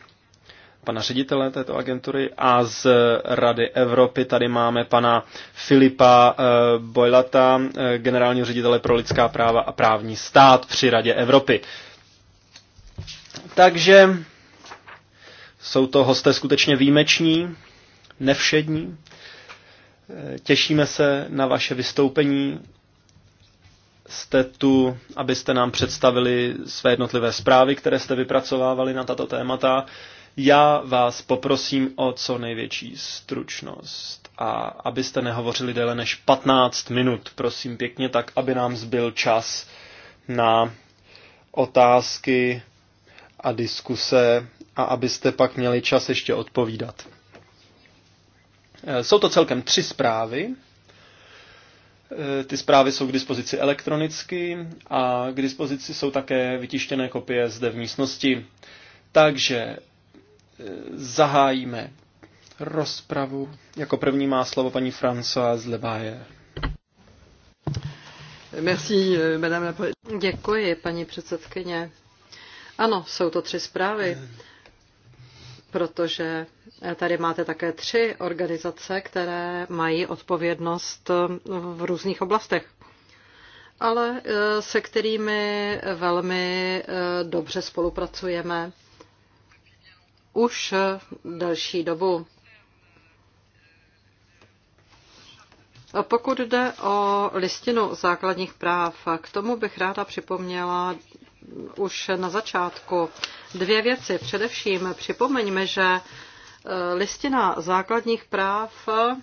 pana ředitele této agentury a z Rady Evropy tady máme pana Filipa Bojlata, generálního ředitele pro lidská práva a právní stát při Radě Evropy. Takže jsou to hosté skutečně výjimeční nevšední. Těšíme se na vaše vystoupení. Jste tu, abyste nám představili své jednotlivé zprávy, které jste vypracovávali na tato témata. Já vás poprosím o co největší stručnost a abyste nehovořili déle než 15 minut, prosím pěkně, tak aby nám zbyl čas na otázky a diskuse a abyste pak měli čas ještě odpovídat. Eh, jsou to celkem tři zprávy. Eh, ty zprávy jsou k dispozici elektronicky a k dispozici jsou také vytištěné kopie zde v místnosti. Takže eh, zahájíme rozpravu. Jako první má slovo paní Françoise Lebaje. Merci, madame la Děkuji, paní předsedkyně. Ano, jsou to tři zprávy protože tady máte také tři organizace, které mají odpovědnost v různých oblastech ale eh, se kterými velmi eh, dobře spolupracujeme už další dobu. Pokud jde o listinu základních práv, k tomu bych ráda připomněla už na začátku. Dvě věci. Především připomeňme, že eh, listina základních práv eh,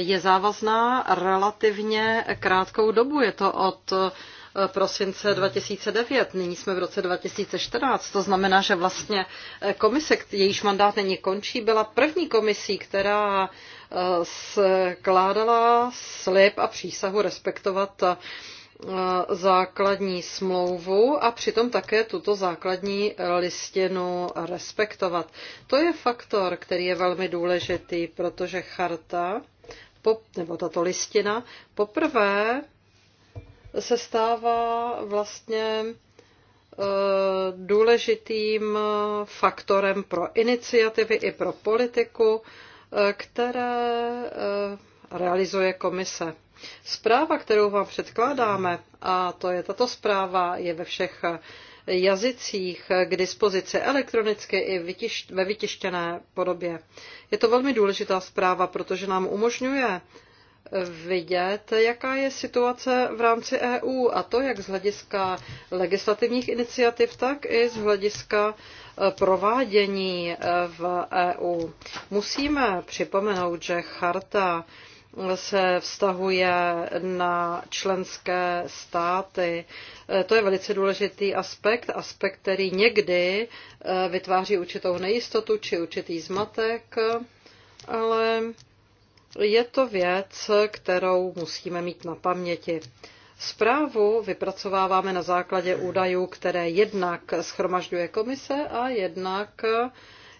je závazná relativně krátkou dobu. Je to od eh, prosince 2009, nyní jsme v roce 2014, to znamená, že vlastně komise, jejíž mandát není končí, byla první komisí, která skládala slib a přísahu respektovat Eh, základní smlouvu a přitom také tuto základní listinu respektovat. To je faktor, který je velmi důležitý, protože charta, nebo tato listina, poprvé se stává vlastně eh, důležitým eh, faktorem pro iniciativy i pro politiku, které realizuje komise. Zpráva, kterou vám předkládáme, a to je tato zpráva, je ve všech jazycích k dispozici elektronicky i ve vytištěné podobě. Je to velmi důležitá zpráva, protože nám umožňuje vidět, jaká je situace v rámci EU a to jak z hlediska legislativních iniciativ, tak i z hlediska eh, provádění eh, v EU. Musíme připomenout, že charta se vztahuje na členské státy. Eh, to je velice důležitý aspekt, aspekt, který někdy eh, vytváří určitou nejistotu či určitý zmatek, ale je to věc, kterou musíme mít na paměti. Zprávu vypracováváme na základě údajů, které jednak schromažďuje komise a jednak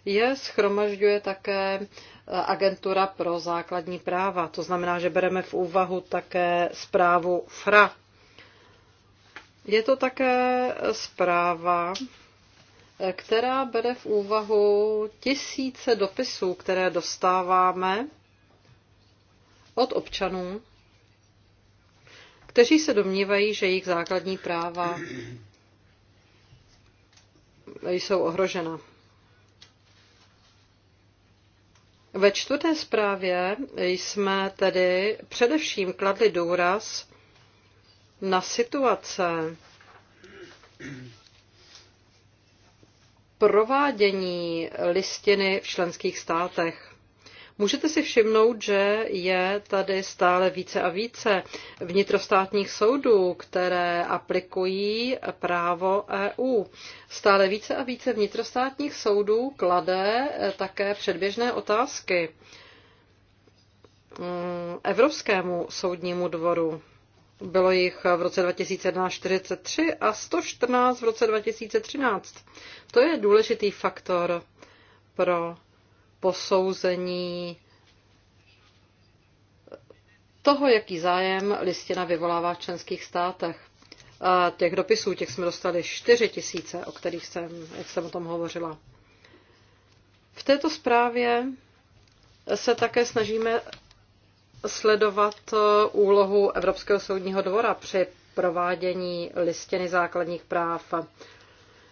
je schromažďuje také eh, agentura pro základní práva. To znamená, že bereme v úvahu také zprávu FRA. Je to také zpráva, eh, která bere v úvahu tisíce dopisů, které dostáváme od občanů, kteří se domnívají, že jejich základní práva jsou ohrožena. Ve čtvrté zprávě jsme tedy především kladli důraz na situace provádění listiny v členských státech. Můžete si všimnout, že je tady stále více a více vnitrostátních soudů, které aplikují právo EU. Stále více a více vnitrostátních soudů klade eh, také předběžné otázky mm, Evropskému soudnímu dvoru. Bylo jich v roce 2011 43 a 114 v roce 2013. To je důležitý faktor pro posouzení toho, jaký zájem listina vyvolává v členských státech. A těch dopisů, těch jsme dostali 4 tisíce, o kterých jsem, jak jsem o tom hovořila. V této zprávě se také snažíme sledovat e, úlohu Evropského soudního dvora při provádění listiny základních práv.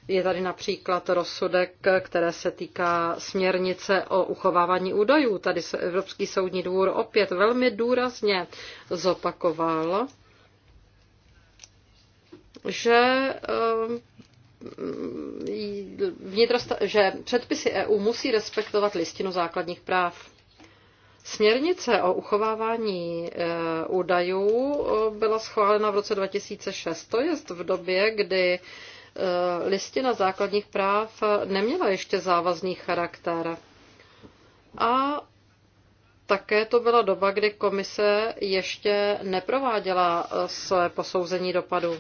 Je tady například rozsudek, které se týká směrnice o uchovávání údajů. Tady se Evropský soudní dvůr opět velmi důrazně zopakoval, že eh, že předpisy EU musí respektovat listinu základních práv. Směrnice o uchovávání eh, údajů eh, byla schválena v roce 2006, to je v době, kdy Eh, listina základních práv neměla ještě závazný charakter. A také to byla doba, kdy komise ještě neprováděla eh, své posouzení dopadu.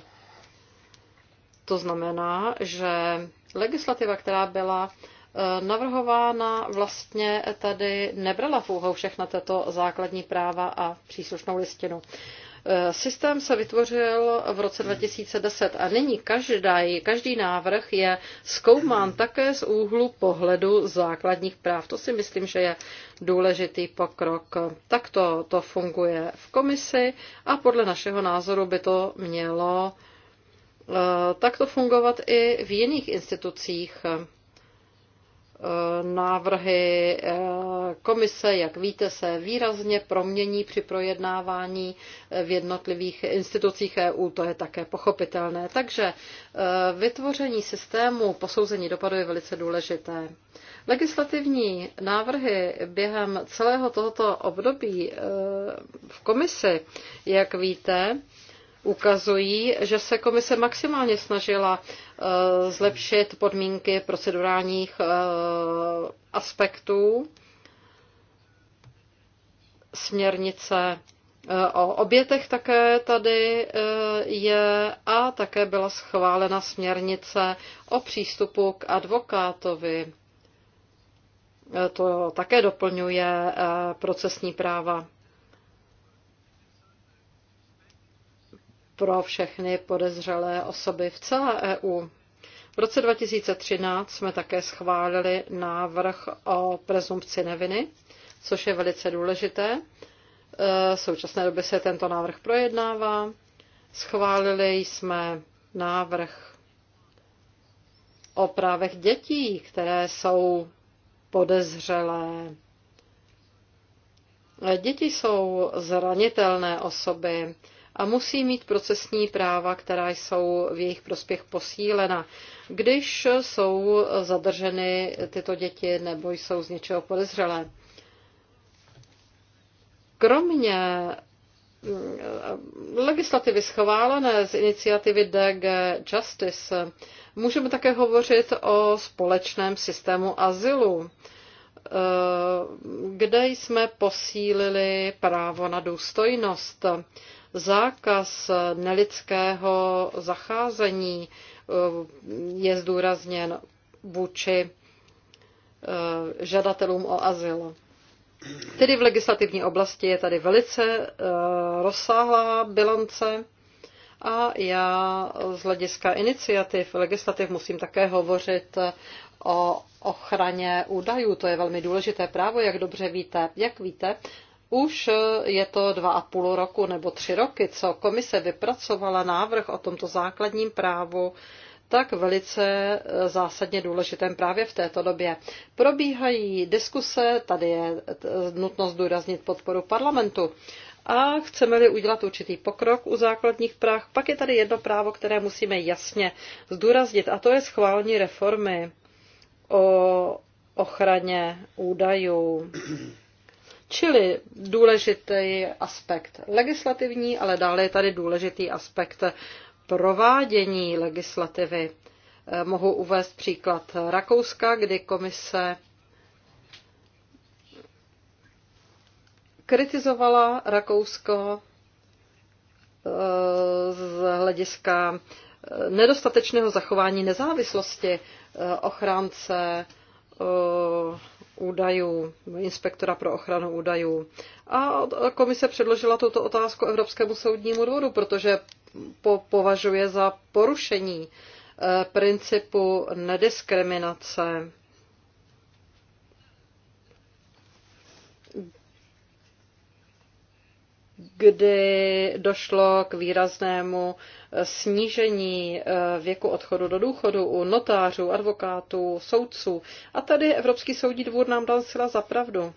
To znamená, že legislativa, která byla eh, navrhována, vlastně tady nebrala v úhou všechna tato základní práva a příslušnou listinu. Eh, systém se vytvořil v roce 2010 a nyní každý, každý návrh je zkoumán také z úhlu pohledu základních práv. To si myslím, že je důležitý pokrok. Takto to funguje v komisi a podle našeho názoru by to mělo eh, takto fungovat i v jiných institucích. Eh, návrhy eh, komise, jak víte, se výrazně promění při projednávání eh, v jednotlivých institucích EU, to je také pochopitelné. Takže vytvoření systému posouzení dopadu je velice důležité. Legislativní návrhy během celého tohoto období v komisi, jak víte, ukazují, že se komise maximálně snažila eh, zlepšit podmínky procedurálních eh, aspektů směrnice eh, o obětech také tady je a také byla schválena směrnice o přístupu k advokátovi. To také doplňuje procesní práva. pro všechny podezřelé osoby v celé EU. V roce 2013 jsme také schválili návrh o prezumpci neviny, což je velice důležité. E, v současné době se tento návrh projednává. Schválili jsme návrh o právech dětí, které jsou podezřelé. E, děti jsou zranitelné osoby a musí mít procesní práva, která jsou v jejich prospěch posílena, když jsou zadrženy tyto děti nebo jsou z něčeho podezřelé. Kromě mm, legislativy schválené z iniciativy DG Justice můžeme také hovořit o společném systému azylu, eh, kde jsme posílili právo na důstojnost. Zákaz nelidského zacházení eh, je zdůrazněn vůči eh, žadatelům o azyl. Tedy v legislativní oblasti je tady velice eh, rozsáhlá bilance a já z hlediska iniciativ legislativ musím také hovořit o ochraně údajů. To je velmi důležité právo, jak dobře víte. Jak víte, už eh, je to dva a půl roku nebo tři roky, co komise vypracovala návrh o tomto základním právu tak velice eh, zásadně důležitém právě v této době. Probíhají diskuse, tady je eh, nutnost důraznit podporu parlamentu. A chceme-li udělat určitý pokrok u základních práv, pak je tady jedno právo, které musíme jasně zdůraznit, a to je schválení reformy o ochraně údajů. Čili důležitý aspekt legislativní, ale dále je tady důležitý aspekt provádění legislativy. Eh, mohu uvést příklad Rakouska, kdy komise kritizovala Rakousko eh, z hlediska eh, nedostatečného zachování nezávislosti ochránce údajů, inspektora pro ochranu údajů. A komise předložila tuto otázku Evropskému soudnímu dvoru, protože po, považuje za porušení eh, principu nediskriminace kdy došlo k výraznému eh, snížení eh, věku odchodu do důchodu u notářů, advokátů, soudců. A tady Evropský soudní dvůr nám dal sila za pravdu.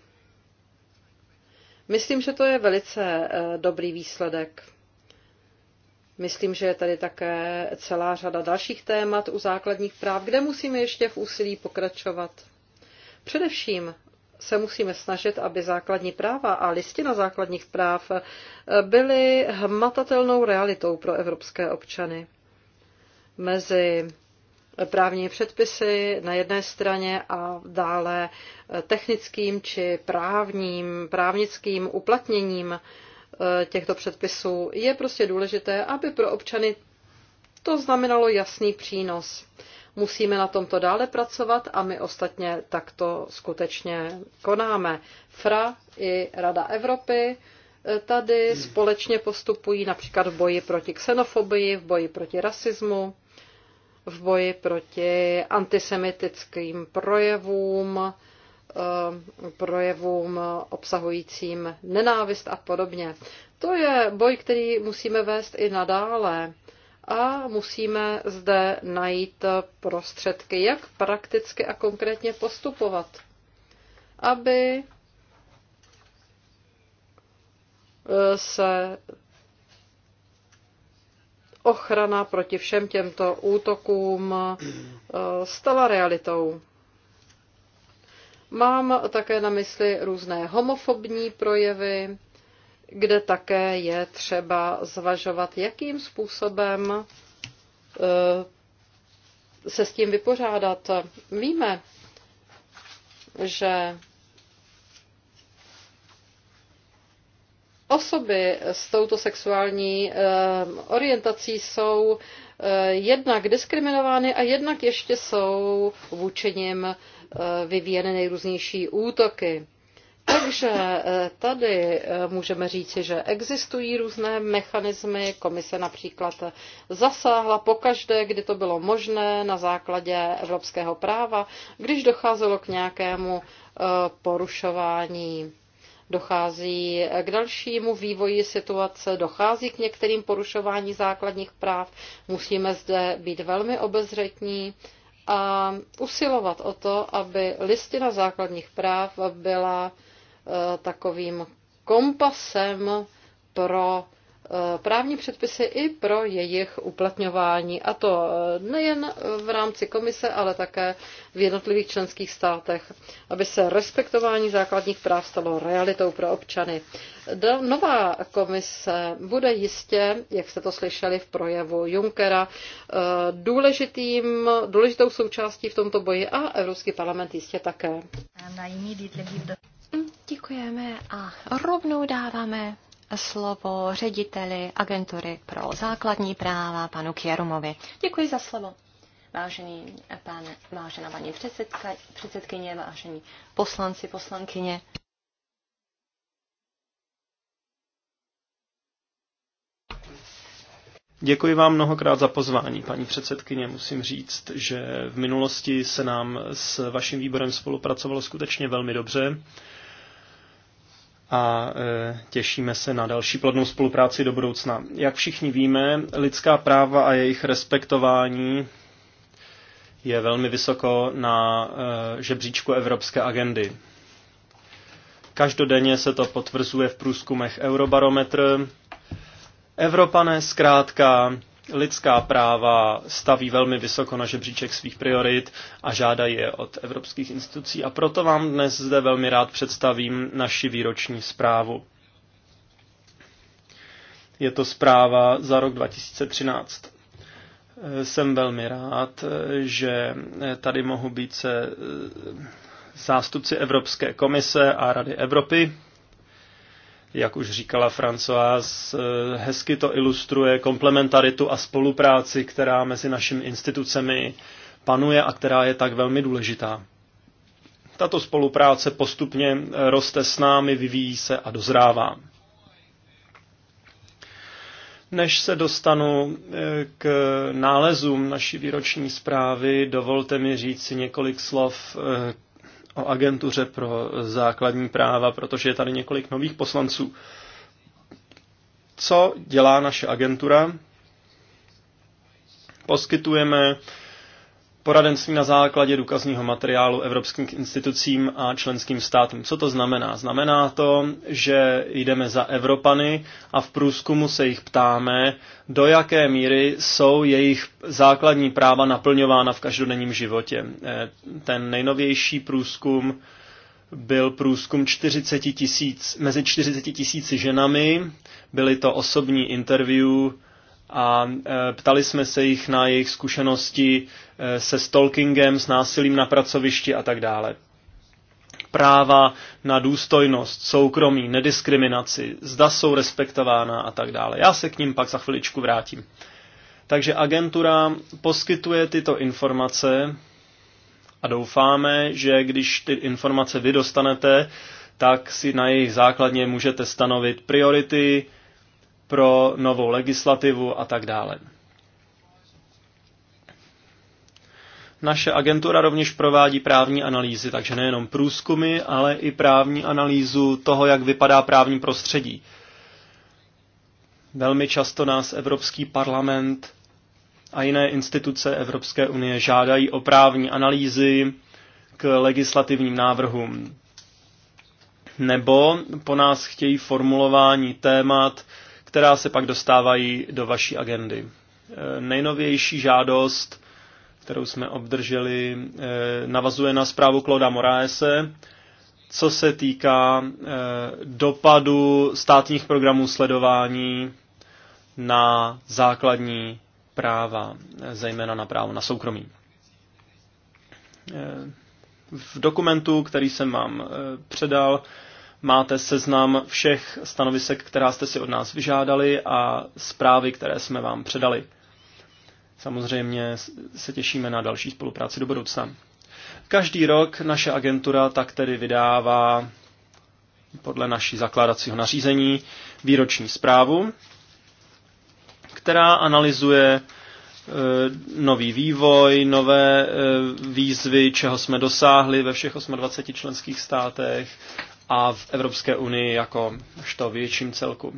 Myslím, že to je velice eh, dobrý výsledek. Myslím, že je tady také celá řada dalších témat u základních práv, kde musíme ještě v úsilí pokračovat. Především se musíme snažit, aby základní práva a listina základních práv eh, byly hmatatelnou realitou pro evropské občany. Mezi právní předpisy na jedné straně a dále eh, technickým či právním, právnickým uplatněním eh, těchto předpisů je prostě důležité, aby pro občany to znamenalo jasný přínos. Musíme na tomto dále pracovat a my ostatně takto skutečně konáme. FRA i Rada Evropy eh, tady společně postupují například v boji proti xenofobii, v boji proti rasismu, v boji proti antisemitickým projevům, eh, projevům obsahujícím nenávist a podobně. To je boj, který musíme vést i nadále a musíme zde najít prostředky, jak prakticky a konkrétně postupovat, aby se ochrana proti všem těmto útokům eh, stala realitou. Mám také na mysli různé homofobní projevy, kde také je třeba zvažovat, jakým způsobem eh, se s tím vypořádat. Víme, že osoby s touto sexuální eh, orientací jsou eh, jednak diskriminovány a jednak ještě jsou vůči nim vyvíjeny nejrůznější útoky. Takže eh, tady eh, můžeme říci, že existují různé mechanismy. Komise například zasáhla pokaždé, kdy to bylo možné na základě evropského práva, když docházelo k nějakému eh, porušování dochází k dalšímu vývoji situace, dochází k některým porušování základních práv. Musíme zde být velmi obezřetní a usilovat o to, aby listina základních práv byla Eh, takovým kompasem pro eh, právní předpisy i pro jejich uplatňování. A to eh, nejen v rámci komise, ale také v jednotlivých členských státech, aby se respektování základních práv stalo realitou pro občany. Nová komise bude jistě, jak jste to slyšeli v projevu Junckera, důležitým, důležitou součástí v tomto boji a Evropský parlament jistě také. Mm, děkujeme a rovnou dáváme slovo řediteli agentury pro základní práva panu Kjerumovi. Děkuji za slovo. Vážený pan, vážená paní předsedka, předsedkyně, vážení poslanci, poslankyně. Děkuji vám mnohokrát za pozvání, paní předsedkyně. Musím říct, že v minulosti se nám s vaším výborem spolupracovalo skutečně velmi dobře a e, těšíme se na další plodnou spolupráci do budoucna. Jak všichni víme, lidská práva a jejich respektování je velmi vysoko na e, žebříčku evropské agendy. Každodenně se to potvrzuje v průzkumech Eurobarometr. Evropané zkrátka lidská práva staví velmi vysoko na žebříček svých priorit a žádají je od evropských institucí. A proto vám dnes zde velmi rád představím naši výroční zprávu. Je to zpráva za rok 2013. Jsem velmi rád, že tady mohu být se zástupci Evropské komise a Rady Evropy, jak už říkala Françoise, eh, hezky to ilustruje komplementaritu a spolupráci, která mezi našimi institucemi panuje a která je tak velmi důležitá. Tato spolupráce postupně eh, roste s námi, vyvíjí se a dozrává. Než se dostanu eh, k nálezům naší výroční zprávy, dovolte mi říct si několik slov o agentuře pro základní práva, protože je tady několik nových poslanců. Co dělá naše agentura? Poskytujeme poradenství na základě důkazního materiálu evropským institucím a členským státům. Co to znamená? Znamená to, že jdeme za Evropany a v průzkumu se jich ptáme, do jaké míry jsou jejich základní práva naplňována v každodenním životě. Eh, ten nejnovější průzkum byl průzkum 40 tisíc, mezi 40 tisíci ženami, byly to osobní interview a e, ptali jsme se jich na jejich zkušenosti e, se stalkingem, s násilím na pracovišti a tak dále. Práva na důstojnost, soukromí, nediskriminaci, zda jsou respektována a tak dále. Já se k ním pak za chviličku vrátím. Takže agentura poskytuje tyto informace a doufáme, že když ty informace vy dostanete, tak si na jejich základně můžete stanovit priority, pro novou legislativu a tak dále. Naše agentura rovněž provádí právní analýzy, takže nejenom průzkumy, ale i právní analýzu toho, jak vypadá právní prostředí. Velmi často nás Evropský parlament a jiné instituce Evropské unie žádají o právní analýzy k legislativním návrhům. Nebo po nás chtějí formulování témat, která se pak dostávají do vaší agendy. E, nejnovější žádost, kterou jsme obdrželi, e, navazuje na zprávu Kloda Moraese, co se týká e, dopadu státních programů sledování na základní práva, zejména na právo na soukromí. V dokumentu, který jsem vám předal, Máte seznam všech stanovisek, která jste si od nás vyžádali a zprávy, které jsme vám předali. Samozřejmě se těšíme na další spolupráci do budoucna. Každý rok naše agentura tak tedy vydává podle naší zakládacího nařízení výroční zprávu, která analyzuje e, nový vývoj, nové e, výzvy, čeho jsme dosáhli ve všech 28 členských státech, a v Evropské unii jako što větším celku.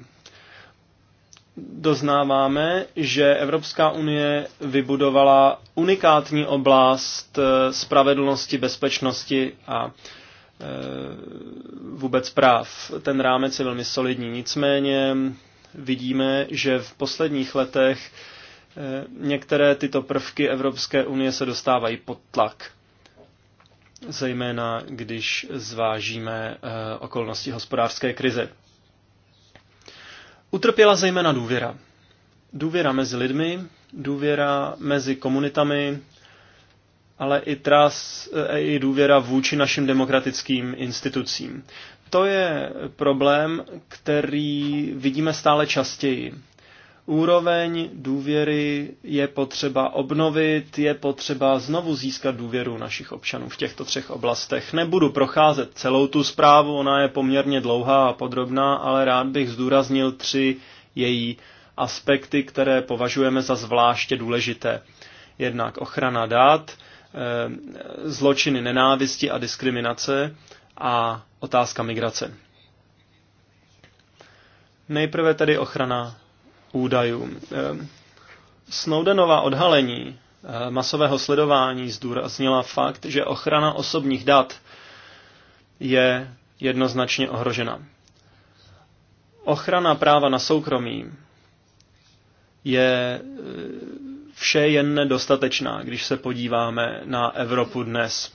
Doznáváme, že Evropská unie vybudovala unikátní oblast eh, spravedlnosti, bezpečnosti a eh, vůbec práv. Ten rámec je velmi solidní. Nicméně vidíme, že v posledních letech eh, některé tyto prvky Evropské unie se dostávají pod tlak zejména když zvážíme eh, okolnosti hospodářské krize. Utrpěla zejména důvěra. Důvěra mezi lidmi, důvěra mezi komunitami, ale i, tras, eh, i důvěra vůči našim demokratickým institucím. To je problém, který vidíme stále častěji. Úroveň důvěry je potřeba obnovit, je potřeba znovu získat důvěru našich občanů v těchto třech oblastech. Nebudu procházet celou tu zprávu, ona je poměrně dlouhá a podrobná, ale rád bych zdůraznil tři její aspekty, které považujeme za zvláště důležité. Jednak ochrana dát, eh, zločiny nenávisti a diskriminace a otázka migrace. Nejprve tedy ochrana údajů. Eh, Snowdenova odhalení eh, masového sledování zdůraznila fakt, že ochrana osobních dat je jednoznačně ohrožena. Ochrana práva na soukromí je eh, vše jen nedostatečná, když se podíváme na Evropu dnes.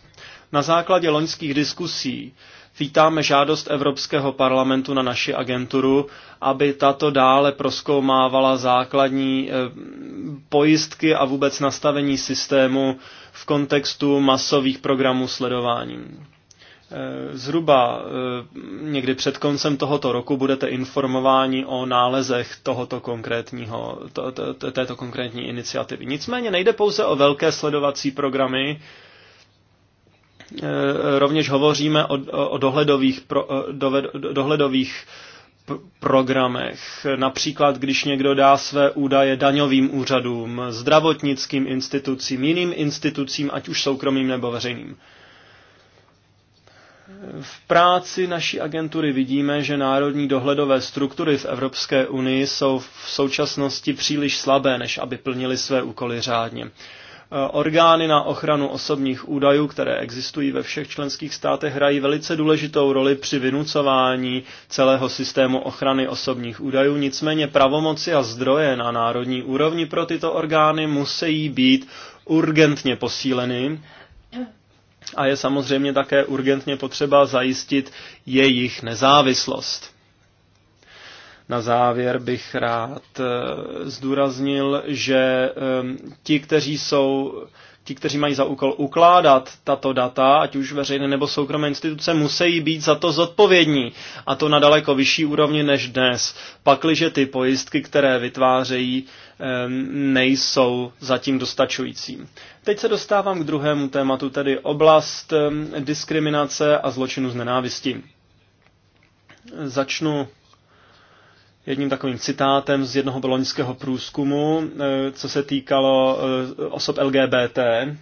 Na základě loňských diskusí Vítáme žádost Evropského parlamentu na naši agenturu, aby tato dále proskoumávala základní eh, pojistky a vůbec nastavení systému v kontextu masových programů sledování. Eh, zhruba eh, někdy před koncem tohoto roku budete informováni o nálezech tohoto konkrétního, to, to, této konkrétní iniciativy. Nicméně nejde pouze o velké sledovací programy, Eh, rovněž hovoříme o, o dohledových, pro, eh, doved, dohledových programech. Například, když někdo dá své údaje daňovým úřadům, zdravotnickým institucím, jiným institucím, ať už soukromým nebo veřejným. V práci naší agentury vidíme, že národní dohledové struktury v Evropské unii jsou v současnosti příliš slabé, než aby plnili své úkoly řádně. Eh, orgány na ochranu osobních údajů, které existují ve všech členských státech, hrají velice důležitou roli při vynucování celého systému ochrany osobních údajů. Nicméně pravomoci a zdroje na národní úrovni pro tyto orgány musí být urgentně posíleny a je samozřejmě také urgentně potřeba zajistit jejich nezávislost. Na závěr bych rád eh, zdůraznil, že ehm, ti, kteří jsou ti, kteří mají za úkol ukládat tato data, ať už veřejné nebo soukromé instituce, musí být za to zodpovědní. A to na daleko vyšší úrovni než dnes. Pakliže ty pojistky, které vytvářejí, ehm, nejsou zatím dostačující. Teď se dostávám k druhému tématu, tedy oblast ehm, diskriminace a zločinu z nenávisti. Začnu jedním takovým citátem z jednoho boloňského průzkumu, eh, co se týkalo eh, osob LGBT. Eh,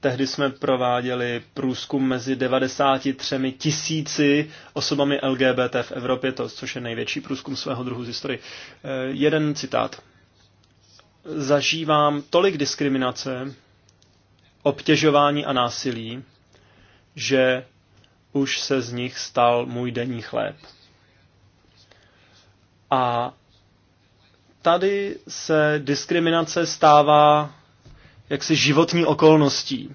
tehdy jsme prováděli průzkum mezi 93 tisíci osobami LGBT v Evropě, to, což je největší průzkum svého druhu z historii. Jeden citát. Zažívám tolik diskriminace, obtěžování a násilí, že už se z nich stal můj denní chléb. A tady se diskriminace stává jaksi životní okolností.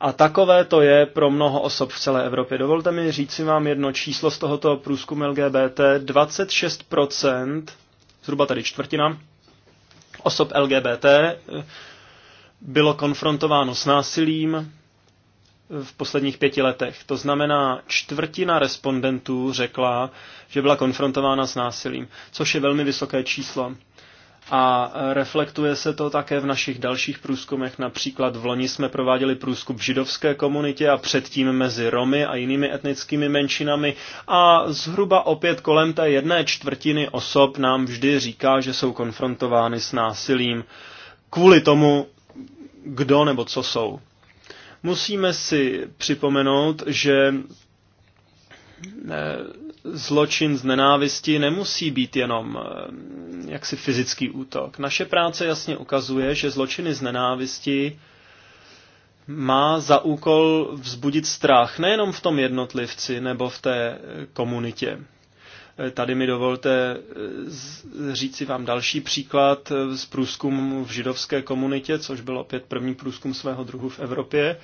A takové to je pro mnoho osob v celé Evropě. Dovolte mi si vám jedno číslo z tohoto průzkumu LGBT. 26%, zhruba tady čtvrtina, osob LGBT eh, bylo konfrontováno s násilím, v posledních pěti letech. To znamená, čtvrtina respondentů řekla, že byla konfrontována s násilím, což je velmi vysoké číslo. A reflektuje se to také v našich dalších průzkumech. Například v loni jsme prováděli průzkum v židovské komunitě a předtím mezi Romy a jinými etnickými menšinami. A zhruba opět kolem té jedné čtvrtiny osob nám vždy říká, že jsou konfrontovány s násilím kvůli tomu, kdo nebo co jsou. Musíme si připomenout, že eh, zločin z nenávisti nemusí být jenom eh, jaksi fyzický útok. Naše práce jasně ukazuje, že zločiny z nenávisti má za úkol vzbudit strach nejenom v tom jednotlivci nebo v té eh, komunitě. Tady mi dovolte eh, říci vám další příklad eh, z průzkumu v židovské komunitě, což byl opět první průzkum svého druhu v Evropě,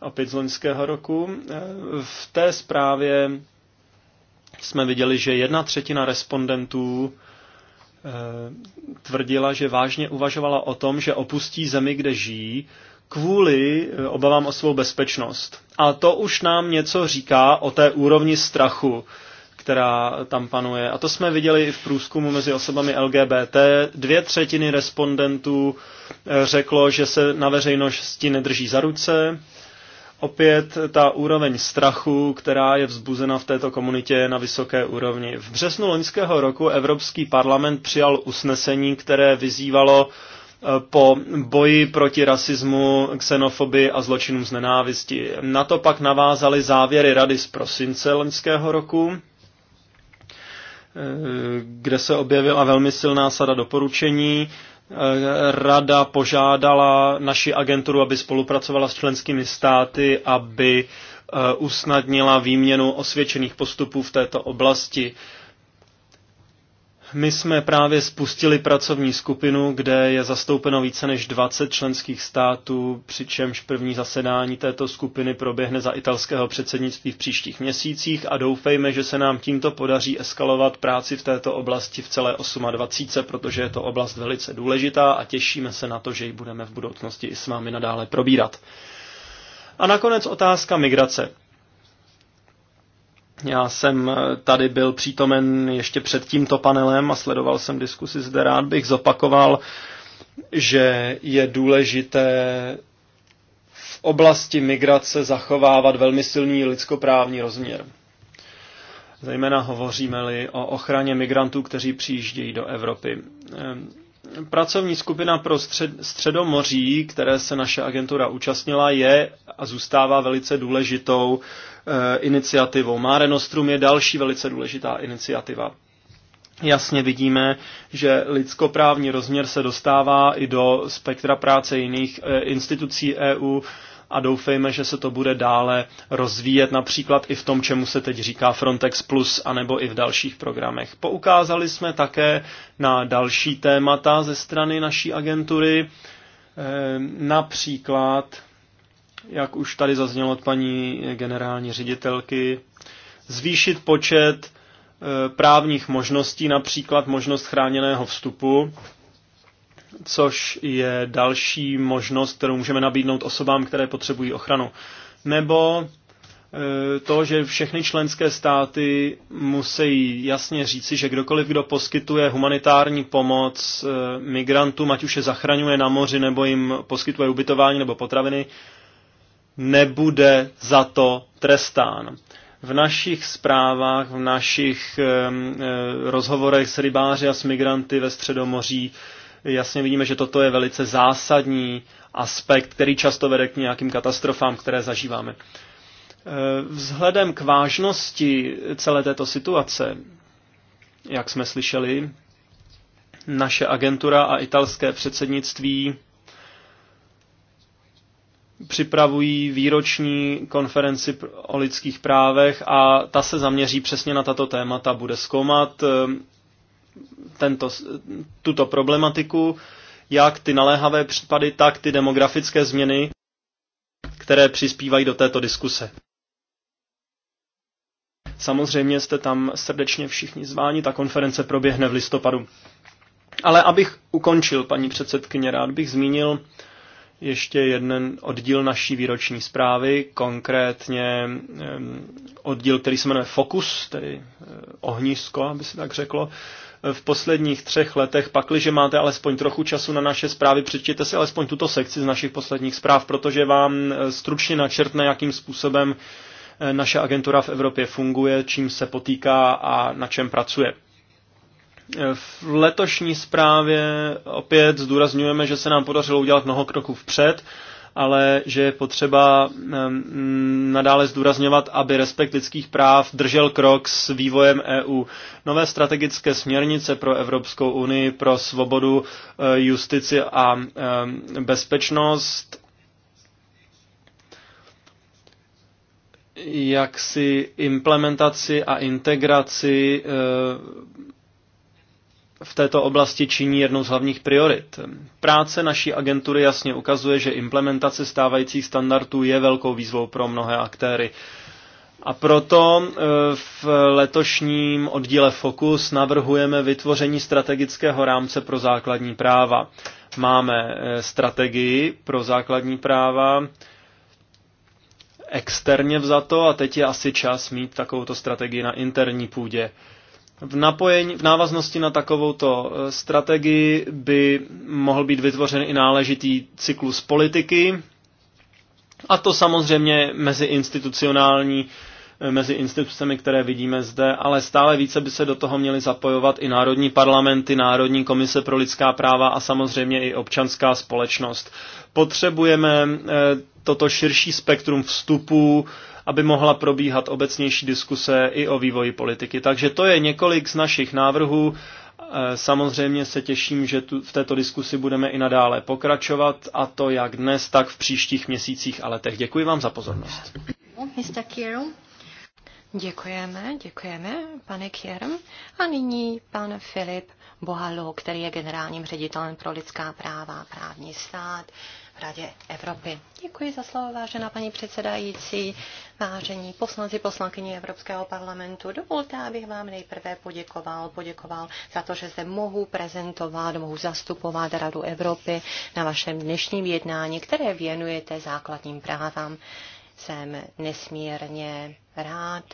opět z loňského roku. Eh, v té zprávě jsme viděli, že jedna třetina respondentů tvrdila, že vážně uvažovala o tom, že opustí zemi, kde žijí, kvůli obavám o svou bezpečnost. A to už nám něco říká o té úrovni strachu, která tam panuje. A to jsme viděli i v průzkumu mezi osobami LGBT. Dvě třetiny respondentů eh, řeklo, že se na veřejnosti nedrží za ruce. Opět ta úroveň strachu, která je vzbuzena v této komunitě, je na vysoké úrovni. V březnu loňského roku Evropský parlament přijal usnesení, které vyzývalo eh, po boji proti rasismu, xenofobii a zločinům z nenávisti. Na to pak navázaly závěry rady z prosince loňského roku, Eh, kde se objevila velmi silná sada doporučení. Eh, rada požádala naši agenturu, aby spolupracovala s členskými státy, aby eh, usnadnila výměnu osvědčených postupů v této oblasti. My jsme právě spustili pracovní skupinu, kde je zastoupeno více než 20 členských států, přičemž první zasedání této skupiny proběhne za italského předsednictví v příštích měsících a doufejme, že se nám tímto podaří eskalovat práci v této oblasti v celé 28, protože je to oblast velice důležitá a těšíme se na to, že ji budeme v budoucnosti i s vámi nadále probírat. A nakonec otázka migrace. Já jsem eh, tady byl přítomen ještě před tímto panelem a sledoval jsem diskusi zde. Rád bych zopakoval, že je důležité v oblasti migrace zachovávat velmi silný lidskoprávní rozměr. Zejména hovoříme-li o ochraně migrantů, kteří přijíždějí do Evropy. Ehm, Pracovní skupina pro střed, středomoří, které se naše agentura účastnila, je a zůstává velice důležitou e, iniciativou. Mare Nostrum je další velice důležitá iniciativa. Jasně vidíme, že lidskoprávní rozměr se dostává i do spektra práce jiných eh, e, institucí EU, a doufejme, že se to bude dále rozvíjet například i v tom, čemu se teď říká Frontex Plus, anebo i v dalších programech. Poukázali jsme také na další témata ze strany naší agentury, eh, například, jak už tady zaznělo od paní generální ředitelky, zvýšit počet eh, právních možností, například možnost chráněného vstupu což je další možnost, kterou můžeme nabídnout osobám, které potřebují ochranu. Nebo eh, to, že všechny členské státy musí jasně říci, že kdokoliv, kdo poskytuje humanitární pomoc eh, migrantům, ať už je zachraňuje na moři, nebo jim poskytuje ubytování nebo potraviny, nebude za to trestán. V našich zprávách, v našich eh, rozhovorech s rybáři a s migranty ve Středomoří jasně vidíme, že toto je velice zásadní aspekt, který často vede k nějakým katastrofám, které zažíváme. Eh, vzhledem k vážnosti celé této situace, jak jsme slyšeli, naše agentura a italské předsednictví připravují výroční konferenci o lidských právech a ta se zaměří přesně na tato témata, bude zkoumat eh, tento, tuto problematiku, jak ty naléhavé případy, tak ty demografické změny, které přispívají do této diskuse. Samozřejmě jste tam srdečně všichni zváni, ta konference proběhne v listopadu. Ale abych ukončil, paní předsedkyně, rád bych zmínil ještě jeden oddíl naší výroční zprávy, konkrétně oddíl, který se jmenuje Fokus, tedy eh, ohnisko, aby se tak řeklo v posledních třech letech. Pakliže máte alespoň trochu času na naše zprávy, přečtěte si alespoň tuto sekci z našich posledních zpráv, protože vám eh, stručně načrtne, jakým způsobem eh, naše agentura v Evropě funguje, čím se potýká a na čem pracuje. Eh, v letošní zprávě opět zdůrazňujeme, že se nám podařilo udělat mnoho kroků vpřed ale že je potřeba nadále zdůrazňovat, aby respekt lidských práv držel krok s vývojem EU. Nové strategické směrnice pro Evropskou unii pro svobodu, eh, justici a bezpečnost jak si implementaci a integraci eh, v této oblasti činí jednou z hlavních priorit. Práce naší agentury jasně ukazuje, že implementace stávajících standardů je velkou výzvou pro mnohé aktéry. A proto e, v letošním oddíle Focus navrhujeme vytvoření strategického rámce pro základní práva. Máme e, strategii pro základní práva externě vzato a teď je asi čas mít takovouto strategii na interní půdě. V, napojení, v návaznosti na takovouto eh, strategii by mohl být vytvořen i náležitý cyklus politiky, a to samozřejmě mezi institucionální, eh, mezi institucemi, které vidíme zde, ale stále více by se do toho měly zapojovat i národní parlamenty, Národní komise pro lidská práva a samozřejmě i občanská společnost. Potřebujeme eh, toto širší spektrum vstupů, aby mohla probíhat obecnější diskuse i o vývoji politiky. Takže to je několik z našich návrhů. E, samozřejmě se těším, že tu, v této diskusi budeme i nadále pokračovat, a to jak dnes, tak v příštích měsících a letech. Děkuji vám za pozornost. Děkujeme, děkujeme, pane Kierm. A nyní pan Filip Bohalo, který je generálním ředitelem pro lidská práva a právní stát Radě Evropy. Děkuji za slovo, vážená paní předsedající, vážení poslanci, poslankyně Evropského parlamentu. Dovolte, abych vám nejprve poděkoval, poděkoval za to, že se mohu prezentovat, mohu zastupovat Radu Evropy na vašem dnešním jednání, které věnujete základním právám. Jsem nesmírně rád,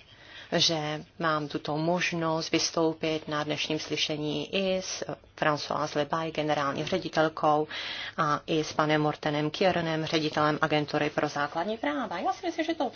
že mám tuto možnost vystoupit na dnešním slyšení i s Françoise Lebaj, generální ředitelkou, a i s panem Mortenem Kiernem, ředitelem agentury pro základní práva. Já si myslím, že to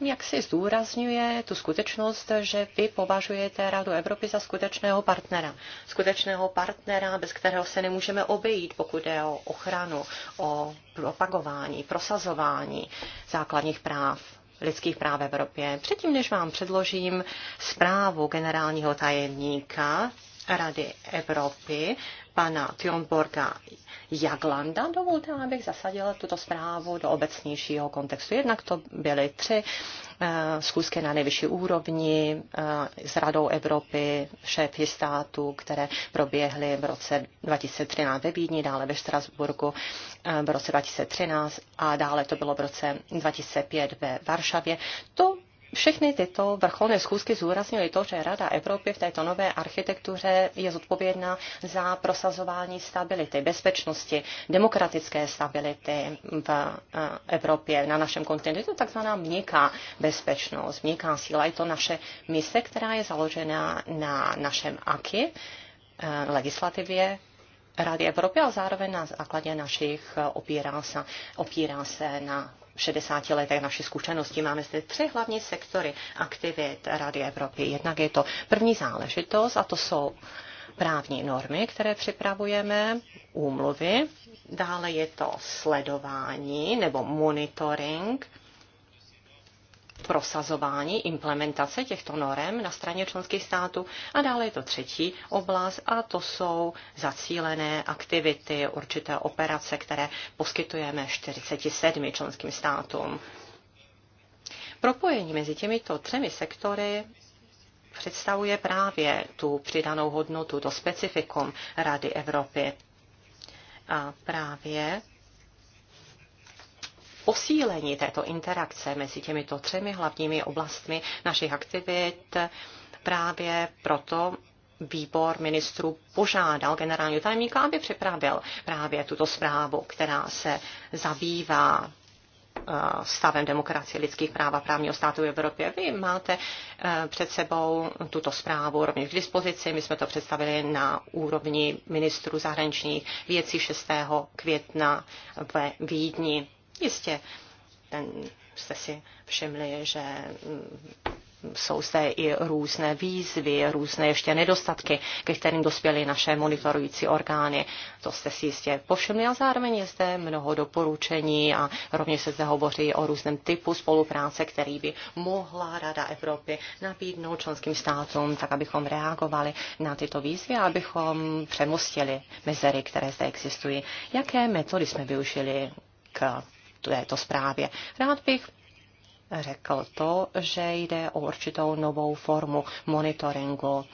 jak si zdůrazňuje tu skutečnost, že vy považujete Radu Evropy za skutečného partnera. Skutečného partnera, bez kterého se nemůžeme obejít, pokud je o ochranu, o propagování, prosazování základních práv lidských práv v Evropě. Předtím, než vám předložím zprávu generálního tajemníka Rady Evropy, pana Tionborga Jaglanda. Dovolte, abych zasadila tuto zprávu do obecnějšího kontextu. Jednak to byly tři eh, zkusky na nejvyšší úrovni eh, s Radou Evropy, šéfy států, které proběhly v roce 2013 ve Vídni, dále ve Štrasburgu eh, v roce 2013 a dále to bylo v roce 2005 ve Varšavě. To všechny tyto vrcholné schůzky zúraznily to, že Rada Evropy v této nové architektuře je zodpovědná za prosazování stability, bezpečnosti, demokratické stability v eh, Evropě, na našem kontinentu. Je to takzvaná měkká bezpečnost, měkká síla. Je to naše mise, která je založena na našem AKI, eh, legislativě Rady Evropy a zároveň na základě našich eh, opírá se, opírá se na 60 letech naší zkušenosti máme zde tři hlavní sektory aktivit Rady Evropy. Jednak je to první záležitost a to jsou právní normy, které připravujeme, úmluvy, dále je to sledování nebo monitoring prosazování, implementace těchto norem na straně členských států. A dále je to třetí oblast a to jsou zacílené aktivity, určité operace, které poskytujeme 47 členským státům. Propojení mezi těmito třemi sektory představuje právě tu přidanou hodnotu, to specifikum Rady Evropy. A právě posílení této interakce mezi těmito třemi hlavními oblastmi našich aktivit. Právě proto výbor ministrů požádal generálního tajemníka, aby připravil právě tuto zprávu, která se zabývá eh, stavem demokracie, lidských práv a právního státu v Evropě. Vy máte eh, před sebou tuto zprávu rovněž k dispozici. My jsme to představili na úrovni ministrů zahraničních věcí 6. května ve Vídni. Jistě, ten, jste si všimli, že mm, jsou zde i různé výzvy, různé ještě nedostatky, ke kterým dospěly naše monitorující orgány. To jste si jistě povšimli a zároveň je zde mnoho doporučení a rovněž se zde hovoří o různém typu spolupráce, který by mohla Rada Evropy nabídnout členským státům, tak abychom reagovali na tyto výzvy a abychom přemostili mezery, které zde existují. Jaké metody jsme využili k této zprávě. Rád bych řekl to, že jde o určitou novou formu monitoringu,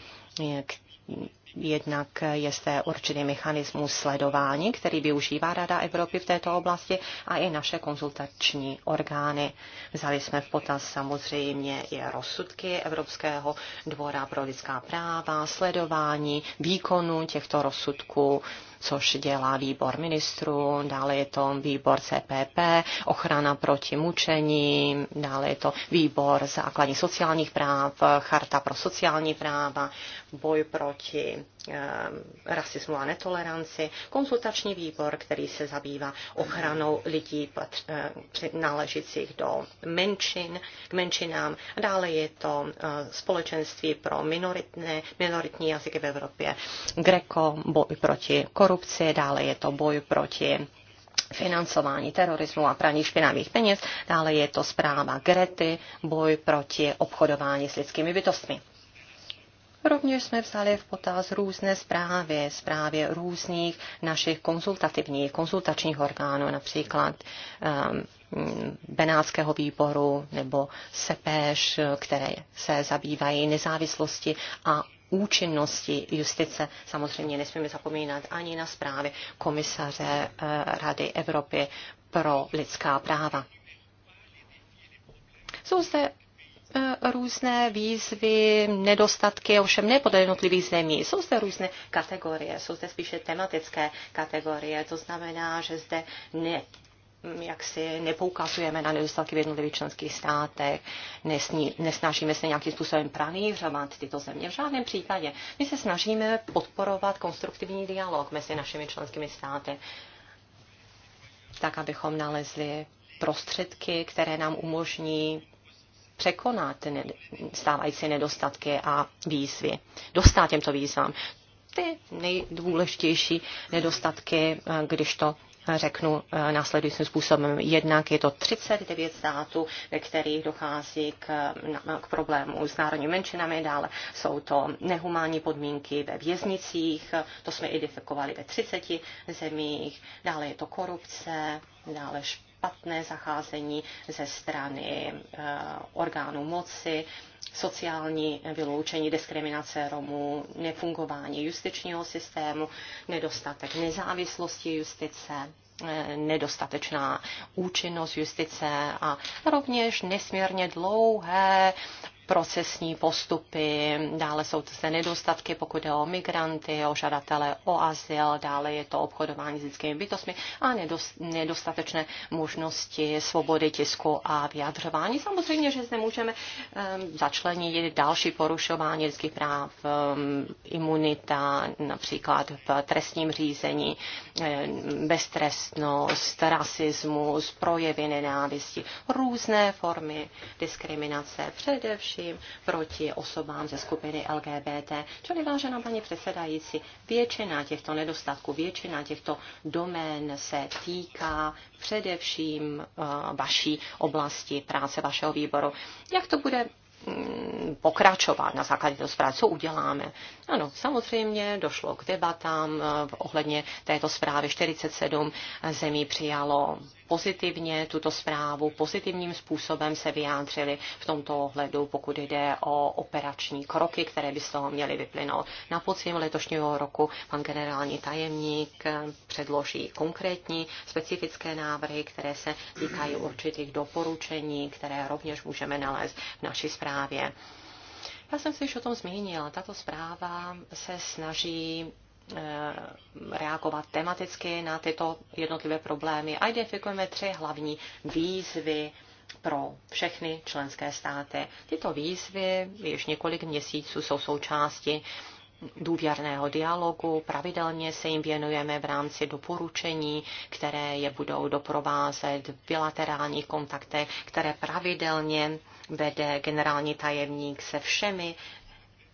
Jednak je zde určitý mechanismus sledování, který využívá Rada Evropy v této oblasti a i naše konzultační orgány. Vzali jsme v potaz samozřejmě i rozsudky Evropského dvora pro lidská práva, sledování výkonu těchto rozsudků, což dělá výbor ministrů, dále je to výbor CPP, ochrana proti mučení, dále je to výbor základních sociálních práv, charta pro sociální práva, boj proti Eh, rasismu a netoleranci, konzultační výbor, který se zabývá ochranou lidí eh, náležících do menšin, k menšinám. Dále je to eh, společenství pro minoritné, minoritní jazyky v Evropě, Greco, boj proti korupci, dále je to boj proti financování terorismu a praní špinavých peněz. Dále je to zpráva Grety, boj proti obchodování s lidskými bytostmi. Rovněž jsme vzali v potaz různé zprávy, zprávy různých našich konzultativních, konzultačních orgánů, například um, Benátského výboru nebo SEPEŠ, které se zabývají nezávislosti a účinnosti justice. Samozřejmě nesmíme zapomínat ani na zprávy komisaře eh, Rady Evropy pro lidská práva. Jsou zde Eh, různé výzvy, nedostatky, ovšem ne podle jednotlivých zemí. Jsou zde různé kategorie, jsou zde spíše tematické kategorie, to znamená, že zde ne, mm, jak si nepoukazujeme na nedostatky v jednotlivých členských státech, nesní, nesnažíme se nějakým způsobem pranířovat tyto země. V žádném případě. My se snažíme podporovat konstruktivní dialog mezi našimi členskými státy, tak abychom nalezli prostředky, které nám umožní překonat stávající nedostatky a výzvy, dostat těmto výzvám. Ty nejdůležitější nedostatky, eh, když to řeknu eh, následujícím způsobem. Jednak je to 39 států, ve kterých dochází k, k problému s národními menšinami, dále jsou to nehumánní podmínky ve věznicích, to jsme identifikovali ve 30 zemích, dále je to korupce, dále špatné zacházení ze strany eh, orgánů moci, sociální vyloučení, diskriminace Romů, nefungování justičního systému, nedostatek nezávislosti justice, eh, nedostatečná účinnost justice a rovněž nesmírně dlouhé procesní postupy, dále jsou zde nedostatky, pokud jde o migranty, o žadatele o azyl, dále je to obchodování s lidskými bytostmi a nedostatečné možnosti svobody tisku a vyjadřování. Samozřejmě, že zde můžeme ehm, začlenit další porušování lidských práv, ehm, imunita, například v trestním řízení, ehm, beztrestnost, rasismus, projevy nenávisti, různé formy diskriminace, především násilím proti osobám ze skupiny LGBT. Čili vážená paní předsedající, většina těchto nedostatků, většina těchto domén se týká především eh, vaší oblasti práce vašeho výboru. Jak to bude mm, pokračovat na základě toho zprávy, co uděláme. Ano, samozřejmě došlo k debatám eh, ohledně této zprávy. 47 eh, zemí přijalo pozitivně tuto zprávu, pozitivním způsobem se vyjádřili v tomto ohledu, pokud jde o operační kroky, které by z toho měly vyplynout. Na podzim letošního roku pan generální tajemník předloží konkrétní specifické návrhy, které se týkají určitých doporučení, které rovněž můžeme nalézt v naší zprávě. Já jsem se již o tom zmínila. Tato zpráva se snaží Eh, reagovat tematicky na tyto jednotlivé problémy a identifikujeme tři hlavní výzvy pro všechny členské státy. Tyto výzvy již několik měsíců jsou součástí důvěrného dialogu. Pravidelně se jim věnujeme v rámci doporučení, které je budou doprovázet v bilaterálních kontaktech, které pravidelně vede generální tajemník se všemi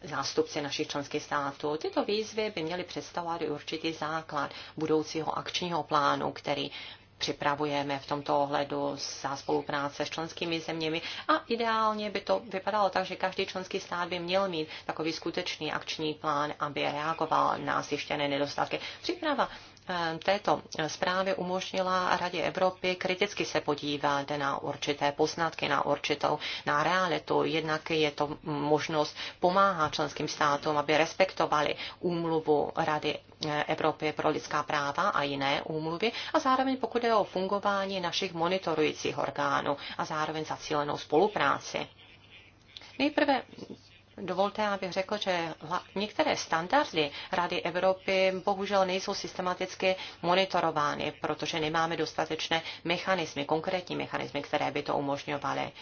zástupci našich členských států. Tyto výzvy by měly představovat určitý základ budoucího akčního plánu, který připravujeme v tomto ohledu za spolupráce s členskými zeměmi a ideálně by to vypadalo tak, že každý členský stát by měl mít takový skutečný akční plán, aby reagoval na zjištěné nedostatky. Příprava Ehm, této zprávy umožnila Radě Evropy kriticky se podívat na určité poznatky, na určitou, na realitu. Jednak je to možnost pomáhat členským státům, aby respektovali úmluvu Rady eh, Evropy pro lidská práva a jiné úmluvy a zároveň pokud je o fungování našich monitorujících orgánů a zároveň zacílenou spolupráci. Nejprve Dovolte, abych řekl, že některé standardy Rady Evropy bohužel nejsou systematicky monitorovány, protože nemáme dostatečné mechanismy, konkrétní mechanismy, které by to umožňovaly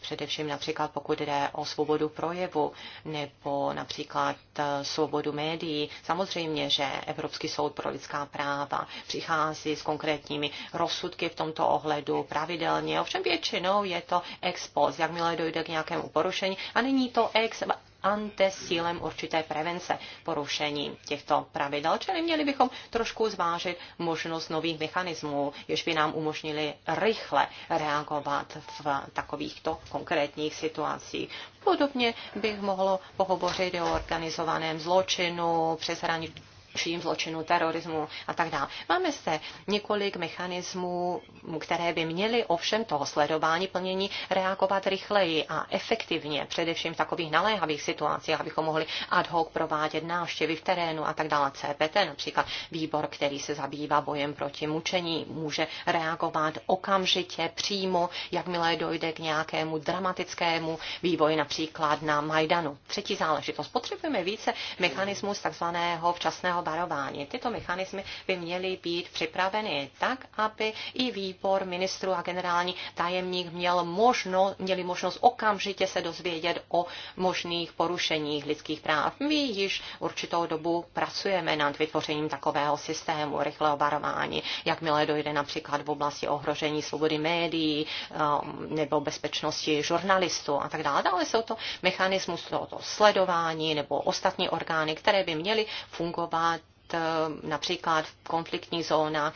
především například pokud jde o svobodu projevu nebo například eh, svobodu médií. Samozřejmě, že Evropský soud pro lidská práva přichází s konkrétními rozsudky v tomto ohledu pravidelně, ovšem většinou je to ex post, jakmile dojde k nějakému porušení a není to ex ante s cílem určité prevence porušení těchto pravidel. Čili měli bychom trošku zvážit možnost nových mechanismů, jež by nám umožnili rychle reagovat v takovýchto konkrétních situacích. Podobně bych mohlo pohovořit o organizovaném zločinu, přeshraničním vším zločinu, terorismu a tak dále. Máme zde několik mechanismů, které by měly ovšem toho sledování plnění reagovat rychleji a efektivně, především v takových naléhavých situacích, abychom mohli ad hoc provádět návštěvy v terénu a tak dále. CPT, například výbor, který se zabývá bojem proti mučení, může reagovat okamžitě, přímo, jakmile dojde k nějakému dramatickému vývoji, například na Majdanu. Třetí záležitost. Potřebujeme více mechanismus takzvaného včasného včasného varování. Tyto mechanismy by měly být připraveny tak, aby i výbor ministrů a generální tajemník měl možno, měli možnost okamžitě se dozvědět o možných porušeních lidských práv. My již určitou dobu pracujeme nad vytvořením takového systému rychlého varování, jakmile dojde například v oblasti ohrožení svobody médií um, nebo bezpečnosti žurnalistů a tak dále. Ale jsou to mechanismus tohoto sledování nebo ostatní orgány, které by měly fungovat Eh, například v zóna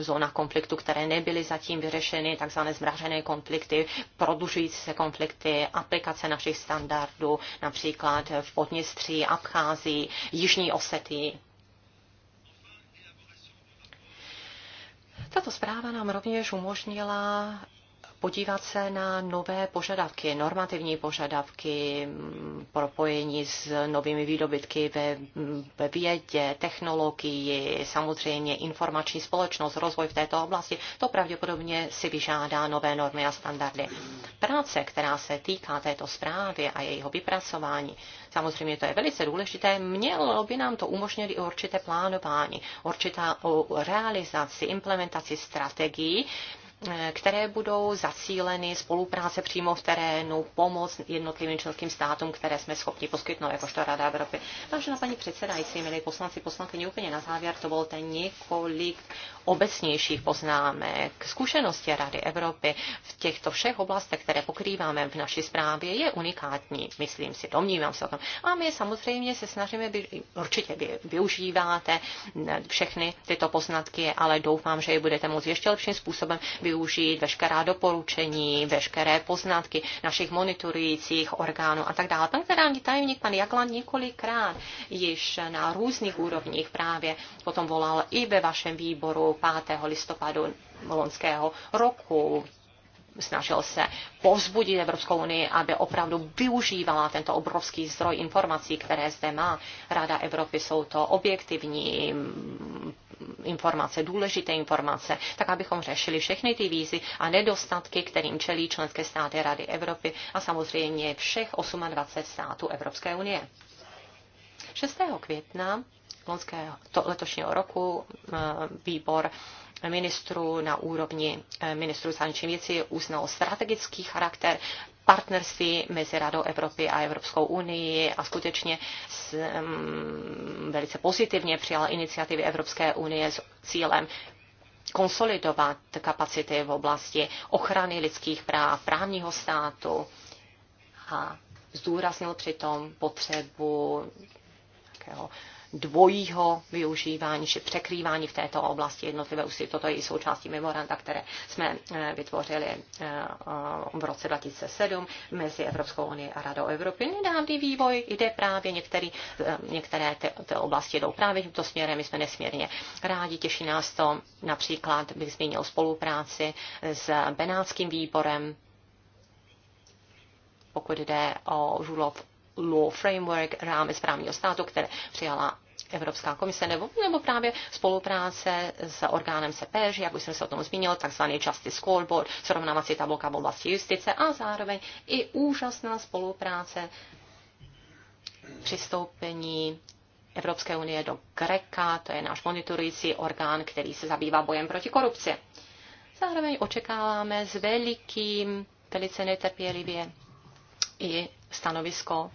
zóna konfliktu, které nebyly zatím vyřešeny, takzvané zmražené konflikty, prodlužující se konflikty, aplikace našich standardů, například v Podněstří, Abchází, Jižní Osety. Tato zpráva nám rovněž umožnila podívat se na nové požadavky, normativní požadavky, mm, propojení s novými výdobytky ve, ve vědě, technologii, samozřejmě informační společnost, rozvoj v této oblasti. To pravděpodobně si vyžádá nové normy a standardy. Práce, která se týká této zprávy a jejího vypracování, samozřejmě to je velice důležité, mělo by nám to umožnit i určité plánování, určitá realizaci, implementaci strategií, které budou zacíleny spolupráce přímo v terénu, pomoc jednotlivým členským státům, které jsme schopni poskytnout, jakožto Rada Evropy. Vážená paní předsedající, milí poslanci, poslankyně, úplně na závěr to bylo ten několik obecnějších poznámek. Zkušenosti Rady Evropy v těchto všech oblastech, které pokrýváme v naší zprávě, je unikátní, myslím si, domnívám se o tom. A my samozřejmě se snažíme, by, určitě vy, využíváte všechny tyto poznatky, ale doufám, že je budete moct ještě lepším způsobem využít veškerá doporučení, veškeré poznatky našich monitorujících orgánů a tak dále. Pan generální tajemník, pan Jaglan několikrát již na různých úrovních právě potom volal i ve vašem výboru, 5. listopadu loňského roku snažil se povzbudit Evropskou unii, aby opravdu využívala tento obrovský zdroj informací, které zde má Rada Evropy. Jsou to objektivní informace, důležité informace, tak abychom řešili všechny ty výzvy a nedostatky, kterým čelí členské státy Rady Evropy a samozřejmě všech 28 států Evropské unie. 6. května loňského, to, letošního roku eh, výbor ministru na úrovni eh, ministru zahraničních věcí uznal strategický charakter partnerství mezi Radou Evropy a Evropskou unii a skutečně s, um, velice pozitivně přijala iniciativy Evropské unie s cílem konsolidovat kapacity v oblasti ochrany lidských práv, právního státu a zdůraznil přitom potřebu takého uh, dvojího využívání či překrývání v této oblasti jednotlivé úsilí. Toto je i součástí memoranda, které jsme eh, vytvořili eh, v roce 2007 mezi Evropskou unii a Radou Evropy. Nedávný vývoj jde právě některý, eh, některé ty, ty oblasti jdou právě tímto směrem. My jsme nesmírně rádi, těší nás to. Například bych zmínil spolupráci s Benátským výborem, pokud jde o žulov law framework, rámec právního státu, které přijala Evropská komise nebo, nebo právě spolupráce s orgánem CPŽ, jak už jsem se o tom zmínil, takzvaný Justice Scoreboard, srovnávací tabulka v oblasti justice a zároveň i úžasná spolupráce přistoupení Evropské unie do Greka, to je náš monitorující orgán, který se zabývá bojem proti korupci. Zároveň očekáváme s velikým, velice netrpělivě i stanovisko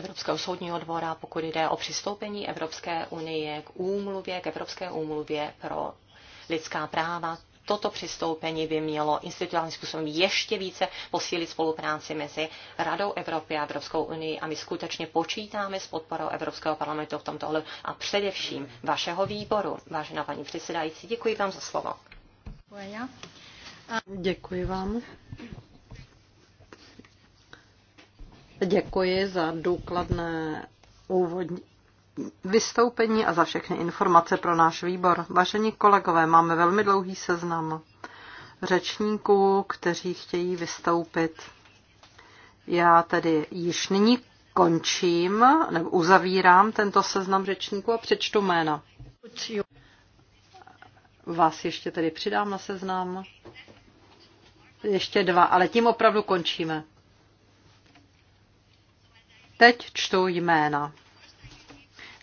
Evropského soudního dvora, pokud jde o přistoupení Evropské unie k úmluvě, k Evropské úmluvě pro lidská práva. Toto přistoupení by mělo institucionálním způsobem ještě více posílit spolupráci mezi Radou Evropy a Evropskou unii a my skutečně počítáme s podporou Evropského parlamentu v tomto ohledu a především vašeho výboru. Vážená paní předsedající, děkuji vám za slovo. Děkuji vám. Děkuji za důkladné úvodní vystoupení a za všechny informace pro náš výbor. Vážení kolegové, máme velmi dlouhý seznam řečníků, kteří chtějí vystoupit. Já tedy již nyní končím, nebo uzavírám tento seznam řečníků a přečtu jména. Vás ještě tedy přidám na seznam. Ještě dva, ale tím opravdu končíme. Teď čtu jména.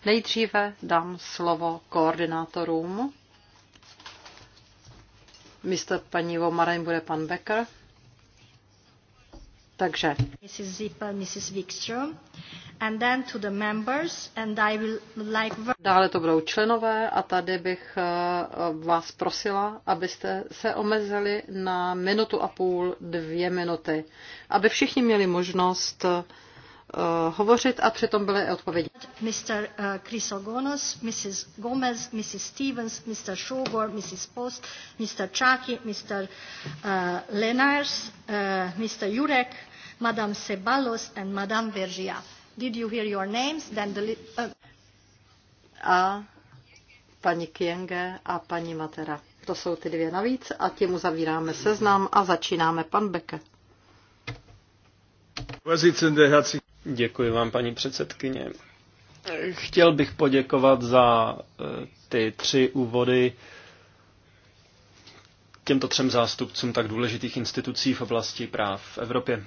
Nejdříve dám slovo koordinátorům. Místo paní Vomareň bude pan Becker. Takže. Mrs. Zippel, Mrs. Wikström. And then to the members, and I will like... Dále to budou členové a tady bych eh, vás prosila, abyste se omezili na minutu a půl, dvě minuty, aby všichni měli možnost uh, Eh, hovořit a přitom byly odpovědi. Mr. Eh, Chrysogonos, Mrs. Gomez, Mrs. Stevens, Mr. Shogor, Mrs. Post, Mr. Chaki, Mr. Uh, Lenars, uh, eh, Mr. Jurek, Madame Sebalos and Madame Vergia. Did you hear your names? Then the uh... A paní Kienge a paní Matera. To jsou ty dvě navíc a tím uzavíráme seznam a začínáme pan Beke. Vorsitzende, herzlichen Děkuji vám, paní předsedkyně. Chtěl bych poděkovat za eh, ty tři úvody těmto třem zástupcům tak důležitých institucí v oblasti práv v Evropě.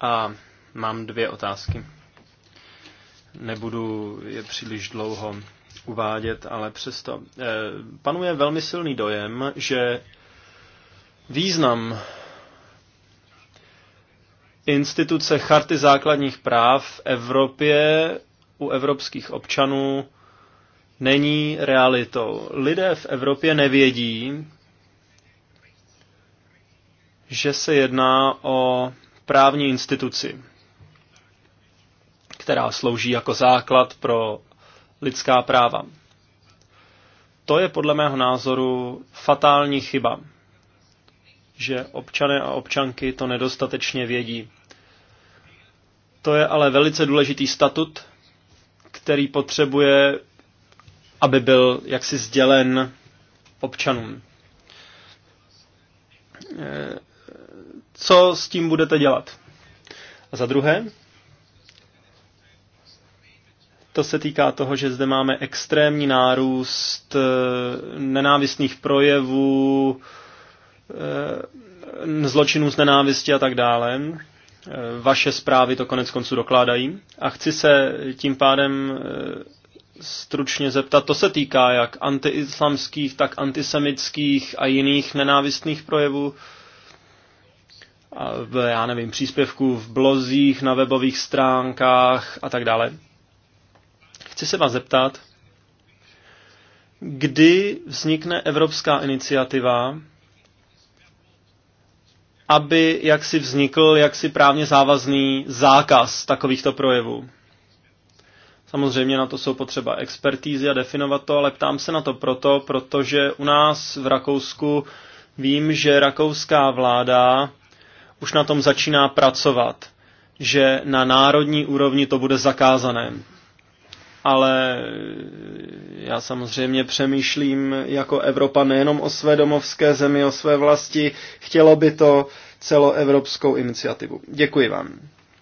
A mám dvě otázky. Nebudu je příliš dlouho uvádět, ale přesto. Eh, panuje velmi silný dojem, že význam instituce Charty základních práv v Evropě u evropských občanů není realitou. Lidé v Evropě nevědí, že se jedná o právní instituci, která slouží jako základ pro lidská práva. To je podle mého názoru fatální chyba že občané a občanky to nedostatečně vědí. To je ale velice důležitý statut, který potřebuje, aby byl jaksi sdělen občanům. Co s tím budete dělat? A za druhé, to se týká toho, že zde máme extrémní nárůst nenávistných projevů, Eh, zločinů z nenávisti a tak dále. Eh, vaše zprávy to konec konců dokládají. A chci se tím pádem eh, stručně zeptat, to se týká jak antiislamských, tak antisemických a jiných nenávistných projevů. A v, já nevím, příspěvků v blozích, na webových stránkách a tak dále. Chci se vás zeptat, kdy vznikne evropská iniciativa aby jaksi vznikl jaksi právně závazný zákaz takovýchto projevů. Samozřejmě na to jsou potřeba expertízy a definovat to, ale ptám se na to proto, protože u nás v Rakousku vím, že rakouská vláda už na tom začíná pracovat, že na národní úrovni to bude zakázané ale já samozřejmě přemýšlím jako Evropa nejenom o své domovské zemi, o své vlasti. Chtělo by to celoevropskou iniciativu. Děkuji vám.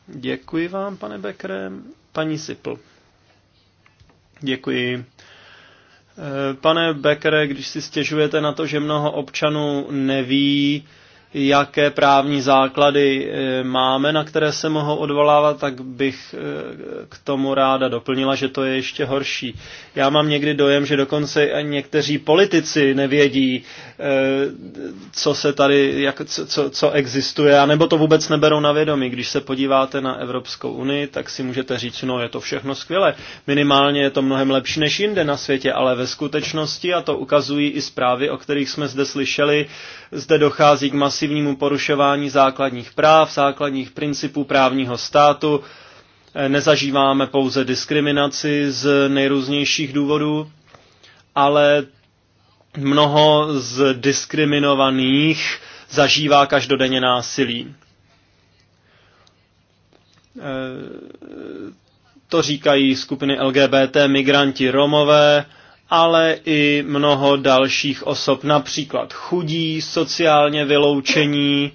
Děkuji vám, pane Bekre. Paní Sipl. Děkuji. Eh, pane Bekre, když si stěžujete na to, že mnoho občanů neví, jaké právní základy eh, máme, na které se mohou odvolávat, tak bych eh, k tomu ráda doplnila, že to je ještě horší. Já mám někdy dojem, že dokonce ani někteří politici nevědí, eh, co se tady, jak, co, co existuje, anebo to vůbec neberou na vědomí. Když se podíváte na Evropskou unii, tak si můžete říct, no je to všechno skvělé. Minimálně je to mnohem lepší než jinde na světě, ale ve skutečnosti, a to ukazují i zprávy, o kterých jsme zde slyšeli, zde dochází k masivní masivnímu porušování základních práv, základních principů právního státu. Eh, nezažíváme pouze diskriminaci z nejrůznějších důvodů, ale mnoho z diskriminovaných zažívá každodenně násilí. Eh, to říkají skupiny LGBT, migranti, romové, ale i mnoho dalších osob, například chudí, sociálně vyloučení,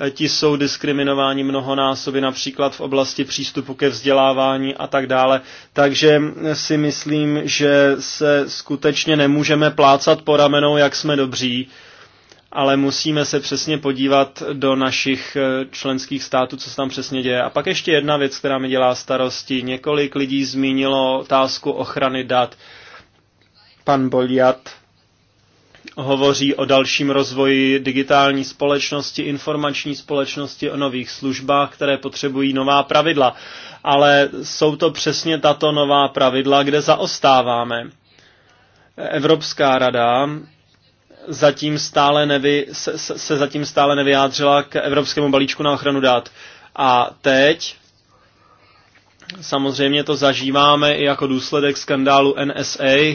eh, ti jsou diskriminováni mnohonásoby, například v oblasti přístupu ke vzdělávání a tak dále. Takže mm, si myslím, že se skutečně nemůžeme plácat po ramenou, jak jsme dobří, ale musíme se přesně podívat do našich eh, členských států, co se tam přesně děje. A pak ještě jedna věc, která mi dělá starosti. Několik lidí zmínilo otázku ochrany dat. Pan Boliat hovoří o dalším rozvoji digitální společnosti, informační společnosti, o nových službách, které potřebují nová pravidla. Ale jsou to přesně tato nová pravidla, kde zaostáváme. Evropská rada zatím stále nevy, se, se zatím stále nevyjádřila k Evropskému balíčku na ochranu dát. A teď samozřejmě to zažíváme i jako důsledek skandálu NSA,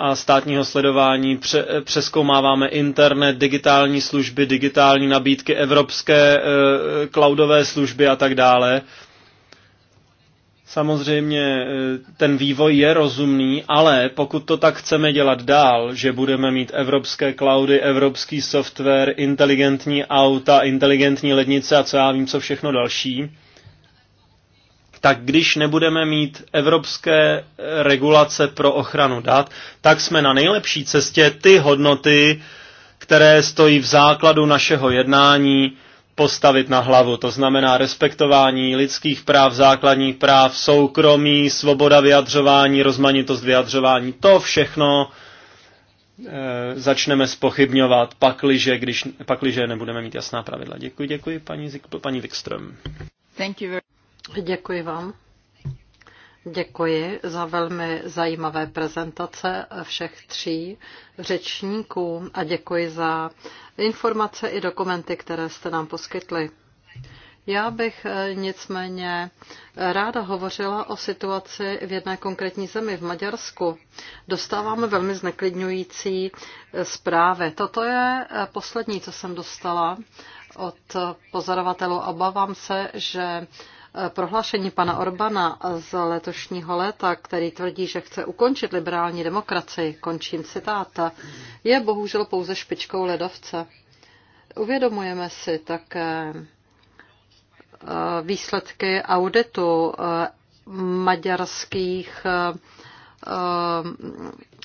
a státního sledování. Pře- přeskoumáváme internet, digitální služby, digitální nabídky, evropské e, cloudové služby a tak dále. Samozřejmě e, ten vývoj je rozumný, ale pokud to tak chceme dělat dál, že budeme mít evropské cloudy, evropský software, inteligentní auta, inteligentní lednice a co já vím, co všechno další, tak když nebudeme mít evropské eh, regulace pro ochranu dat, tak jsme na nejlepší cestě ty hodnoty, které stojí v základu našeho jednání, postavit na hlavu. To znamená respektování lidských práv, základních práv, soukromí, svoboda vyjadřování, rozmanitost vyjadřování. To všechno e, začneme spochybňovat, pakliže, když, pakliže nebudeme mít jasná pravidla. Děkuji, děkuji paní, paní Wikström. Thank you very Děkuji vám. Děkuji za velmi zajímavé prezentace všech tří řečníků a děkuji za informace i dokumenty, které jste nám poskytli. Já bych eh, nicméně eh, ráda hovořila o situaci v jedné konkrétní zemi, v Maďarsku. Dostáváme velmi zneklidňující eh, zprávy. Toto je poslední, co jsem dostala od pozorovatelů. Obávám se, že prohlášení pana Orbana z letošního léta, který tvrdí, že chce ukončit liberální demokracii, končím citáta, je bohužel pouze špičkou ledovce. Uvědomujeme si také eh, výsledky auditu eh, maďarských eh,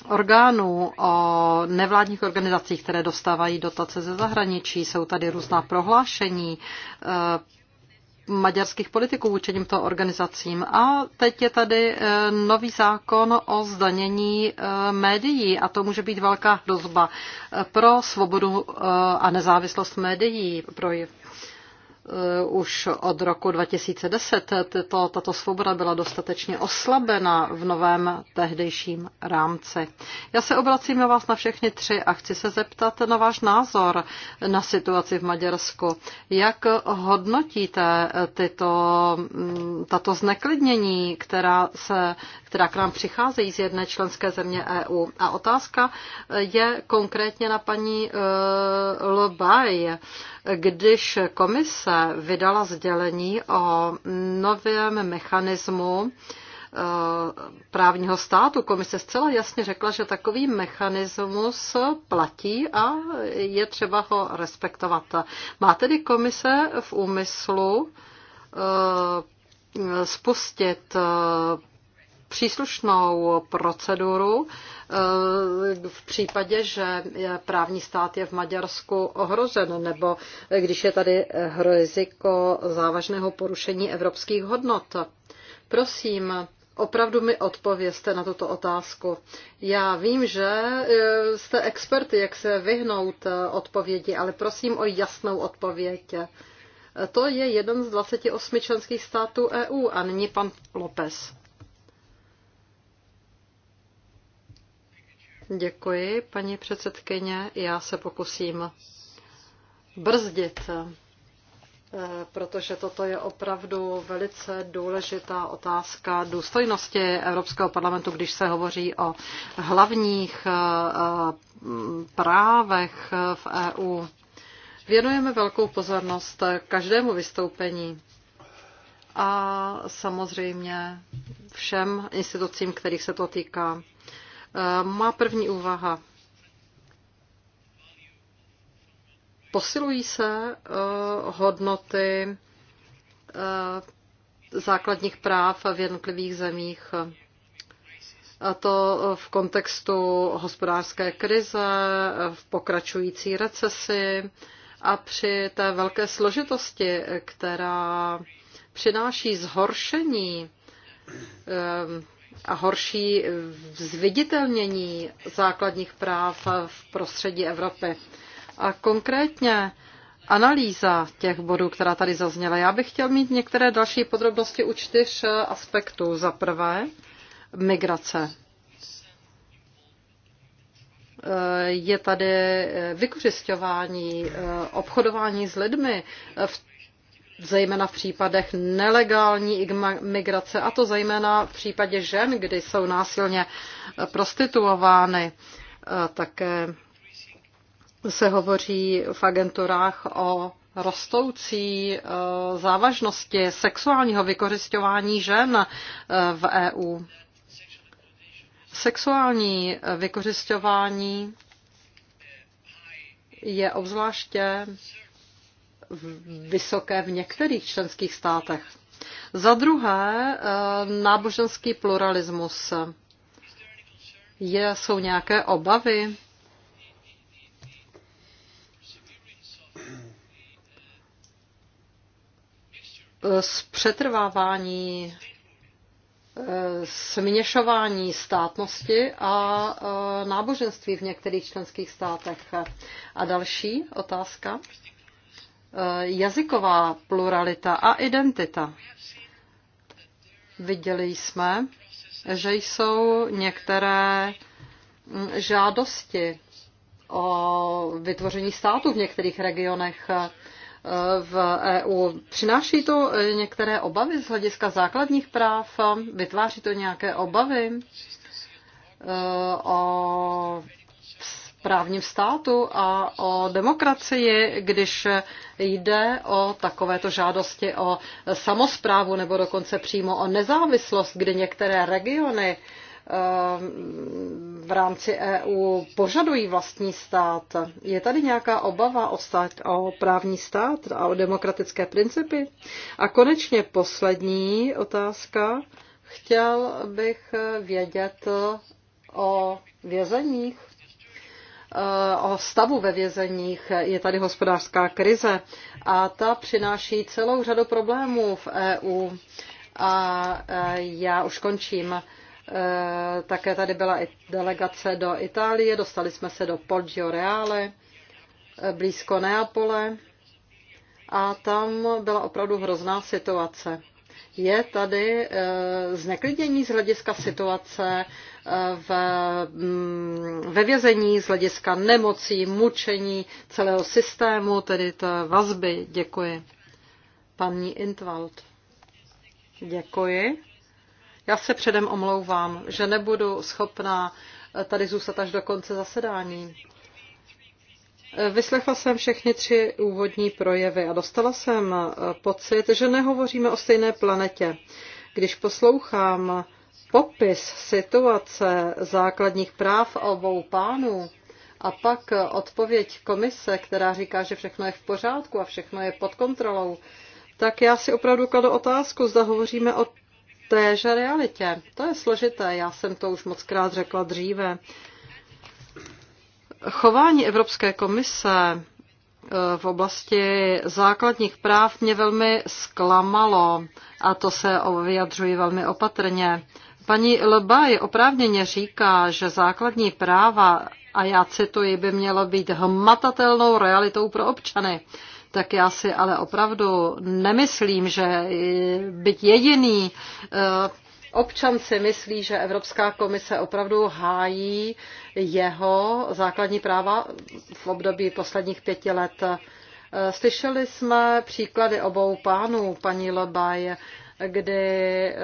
orgánů o nevládních organizacích, které dostávají dotace ze zahraničí. Jsou tady různá prohlášení maďarských politiků vůči těmto organizacím. A teď je tady eh, nový zákon o zdanění eh, médií a to může být velká hrozba eh, pro svobodu a nezávislost médií, pro Eh, už od roku 2010 tato, tato svoboda byla dostatečně oslabena v novém tehdejším rámci. Já se obracím na vás na všechny tři a chci se zeptat na váš názor na situaci v Maďarsku. Jak hodnotíte tyto, mm, tato zneklidnění, která se která k nám přicházejí z jedné členské země EU. A otázka eh, je konkrétně na paní eh, Lobaj. Když komise vydala sdělení o novém mechanismu, eh, právního státu. Komise zcela jasně řekla, že takový mechanismus platí a je třeba ho respektovat. Má tedy komise v úmyslu spustit příslušnou proceduru eh, v případě, že právní stát je v Maďarsku ohrožen, nebo když je tady riziko závažného porušení evropských hodnot. Prosím, Opravdu mi odpověste na tuto otázku. Já vím, že eh, jste experty, jak se vyhnout eh, odpovědi, ale prosím o jasnou odpověď. To je jeden z 28 členských států EU a není pan López. Děkuji, paní předsedkyně. Já se pokusím brzdit, eh, protože toto je opravdu velice důležitá otázka důstojnosti Evropského parlamentu, když se hovoří o hlavních eh, právech eh, v EU. Věnujeme velkou pozornost každému vystoupení a samozřejmě všem institucím, kterých se to týká. Eh, má první úvaha. Posilují se eh, hodnoty eh, základních práv v jednotlivých zemích. A to v kontextu hospodářské krize, v pokračující recesi a při té velké složitosti, která přináší zhoršení a horší zviditelnění základních práv v prostředí Evropy. A konkrétně analýza těch bodů, která tady zazněla. Já bych chtěl mít některé další podrobnosti u čtyř aspektů. Za prvé, migrace. Je tady vykořišťování, obchodování s lidmi v zejména v případech nelegální migrace, a to zejména v případě žen, kdy jsou násilně eh, prostituovány. Eh, také se hovoří v agenturách o rostoucí eh, závažnosti sexuálního vykořišťování žen v EU. Sexuální vykořišťování je obzvláště vysoké v některých členských státech. Za druhé, eh, náboženský pluralismus. Je, jsou nějaké obavy? Eh, z přetrvávání eh, směšování státnosti a náboženství v některých členských státech. A další otázka. Eh, jazyková pluralita a identita. Viděli jsme, že jsou některé hm, žádosti o vytvoření státu v některých regionech eh, v EU. Přináší to eh, některé obavy z hlediska základních práv? Vytváří to nějaké obavy o právním státu a o demokracii, když jde o takovéto žádosti o samozprávu nebo dokonce přímo o nezávislost, kdy některé regiony eh, v rámci EU požadují vlastní stát. Je tady nějaká obava o, stát, o právní stát a o demokratické principy? A konečně poslední otázka. Chtěl bych vědět o vězeních o stavu ve vězeních. Je tady hospodářská krize a ta přináší celou řadu problémů v EU. A e, já už končím. E, také tady byla i delegace do Itálie, dostali jsme se do Poggio Reale, e, blízko Neapole a tam byla opravdu hrozná situace. Je tady zneklidnění z hlediska situace v, mm, ve vězení z hlediska nemocí, mučení celého systému, tedy té vazby. Děkuji. Paní Intwald. Děkuji. Já se předem omlouvám, že nebudu schopná tady zůstat až do konce zasedání. Vyslechla jsem všechny tři úvodní projevy a dostala jsem pocit, že nehovoříme o stejné planetě. Když poslouchám popis situace základních práv obou pánů a pak odpověď komise, která říká, že všechno je v pořádku a všechno je pod kontrolou, tak já si opravdu kladu otázku, zda hovoříme o téže realitě. To je složité, já jsem to už moc krát řekla dříve. Chování Evropské komise eh, v oblasti základních práv mě velmi zklamalo a to se vyjadřuji velmi opatrně. Paní Lba je oprávněně říká, že základní práva, a já cituji, by mělo být hmatatelnou realitou pro občany. Tak já si ale opravdu nemyslím, že byť jediný eh, občan si myslí, že Evropská komise opravdu hájí jeho základní práva v období posledních pěti let. Eh, slyšeli jsme příklady obou pánů, paní Lebaj kdy eh,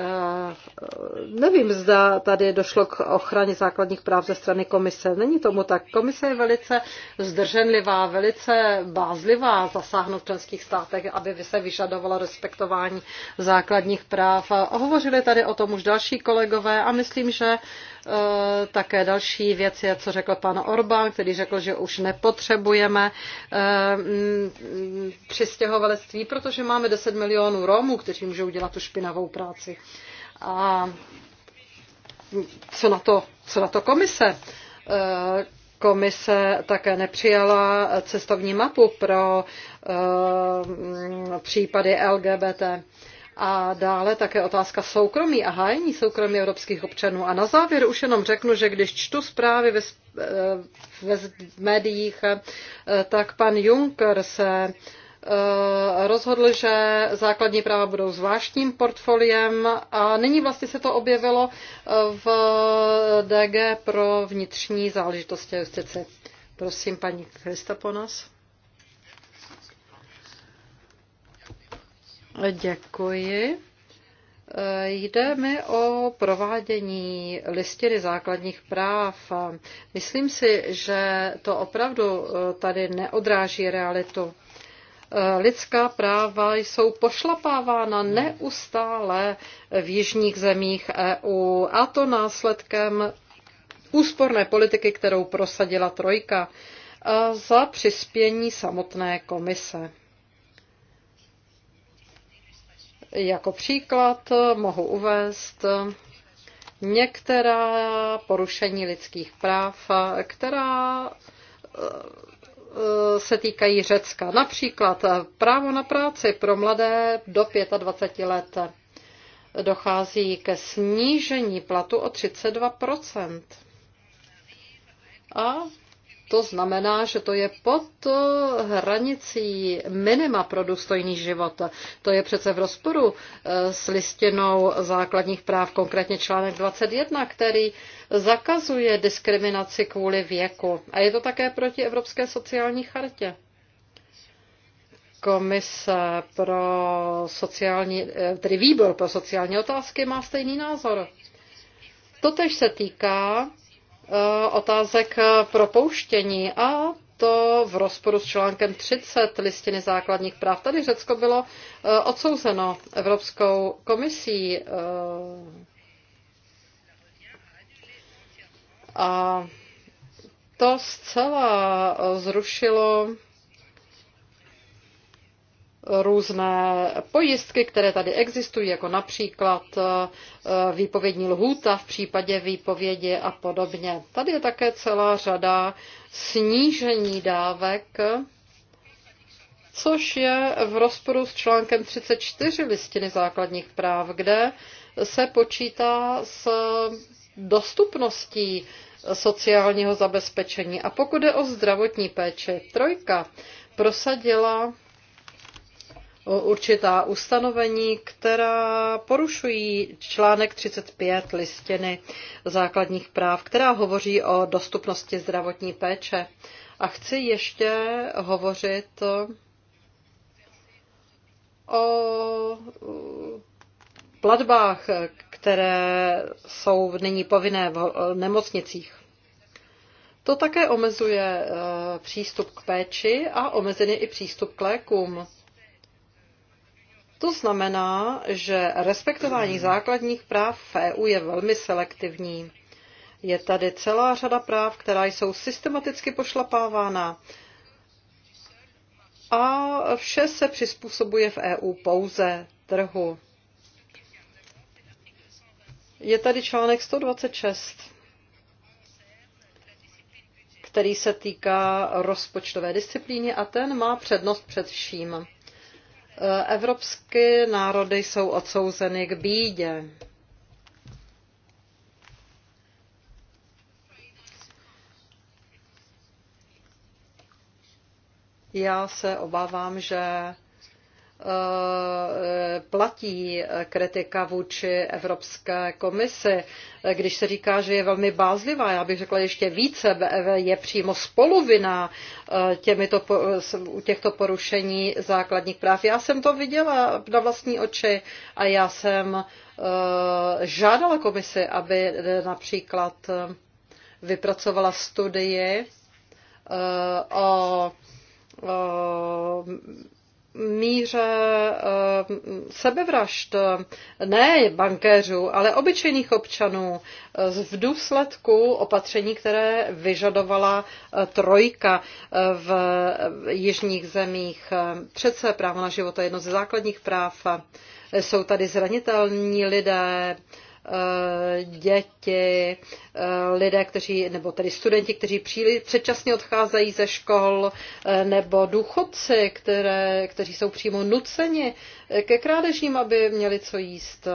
nevím, zda tady došlo k ochraně základních práv ze strany komise. Není tomu tak. Komise je velice zdrženlivá, velice bázlivá zasáhnout v členských státech, aby se vyžadovala respektování základních práv. Hovořili tady o tom už další kolegové a myslím, že Eh, také další věc je, co řekl pan Orbán, který řekl, že už nepotřebujeme eh, mm, přistěhovalectví, protože máme 10 milionů Romů, kteří můžou dělat tu špinavou práci. A co na to, co na to komise? Eh, komise také nepřijala cestovní mapu pro mm, případy LGBT. A dále také otázka soukromí a hájení soukromí evropských občanů. A na závěr už jenom řeknu, že když čtu zprávy ve, eh, ve médiích, eh, tak pan Juncker se eh, rozhodl, že základní práva budou zvláštním portfoliem a nyní vlastně se to objevilo v DG pro vnitřní záležitosti a justici. Prosím, paní Kristaponas. Děkuji. Jde mi o provádění listiny základních práv. Myslím si, že to opravdu tady neodráží realitu. Lidská práva jsou pošlapávána neustále v jižních zemích EU a to následkem úsporné politiky, kterou prosadila Trojka e, za přispění samotné komise. Jako příklad mohu uvést některá porušení lidských práv, která eh, se týkají Řecka. Například právo na práci pro mladé do 25 let. Dochází ke snížení platu o 32 A to znamená, že to je pod eh, hranicí minima pro důstojný život. To je přece v rozporu eh, s listinou základních práv, konkrétně článek 21, který zakazuje diskriminaci kvůli věku. A je to také proti Evropské sociální chartě. Komise pro sociální, eh, tedy výbor pro sociální otázky má stejný názor. Totež se týká Eh, otázek propouštění a to v rozporu s článkem 30 listiny základních práv. Tady Řecko bylo eh, odsouzeno Evropskou komisí eh, a to zcela zrušilo různé pojistky, které tady existují, jako například eh, eh, výpovědní lhůta v případě výpovědi a podobně. Tady je také celá řada snížení dávek, což je v rozporu s článkem 34 listiny základních práv, kde se počítá s dostupností sociálního zabezpečení. A pokud je o zdravotní péči, trojka prosadila určitá ustanovení, která porušují článek 35 listiny základních práv, která hovoří o dostupnosti zdravotní péče. A chci ještě hovořit o platbách, které jsou nyní povinné v nemocnicích. To také omezuje eh, přístup k péči a omezený i přístup k lékům. To znamená, že respektování základních práv v EU je velmi selektivní. Je tady celá řada práv, která jsou systematicky pošlapávána. A vše se přizpůsobuje v EU pouze trhu. Je tady článek 126, který se týká rozpočtové disciplíny a ten má přednost před vším. Evropské národy jsou odsouzeny k bídě. Já se obávám, že Eh, platí kritika vůči Evropské komisi, když se říká, že je velmi bázlivá. Já bych řekla ještě více, je přímo spoluvina eh, těmito, těchto porušení základních práv. Já jsem to viděla na vlastní oči a já jsem eh, žádala komisi, aby například vypracovala studii o míře eh, sebevražd, ne bankéřů, ale obyčejných občanů eh, v důsledku opatření, které vyžadovala eh, trojka v jižních zemích. Přece právo na život je jedno ze základních práv. Jsou tady zranitelní lidé, Eh, děti, eh, lidé, kteří, nebo tedy studenti, kteří příliš předčasně odcházejí ze škol, eh, nebo důchodci, které, kteří jsou přímo nuceni ke krádežím, aby měli co jíst.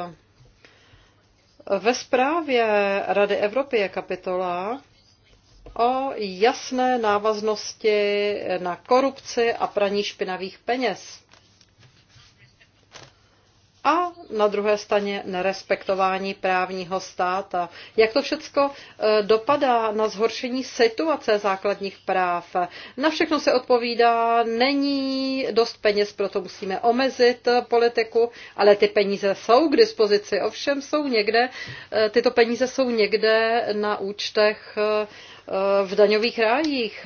Ve zprávě Rady Evropy je kapitola o jasné návaznosti na korupci a praní špinavých peněz a na druhé straně nerespektování právního státa. Jak to všechno e, dopadá na zhoršení situace základních práv? Na všechno se odpovídá, není dost peněz, proto musíme omezit politiku, ale ty peníze jsou k dispozici, ovšem jsou někde, e, tyto peníze jsou někde na účtech e, v daňových rájích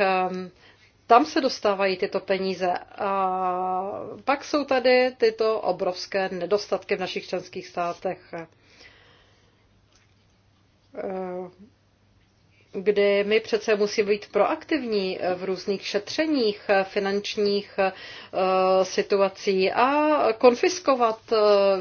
tam se dostávají tyto peníze. A pak jsou tady tyto obrovské nedostatky v našich členských státech kdy my přece musíme být proaktivní eh, v různých šetřeních eh, finančních eh, situací a konfiskovat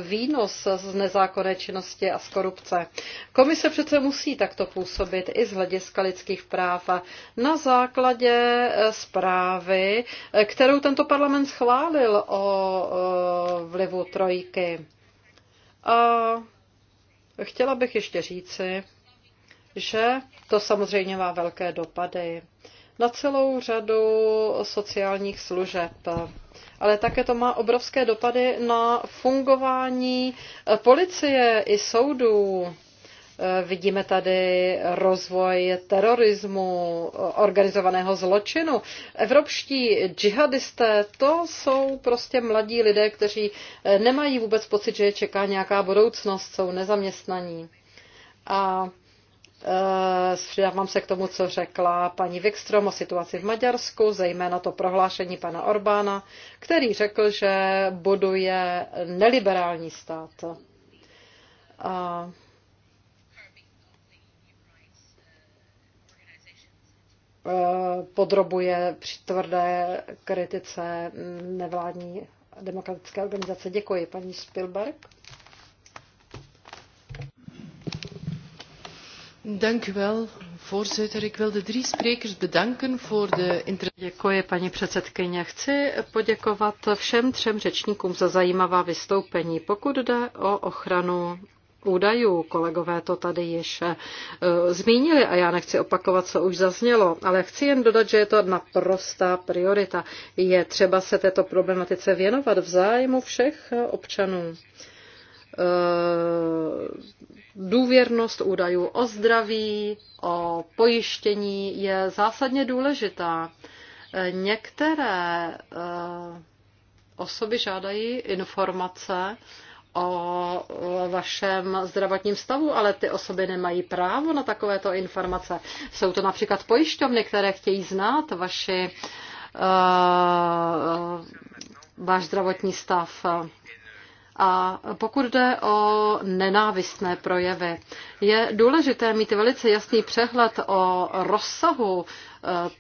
výnos z nezákonné činnosti a z korupce. Komise přece musí takto působit i z hlediska lidských práv na základě zprávy, kterou tento parlament schválil o vlivu trojky. A chtěla bych ještě říci, že to samozřejmě má velké dopady na celou řadu sociálních služeb. Ale také to má obrovské dopady na fungování eh, policie i soudů. Eh, vidíme tady rozvoj terorismu, eh, organizovaného zločinu. Evropští džihadisté, to jsou prostě mladí lidé, kteří nemají vůbec pocit, že je čeká nějaká budoucnost, jsou nezaměstnaní. A Přidávám eh, se k tomu, co řekla paní Wikström o situaci v Maďarsku, zejména to prohlášení pana Orbána, který řekl, že buduje neliberální stát. A eh, podrobuje při tvrdé kritice nevládní demokratické organizace. Děkuji, paní Spielberg. Děkuji, paní předsedkyně. Chci poděkovat všem třem řečníkům za zajímavá vystoupení. Pokud jde o ochranu údajů, kolegové to tady již eh, zmínili a já nechci opakovat, co už zaznělo, ale chci jen dodat, že je to naprostá priorita. Je třeba se této problematice věnovat v zájmu všech eh, občanů. Eh, důvěrnost údajů o zdraví, o pojištění je zásadně důležitá. Eh, některé eh, osoby žádají informace o vašem zdravotním stavu, ale ty osoby nemají právo na takovéto informace. Jsou to například pojišťovny, které chtějí znát vaši, uh, váš zdravotní stav. A pokud jde o nenávistné projevy, je důležité mít velice jasný přehled o rozsahu eh,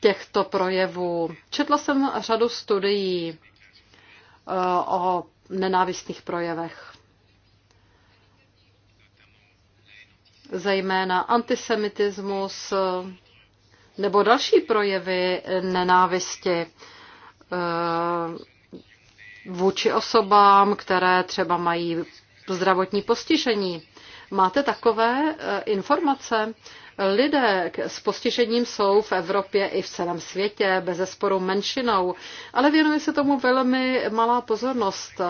těchto projevů. Četla jsem řadu studií eh, o nenávistných projevech. Zejména antisemitismus eh, nebo další projevy nenávisti vůči osobám, které třeba mají zdravotní postižení. Máte takové e, informace? Lidé s postižením jsou v Evropě i v celém světě bezesporu menšinou, ale věnuje se tomu velmi malá pozornost.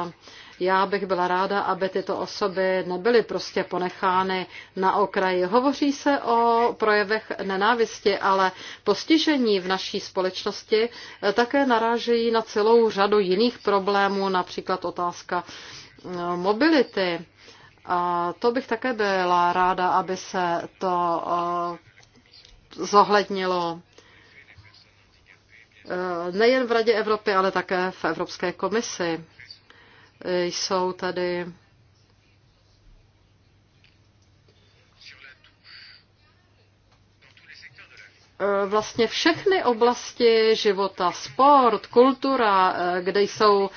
Já bych byla ráda, aby tyto osoby nebyly prostě ponechány na okraji. Hovoří se o projevech nenávisti, ale postižení v naší společnosti eh, také narážejí na celou řadu jiných problémů, například otázka eh, mobility. A to bych také byla ráda, aby se to eh, zohlednilo nejen v Radě Evropy, ale také v Evropské komisi jsou tady vlastně všechny oblasti života, sport, kultura, kde jsou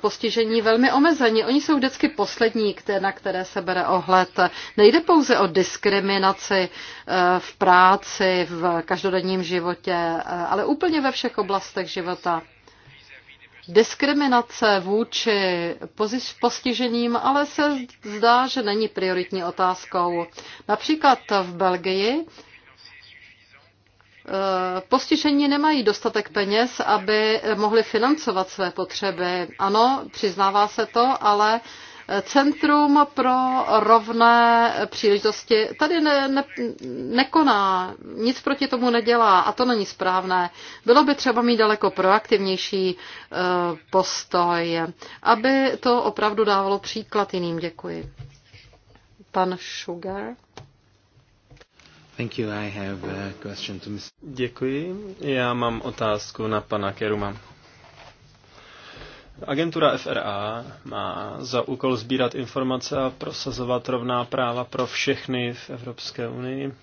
postižení velmi omezení. Oni jsou vždycky poslední, na které se bere ohled. Nejde pouze o diskriminaci eh, v práci, v každodenním životě, eh, ale úplně ve všech oblastech života diskriminace vůči postižením, ale se zdá, že není prioritní otázkou. Například v Belgii eh, Postižení nemají dostatek peněz, aby mohli financovat své potřeby. Ano, přiznává se to, ale Centrum pro rovné příležitosti tady ne, ne, nekoná, nic proti tomu nedělá a to není správné. Bylo by třeba mít daleko proaktivnější eh, postoj, aby to opravdu dávalo příklad jiným. Děkuji. Pan Sugar. Thank you. I have a question to Děkuji. Já mám otázku na pana Keruma. Agentura FRA má za úkol sbírat informace a prosazovat rovná práva pro všechny v Evropské unii.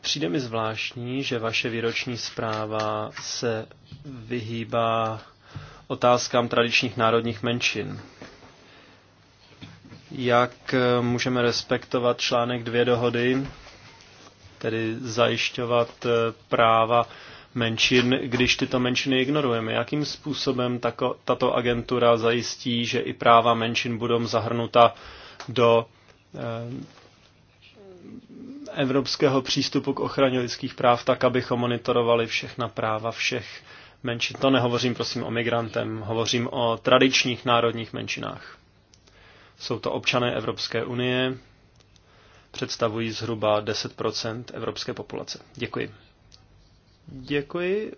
Přijde mi zvláštní, že vaše výroční zpráva se vyhýbá otázkám tradičních národních menšin. Jak můžeme respektovat článek dvě dohody, tedy zajišťovat eh, práva menšin, když tyto menšiny ignorujeme? Jakým způsobem tako, tato agentura zajistí, že i práva menšin budou zahrnuta do eh, evropského přístupu k ochraně lidských práv tak, abychom monitorovali všechna práva všech menšin. To nehovořím prosím o migrantem, hovořím o tradičních národních menšinách. Jsou to občané Evropské unie, představují zhruba 10 evropské populace. Děkuji. Děkuji,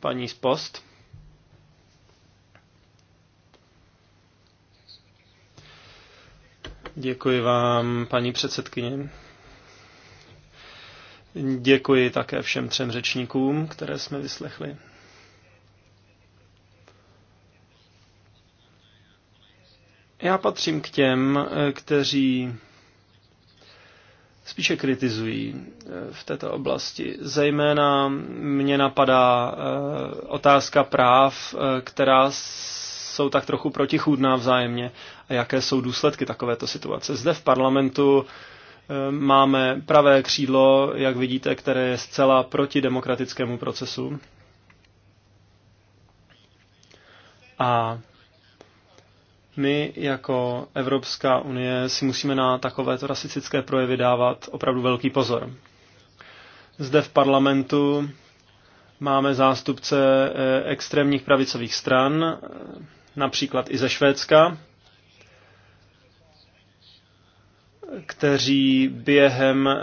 paní Spost. Děkuji vám, paní předsedkyně. Děkuji také všem třem řečníkům, které jsme vyslechli. Já patřím k těm, kteří spíše kritizují eh, v této oblasti. Zejména mě napadá eh, otázka práv, eh, která jsou tak trochu protichůdná vzájemně a jaké jsou důsledky takovéto situace. Zde v parlamentu máme pravé křídlo, jak vidíte, které je zcela proti demokratickému procesu. A my jako Evropská unie si musíme na takovéto rasistické projevy dávat opravdu velký pozor. Zde v parlamentu máme zástupce eh, extrémních pravicových stran, eh, například i ze Švédska, kteří během eh,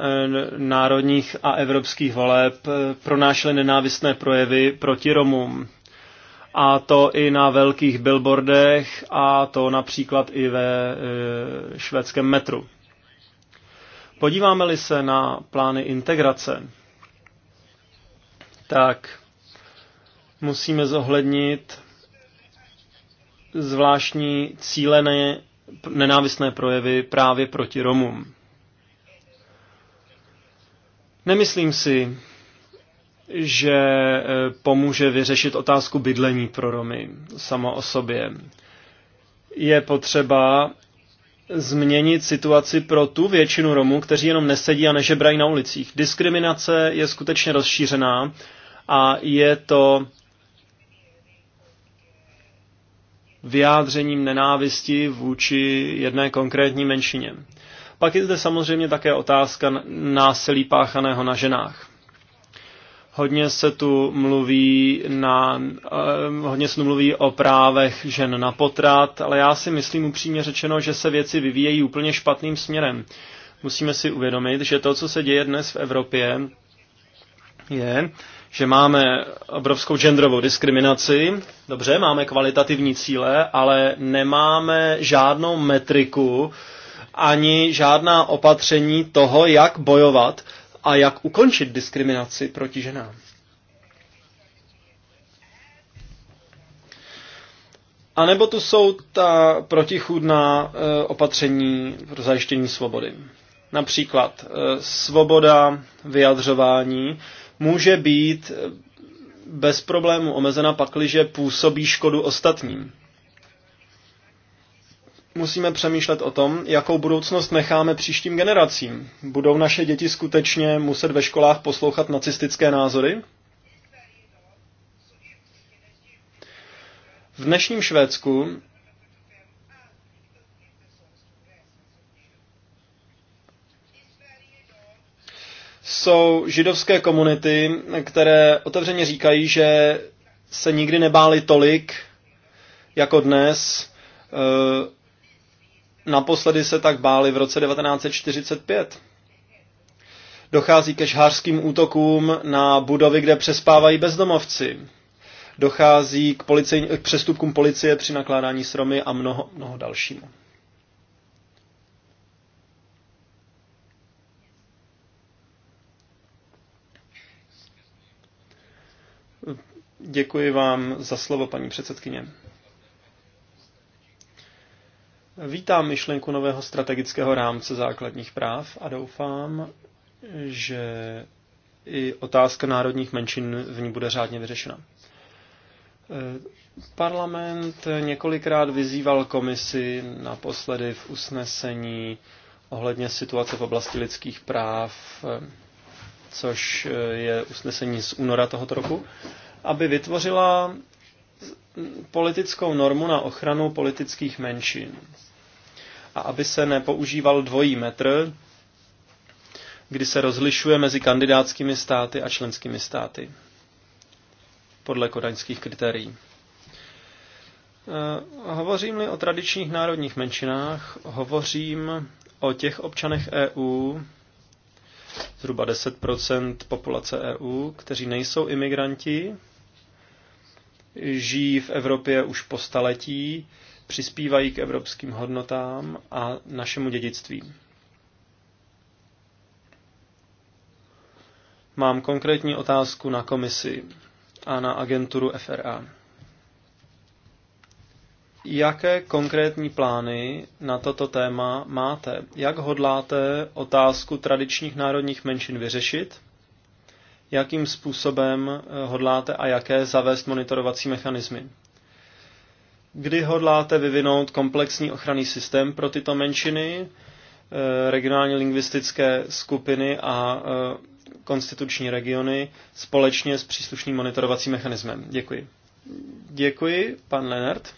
národních a evropských voleb pronášeli nenávistné projevy proti Romům a to i na velkých billboardech a to například i ve e, švédském metru. Podíváme-li se na plány integrace, tak musíme zohlednit zvláštní cílené nenávistné projevy právě proti Romům. Nemyslím si, že eh, pomůže vyřešit otázku bydlení pro Romy samo o sobě. Je potřeba změnit situaci pro tu většinu Romů, kteří jenom nesedí a nežebrají na ulicích. Diskriminace je skutečně rozšířená a je to vyjádřením nenávisti vůči jedné konkrétní menšině. Pak je zde samozřejmě také otázka násilí páchaného na ženách. Hodně se tu mluví, na, eh, hodně se tu mluví o právech žen na potrat, ale já si myslím upřímně řečeno, že se věci vyvíjejí úplně špatným směrem. Musíme si uvědomit, že to, co se děje dnes v Evropě, je, že máme obrovskou genderovou diskriminaci, dobře, máme kvalitativní cíle, ale nemáme žádnou metriku ani žádná opatření toho, jak bojovat a jak ukončit diskriminaci proti ženám. A nebo tu jsou ta protichůdná eh, opatření pro zajištění svobody. Například eh, svoboda vyjadřování může být eh, bez problému omezena pakliže působí škodu ostatním musíme přemýšlet o tom, jakou budoucnost necháme příštím generacím. Budou naše děti skutečně muset ve školách poslouchat nacistické názory? V dnešním Švédsku jsou židovské komunity, které otevřeně říkají, že se nikdy nebáli tolik jako dnes eh, Naposledy se tak báli v roce 1945. Dochází ke šhářským útokům na budovy, kde přespávají bezdomovci. Dochází k, policej, k přestupkům policie při nakládání s Romy a mnoho, mnoho dalšímu. Děkuji vám za slovo, paní předsedkyně. Vítám myšlenku nového strategického rámce základních práv a doufám, že i otázka národních menšin v ní bude řádně vyřešena. Eh, parlament několikrát vyzýval komisi naposledy v usnesení ohledně situace v oblasti lidských práv, eh, což eh, je usnesení z února tohoto roku, aby vytvořila politickou normu na ochranu politických menšin. A aby se nepoužíval dvojí metr, kdy se rozlišuje mezi kandidátskými státy a členskými státy podle kodaňských kritérií. Eh, hovořím-li o tradičních národních menšinách, hovořím o těch občanech EU, zhruba 10 populace EU, kteří nejsou imigranti, žijí v Evropě už po staletí, přispívají k evropským hodnotám a našemu dědictví. Mám konkrétní otázku na komisi a na agenturu FRA. Jaké konkrétní plány na toto téma máte? Jak hodláte otázku tradičních národních menšin vyřešit? jakým způsobem eh, hodláte a jaké zavést monitorovací mechanismy. Kdy hodláte vyvinout komplexní ochranný systém pro tyto menšiny, eh, regionální lingvistické skupiny a eh, konstituční regiony společně s příslušným monitorovacím mechanismem. Děkuji. Děkuji, pan Lenert.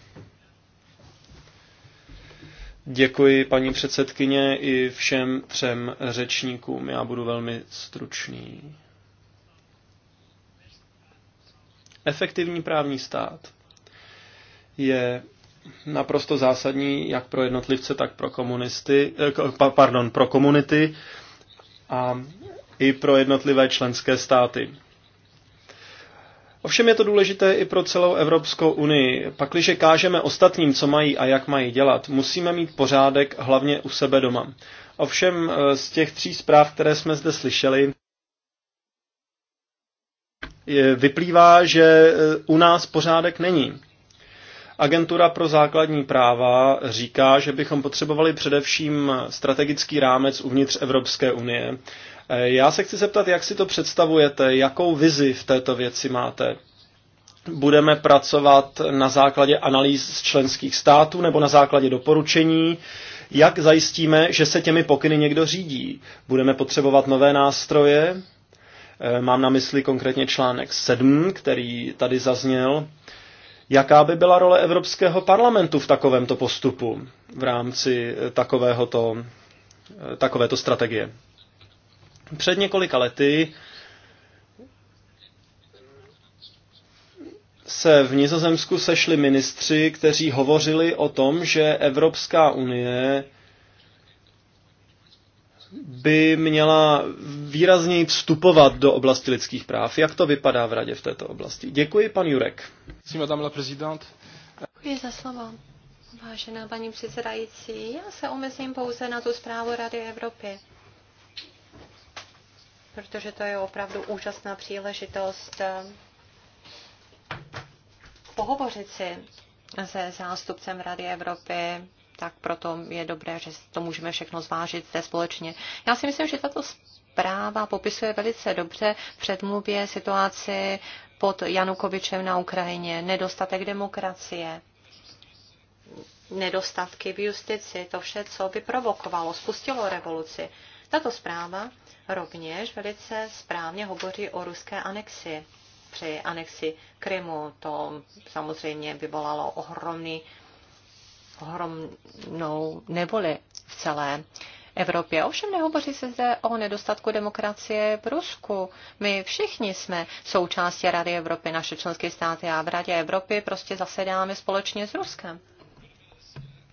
Děkuji, paní předsedkyně, i všem třem řečníkům. Já budu velmi stručný. Efektivní právní stát je naprosto zásadní jak pro jednotlivce, tak pro komunisty, eh, pardon, pro komunity a i pro jednotlivé členské státy. Ovšem je to důležité i pro celou Evropskou unii. Pakliže kážeme ostatním, co mají a jak mají dělat, musíme mít pořádek hlavně u sebe doma. Ovšem eh, z těch tří zpráv, které jsme zde slyšeli, vyplývá, že eh, u nás pořádek není. Agentura pro základní práva říká, že bychom potřebovali především strategický rámec uvnitř Evropské unie. Eh, já se chci zeptat, jak si to představujete, jakou vizi v této věci máte? Budeme pracovat na základě analýz z členských států nebo na základě doporučení? Jak zajistíme, že se těmi pokyny někdo řídí? Budeme potřebovat nové nástroje? Eh, mám na mysli konkrétně článek 7, který tady zazněl. Jaká by byla role Evropského parlamentu v takovémto postupu v rámci eh, takovéhoto, eh, takovéto strategie? Před několika lety se v Nizozemsku sešli ministři, kteří hovořili o tom, že Evropská unie by měla výrazněji vstupovat do oblasti lidských práv. Jak to vypadá v radě v této oblasti? Děkuji, pan Jurek. Děkuji za slovo. Vážená paní předsedající, já se omezím pouze na tu zprávu Rady Evropy, protože to je opravdu úžasná příležitost eh, pohovořit si se zástupcem Rady Evropy tak proto je dobré, že to můžeme všechno zvážit zde společně. Já si myslím, že tato zpráva popisuje velice dobře v předmluvě situaci pod Janukovičem na Ukrajině, nedostatek demokracie, nedostatky v justici, to vše, co by provokovalo, spustilo revoluci. Tato zpráva rovněž velice správně hovoří o ruské anexi. Při anexi Krymu to samozřejmě vyvolalo ohromný ohromnou nevoli v celé Evropě. Ovšem nehovoří se zde o nedostatku demokracie v Rusku. My všichni jsme součástí Rady Evropy, naše členské státy a v Radě Evropy prostě zasedáme společně s Ruskem.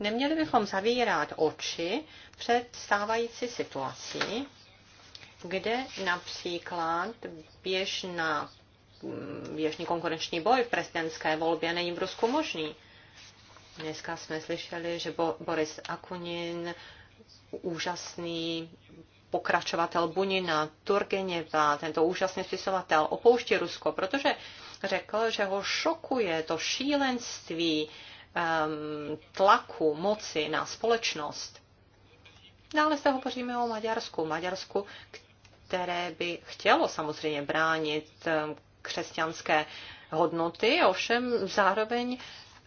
Neměli bychom zavírat oči před stávající situací, kde například běžná, běžný konkurenční boj v prezidentské volbě není v Rusku možný. Dneska jsme slyšeli, že Boris Akunin, úžasný pokračovatel Bunina, Turgeněva, tento úžasný spisovatel, opouští Rusko, protože řekl, že ho šokuje to šílenství um, tlaku moci na společnost. Dále se hovoříme o Maďarsku. Maďarsku, které by chtělo samozřejmě bránit ehm, křesťanské hodnoty, ovšem zároveň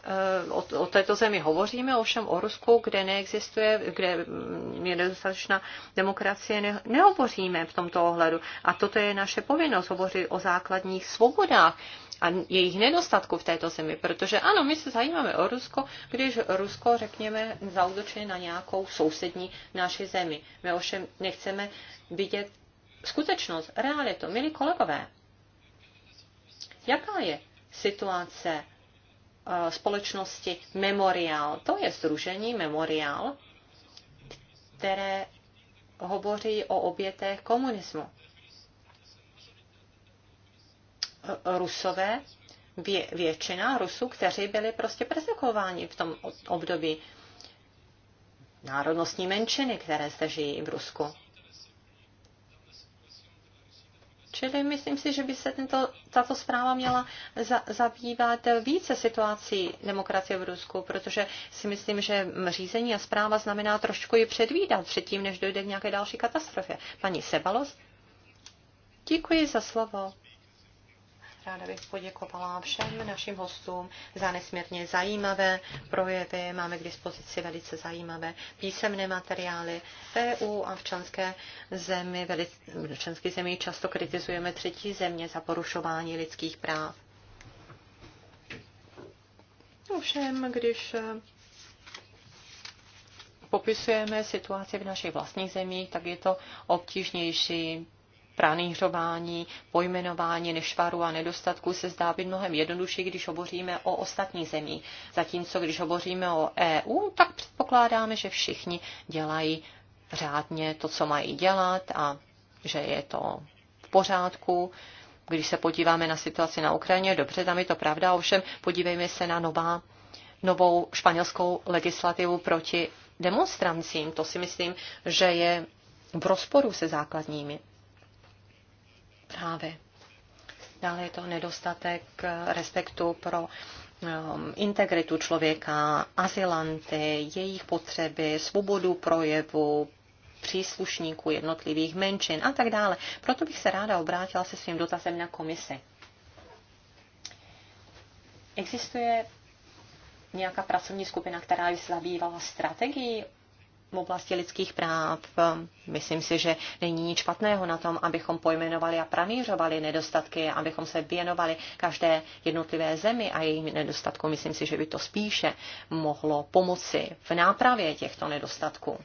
Eh, o, o této zemi hovoříme, ovšem o Rusku, kde neexistuje, kde mm, je nedostatečná demokracie, ne, nehovoříme v tomto ohledu. A toto je naše povinnost, hovořit o základních svobodách a jejich nedostatku v této zemi, protože ano, my se zajímáme o Rusko, když Rusko, řekněme, zaútočí na nějakou sousední naši zemi. My ovšem nechceme vidět skutečnost, realitu. Milí kolegové, jaká je situace Eh, společnosti Memorial. To je združení Memorial, které hovoří o obětech komunismu. Eh, Rusové, vě, většina Rusů, kteří byli prostě persekuováni v tom období národnostní menšiny, které zde žijí v Rusku. Čili myslím si, že by se tento, tato zpráva měla za, zabývat více situací demokracie v Rusku, protože si myslím, že řízení a zpráva znamená trošku ji předvídat předtím, než dojde k nějaké další katastrofě. Paní Sebalos? Děkuji za slovo. Ráda bych poděkovala všem našim hostům za nesmírně zajímavé projevy. Máme k dispozici velice zajímavé písemné materiály. V EU a v členské zemi, velice, v členské zemi často kritizujeme třetí země za porušování lidských práv. Ovšem, když eh, popisujeme situaci v našich vlastních zemích, tak je to obtížnější pranýřování, pojmenování nešvaru a nedostatku se zdá být mnohem jednodušší, když hovoříme o ostatní zemí. Zatímco když hovoříme o EU, tak předpokládáme, že všichni dělají řádně to, co mají dělat a že je to v pořádku. Když se podíváme na situaci na Ukrajině, dobře, tam je to pravda, ovšem podívejme se na nová, novou španělskou legislativu proti demonstrancím. To si myslím, že je v rozporu se základními právě. Dále je to nedostatek eh, respektu pro ehm, integritu člověka, azylanty, jejich potřeby, svobodu projevu, příslušníků jednotlivých menšin a tak dále. Proto bych se ráda obrátila se svým dotazem na komisi. Existuje nějaká pracovní skupina, která by se zabývala strategií v oblasti lidských práv. Myslím si, že není nic špatného na tom, abychom pojmenovali a pranířovali nedostatky, abychom se věnovali každé jednotlivé zemi a jejím nedostatku. Myslím si, že by to spíše mohlo pomoci v nápravě těchto nedostatků.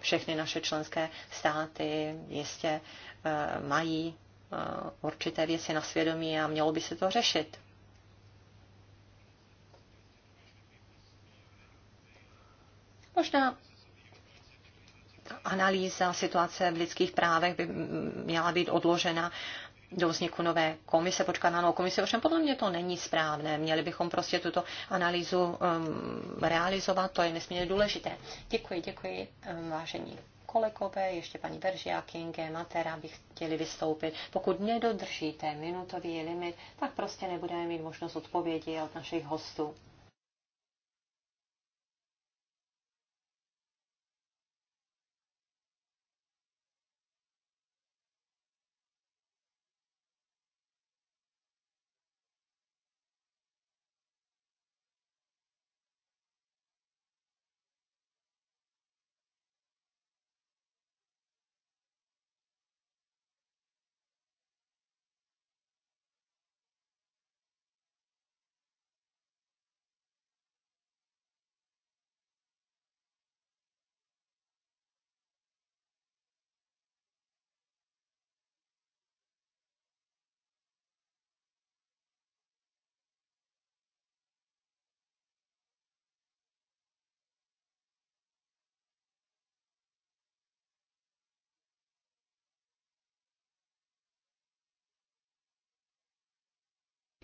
Všechny naše členské státy jistě eh, mají eh, určité věci na svědomí a mělo by se to řešit. Možná analýza situace v lidských právech by měla být odložena do vzniku nové komise, počkat na novou komisi, ovšem podle mě to není správné. Měli bychom prostě tuto analýzu um, realizovat, to je nesmírně důležité. Děkuji, děkuji, um, vážení kolegové, ještě paní Beržia, Kinge, Matera bych chtěli vystoupit. Pokud nedodržíte minutový limit, tak prostě nebudeme mít možnost odpovědi od našich hostů.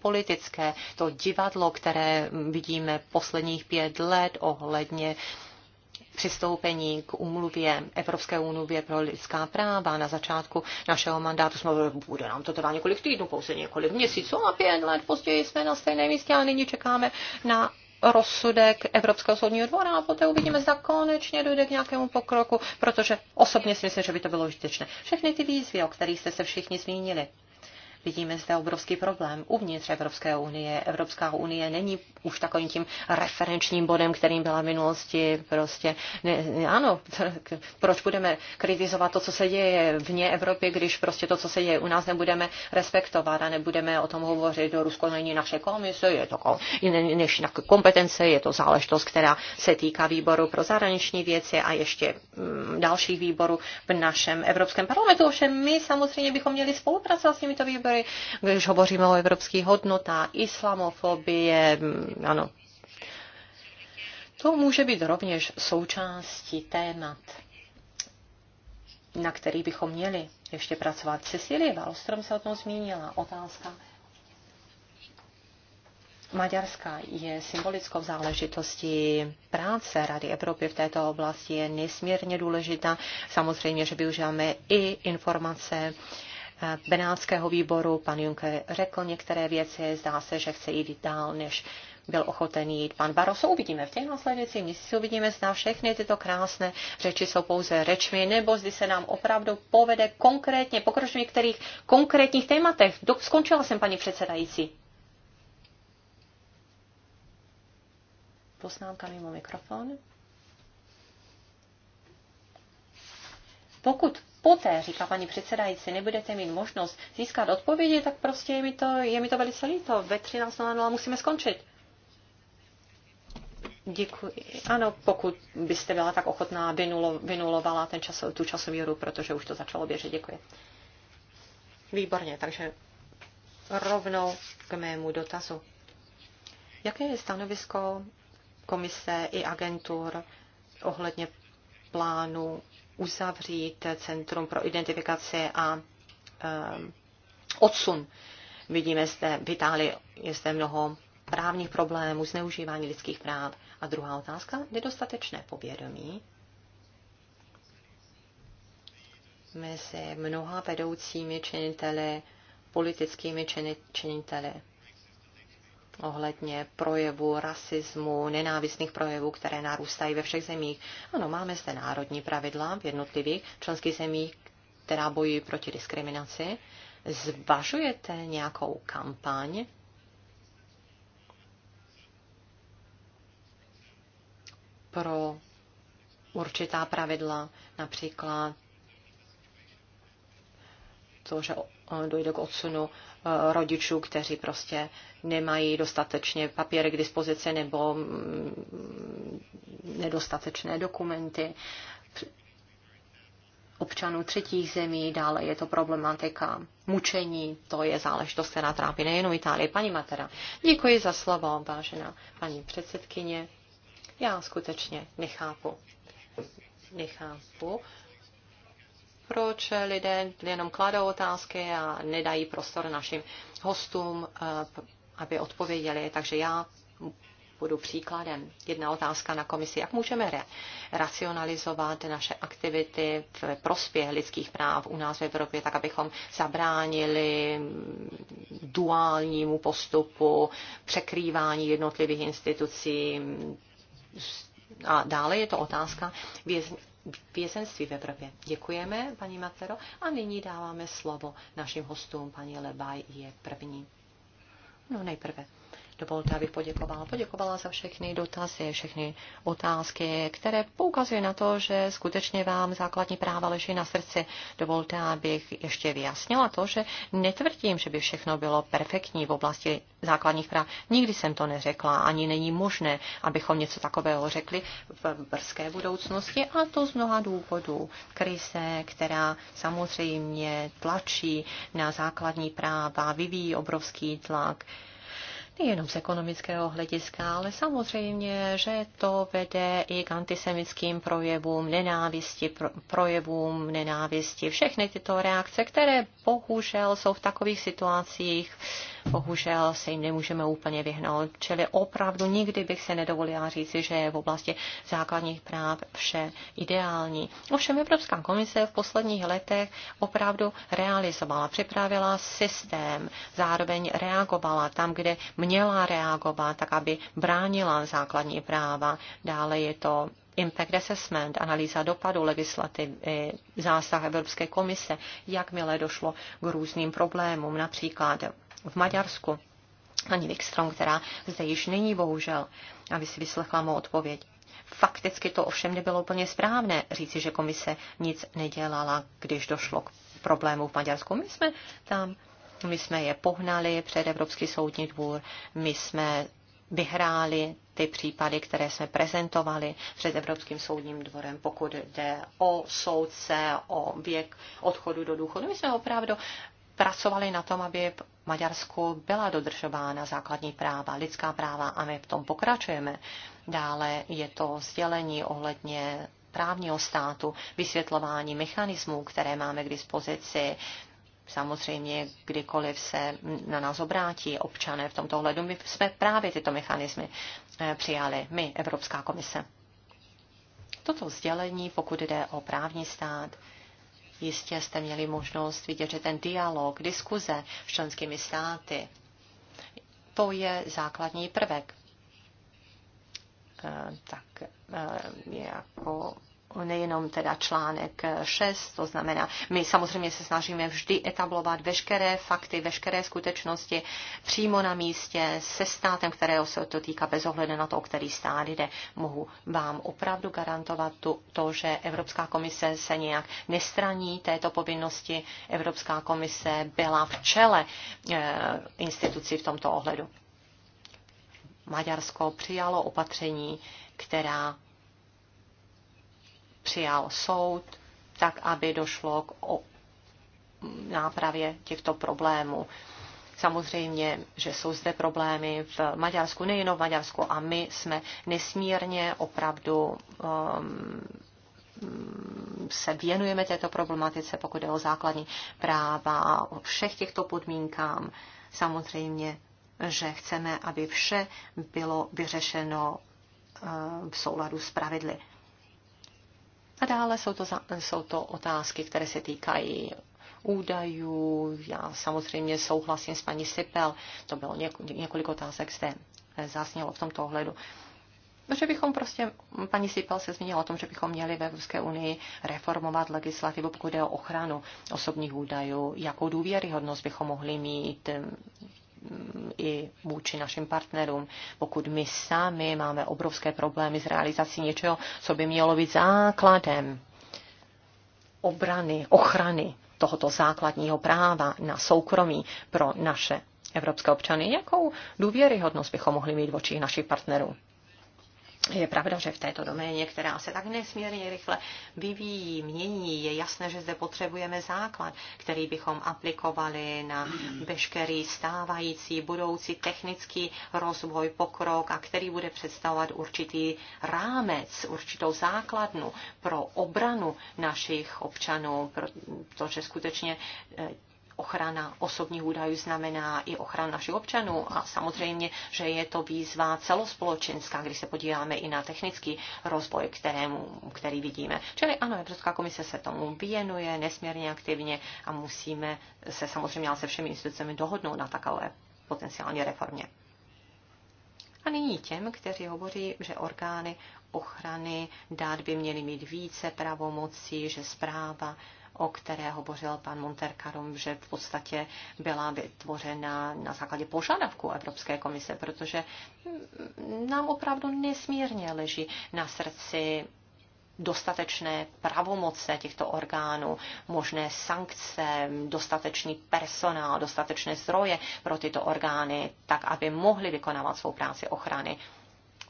politické, to divadlo, které vidíme posledních pět let ohledně přistoupení k umluvě, Evropské unie, pro lidská práva. Na začátku našeho mandátu jsme byli, bude nám to trvá několik týdnů, pouze několik měsíců a pět let později jsme na stejném místě a nyní čekáme na rozsudek Evropského soudního dvora a poté uvidíme, zda konečně dojde k nějakému pokroku, protože osobně si myslím, že by to bylo užitečné. Všechny ty výzvy, o kterých jste se všichni zmínili, Vidíme zde obrovský problém uvnitř Evropské unie. Evropská unie není už takovým tím referenčním bodem, kterým byla v minulosti. Prostě ne, ano, proč budeme kritizovat to, co se děje vně Evropy, když prostě to, co se děje u nás, nebudeme respektovat a nebudeme o tom hovořit. Do Rusko není naše komise, je to než kompetence, je to záležitost, která se týká výboru pro zahraniční věci a ještě mm, dalších výborů v našem Evropském parlamentu. Ovšem my samozřejmě bychom měli spolupracovat s těmito výbory podpory, když hovoříme o evropských hodnotách, islamofobie, ano. To může být rovněž součástí témat, na který bychom měli ještě pracovat. Cecilie Wallström se o tom zmínila. Otázka Maďarska je symbolickou záležitostí. Práce Rady Evropy v této oblasti je nesmírně důležitá. Samozřejmě, že využíváme i informace Benátského výboru. Pan Juncker řekl některé věci, zdá se, že chce jít dál, než byl ochoten jít pan Barroso. Uvidíme v těch následujících měsících, uvidíme, zda všechny tyto krásné řeči jsou pouze řečmi, nebo zdy se nám opravdu povede konkrétně pokročit v některých konkrétních tématech. Do, skončila jsem, paní předsedající. Poznámka mimo mikrofon. Pokud poté, říká paní předsedající, nebudete mít možnost získat odpovědi, tak prostě je mi to, je mi to velice líto. Ve 13.00 musíme skončit. Děkuji. Ano, pokud byste byla tak ochotná, vynulo, vynulovala ten čas, tu časomíru, protože už to začalo běžet. Děkuji. Výborně, takže rovnou k mému dotazu. Jaké je stanovisko komise i agentur ohledně plánu uzavřít Centrum pro identifikaci a ehm, odsun. Vidíme zde v Itálii, je zde mnoho právních problémů, zneužívání lidských práv. A druhá otázka, nedostatečné povědomí mezi mnoha vedoucími činiteli, politickými činiteli ohledně projevů rasismu, nenávistných projevů, které narůstají ve všech zemích. Ano, máme zde národní pravidla v jednotlivých členských zemích, která bojují proti diskriminaci. Zvažujete nějakou kampaň pro určitá pravidla, například to, že eh, dojde k odsunu eh, rodičů, kteří prostě nemají dostatečně papíry k dispozici nebo mm, nedostatečné dokumenty občanů třetích zemí, dále je to problematika mučení, to je záležitost, která trápí nejen Itálii. Paní Matera, děkuji za slovo, vážená paní předsedkyně. Já skutečně nechápu, nechápu, proč lidé jenom kladou otázky a nedají prostor našim hostům, eh, aby odpověděli. Takže já budu příkladem. Jedna otázka na komisi. Jak můžeme re- racionalizovat naše aktivity v prospěch lidských práv u nás v Evropě, tak abychom zabránili duálnímu postupu, překrývání jednotlivých institucí, a dále je to otázka věz, vězenství v Evropě. Děkujeme, paní Matero, a nyní dáváme slovo našim hostům. Paní Lebaj je první. No nejprve Dovolte, abych poděkovala. Poděkovala za všechny dotazy, všechny otázky, které poukazují na to, že skutečně vám základní práva leží na srdci. Dovolte, abych ještě vyjasnila to, že netvrdím, že by všechno bylo perfektní v oblasti základních práv. Nikdy jsem to neřekla, ani není možné, abychom něco takového řekli v brzké budoucnosti a to z mnoha důvodů. Krize, která samozřejmě tlačí na základní práva, vyvíjí obrovský tlak nejenom z ekonomického hlediska, ale samozřejmě, že to vede i k antisemickým projevům, nenávisti, projevům nenávisti, všechny tyto reakce, které bohužel jsou v takových situacích, bohužel se jim nemůžeme úplně vyhnout. Čili opravdu nikdy bych se nedovolila říci, že je v oblasti základních práv vše ideální. Ovšem Evropská komise v posledních letech opravdu realizovala, připravila systém, zároveň reagovala tam, kde měla reagovat, tak aby bránila základní práva. Dále je to impact assessment, analýza dopadu legislativy, zásah Evropské komise, jakmile došlo k různým problémům, například v Maďarsku. Ani Wikström, která zde již není bohužel, aby si vyslechla mou odpověď. Fakticky to ovšem nebylo úplně správné říci, že komise nic nedělala, když došlo k problému v Maďarsku. My jsme tam, my jsme je pohnali před Evropský soudní dvůr, my jsme vyhráli ty případy, které jsme prezentovali před Evropským soudním dvorem, pokud jde o soudce, o věk odchodu do důchodu. My jsme opravdu pracovali na tom, aby v Maďarsku byla dodržována základní práva, lidská práva a my v tom pokračujeme. Dále je to sdělení ohledně právního státu, vysvětlování mechanismů, které máme k dispozici, Samozřejmě, kdykoliv se na nás obrátí občané v tomto ohledu, my jsme právě tyto mechanismy eh, přijali, my, Evropská komise. Toto sdělení, pokud jde o právní stát, Jistě jste měli možnost vidět, že ten dialog, diskuze s členskými státy, to je základní prvek. Eh, tak eh, jako nejenom teda článek 6, to znamená, my samozřejmě se snažíme vždy etablovat veškeré fakty, veškeré skutečnosti přímo na místě se státem, kterého se to týká, bez ohledu na to, o který stát jde. Mohu vám opravdu garantovat tu, to, že Evropská komise se nějak nestraní této povinnosti. Evropská komise byla v čele e, institucí v tomto ohledu. Maďarsko přijalo opatření, která přijal soud, tak aby došlo k nápravě těchto problémů. Samozřejmě, že jsou zde problémy v Maďarsku, nejenom v Maďarsku, a my jsme nesmírně opravdu um, se věnujeme této problematice, pokud je o základní práva, o všech těchto podmínkám. Samozřejmě, že chceme, aby vše bylo vyřešeno uh, v souladu s pravidly. A dále jsou to, za, jsou to otázky, které se týkají údajů. Já samozřejmě souhlasím s paní Sipel. To bylo několik, několik otázek zde zásnělo v tomto ohledu. Že bychom prostě, paní Sipel se zmínila o tom, že bychom měli ve Evropské unii reformovat legislativu, pokud jde o ochranu osobních údajů, jakou důvěryhodnost bychom mohli mít, Mm, i vůči našim partnerům. Pokud my sami máme obrovské problémy s realizací něčeho, co by mělo být základem obrany, ochrany tohoto základního práva na soukromí pro naše evropské občany, jakou důvěryhodnost bychom mohli mít v očích našich partnerů. Je pravda, že v této doméně, která se tak nesmírně rychle vyvíjí, mění, je jasné, že zde potřebujeme základ, který bychom aplikovali na veškerý stávající budoucí technický rozvoj, pokrok a který bude představovat určitý rámec, určitou základnu pro obranu našich občanů, protože skutečně eh, ochrana osobních údajů znamená i ochrana našich občanů a samozřejmě, že je to výzva celospolečenská, když se podíváme i na technický rozvoj, kterému, který vidíme. Čili ano, Evropská komise se tomu věnuje nesmírně aktivně a musíme se samozřejmě se všemi institucemi dohodnout na takové potenciální reformě. A nyní těm, kteří hovoří, že orgány ochrany dát by měly mít více pravomocí, že zpráva o které hovořil pan Monterkarum, že v podstatě byla vytvořena na základě požadavku Evropské komise, protože nám opravdu nesmírně leží na srdci dostatečné pravomoce těchto orgánů, možné sankce, dostatečný personál, dostatečné zdroje pro tyto orgány, tak aby mohly vykonávat svou práci ochrany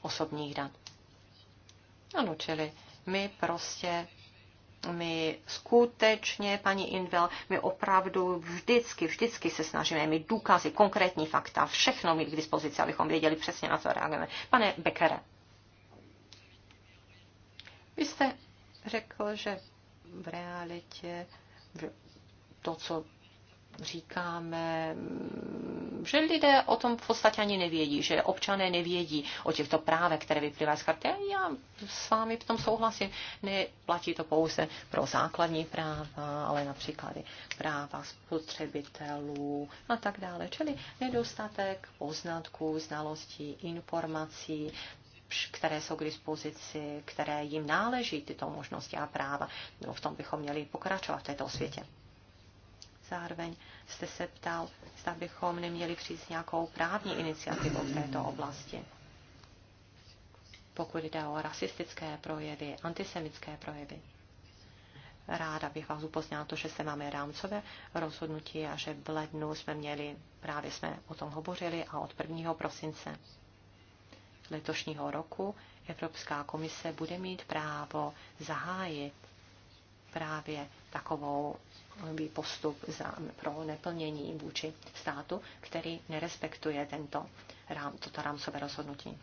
osobních dat. Ano, čili my prostě my skutečně, paní Invel, my opravdu vždycky, vždycky se snažíme mít důkazy, konkrétní fakta, všechno mít k dispozici, abychom věděli přesně, na co reagujeme. Pane Bekere, vy jste řekl, že v realitě to, co říkáme, že lidé o tom v podstatě ani nevědí, že občané nevědí o těchto právech, které vyplývají z karty. Já s vámi v tom souhlasím. Neplatí to pouze pro základní práva, ale například i práva spotřebitelů a tak dále. Čili nedostatek poznatků, znalostí, informací, které jsou k dispozici, které jim náleží tyto možnosti a práva. No, v tom bychom měli pokračovat v této světě. Zároveň jste se ptal, zda bychom neměli přijít s nějakou právní iniciativou v této oblasti. Pokud jde o rasistické projevy, antisemické projevy, ráda bych vás upozněla to, že se máme rámcové rozhodnutí a že v lednu jsme měli, právě jsme o tom hovořili a od 1. prosince letošního roku Evropská komise bude mít právo zahájit právě takovou postup za, pro neplnění vůči státu, který nerespektuje tento, rám, toto rámcové rozhodnutí.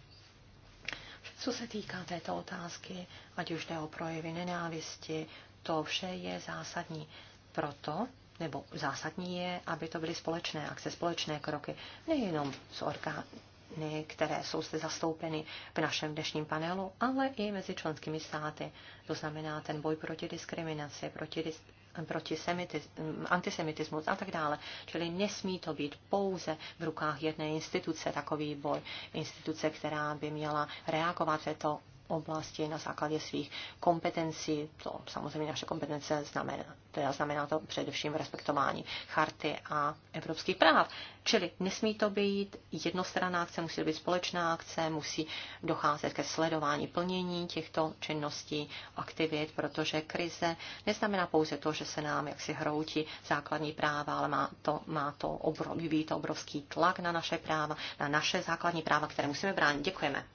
Co se týká této otázky, ať už jde o projevy nenávisti, to vše je zásadní. Proto, nebo zásadní je, aby to byly společné akce, společné kroky, nejenom s orgány, které jsou zde zastoupeny v našem dnešním panelu, ale i mezi členskými státy. To znamená ten boj proti diskriminaci, proti dis- proti semitis, antisemitismus a tak dále. Čili nesmí to být pouze v rukách jedné instituce takový boj, instituce, která by měla reagovat v to oblasti na základě svých kompetencí. To samozřejmě naše kompetence znamená, teda znamená to především v respektování charty a evropských práv. Čili nesmí to být jednostranná akce, musí to být společná akce, musí docházet ke sledování plnění těchto činností, aktivit, protože krize neznamená pouze to, že se nám jaksi hroutí základní práva, ale má to, má to, obrov, to obrovský tlak na naše práva, na naše základní práva, které musíme bránit. Děkujeme.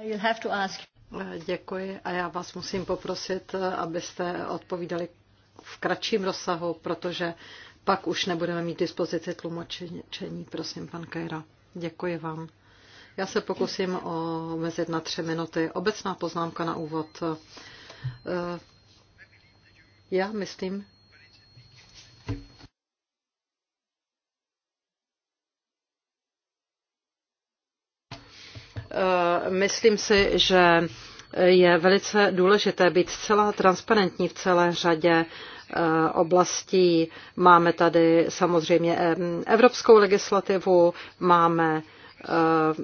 You'll have to ask. Děkuji a já vás musím poprosit, abyste odpovídali v kratším rozsahu, protože pak už nebudeme mít dispozici tlumočení. Prosím, pan Kajra. Děkuji vám. Já se pokusím omezit na tři minuty. Obecná poznámka na úvod. Eh, já myslím, Eh, myslím si, že je velice důležité být zcela transparentní v celé řadě eh, oblastí. Máme tady samozřejmě eh, evropskou legislativu, máme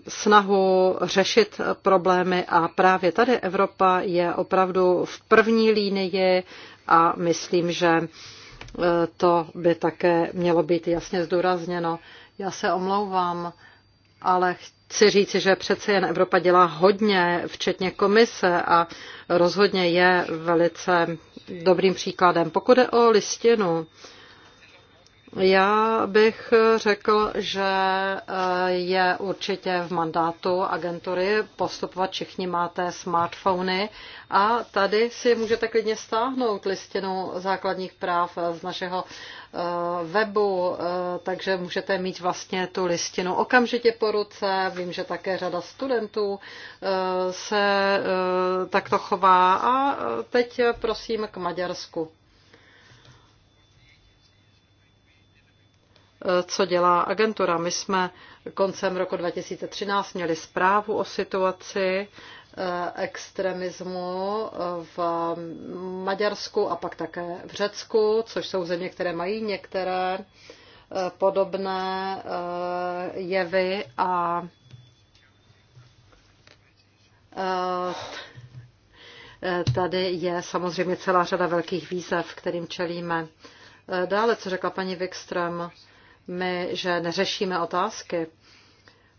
snahu řešit problémy a právě tady Evropa je opravdu v první línii a myslím, že to by také mělo být jasně zdůrazněno. Já se omlouvám ale chci říci, že přece jen Evropa dělá hodně, včetně komise a rozhodně je velice dobrým příkladem. Pokud je o listinu, já bych řekl, že eh, je určitě v mandátu agentury postupovat. Všichni máte smartfony a tady si můžete klidně stáhnout listinu základních práv z našeho eh, webu, eh, takže můžete mít vlastně tu listinu okamžitě po ruce. Vím, že také řada studentů se takto chová. A teď prosím k Maďarsku. co dělá agentura. My jsme koncem roku 2013 měli zprávu o situaci eh, extremismu v Maďarsku a pak také v Řecku, což jsou země, které mají některé eh, podobné eh, jevy a tady je samozřejmě celá řada velkých výzev, kterým čelíme. Dále, co řekla paní Wikström, my, že neřešíme otázky.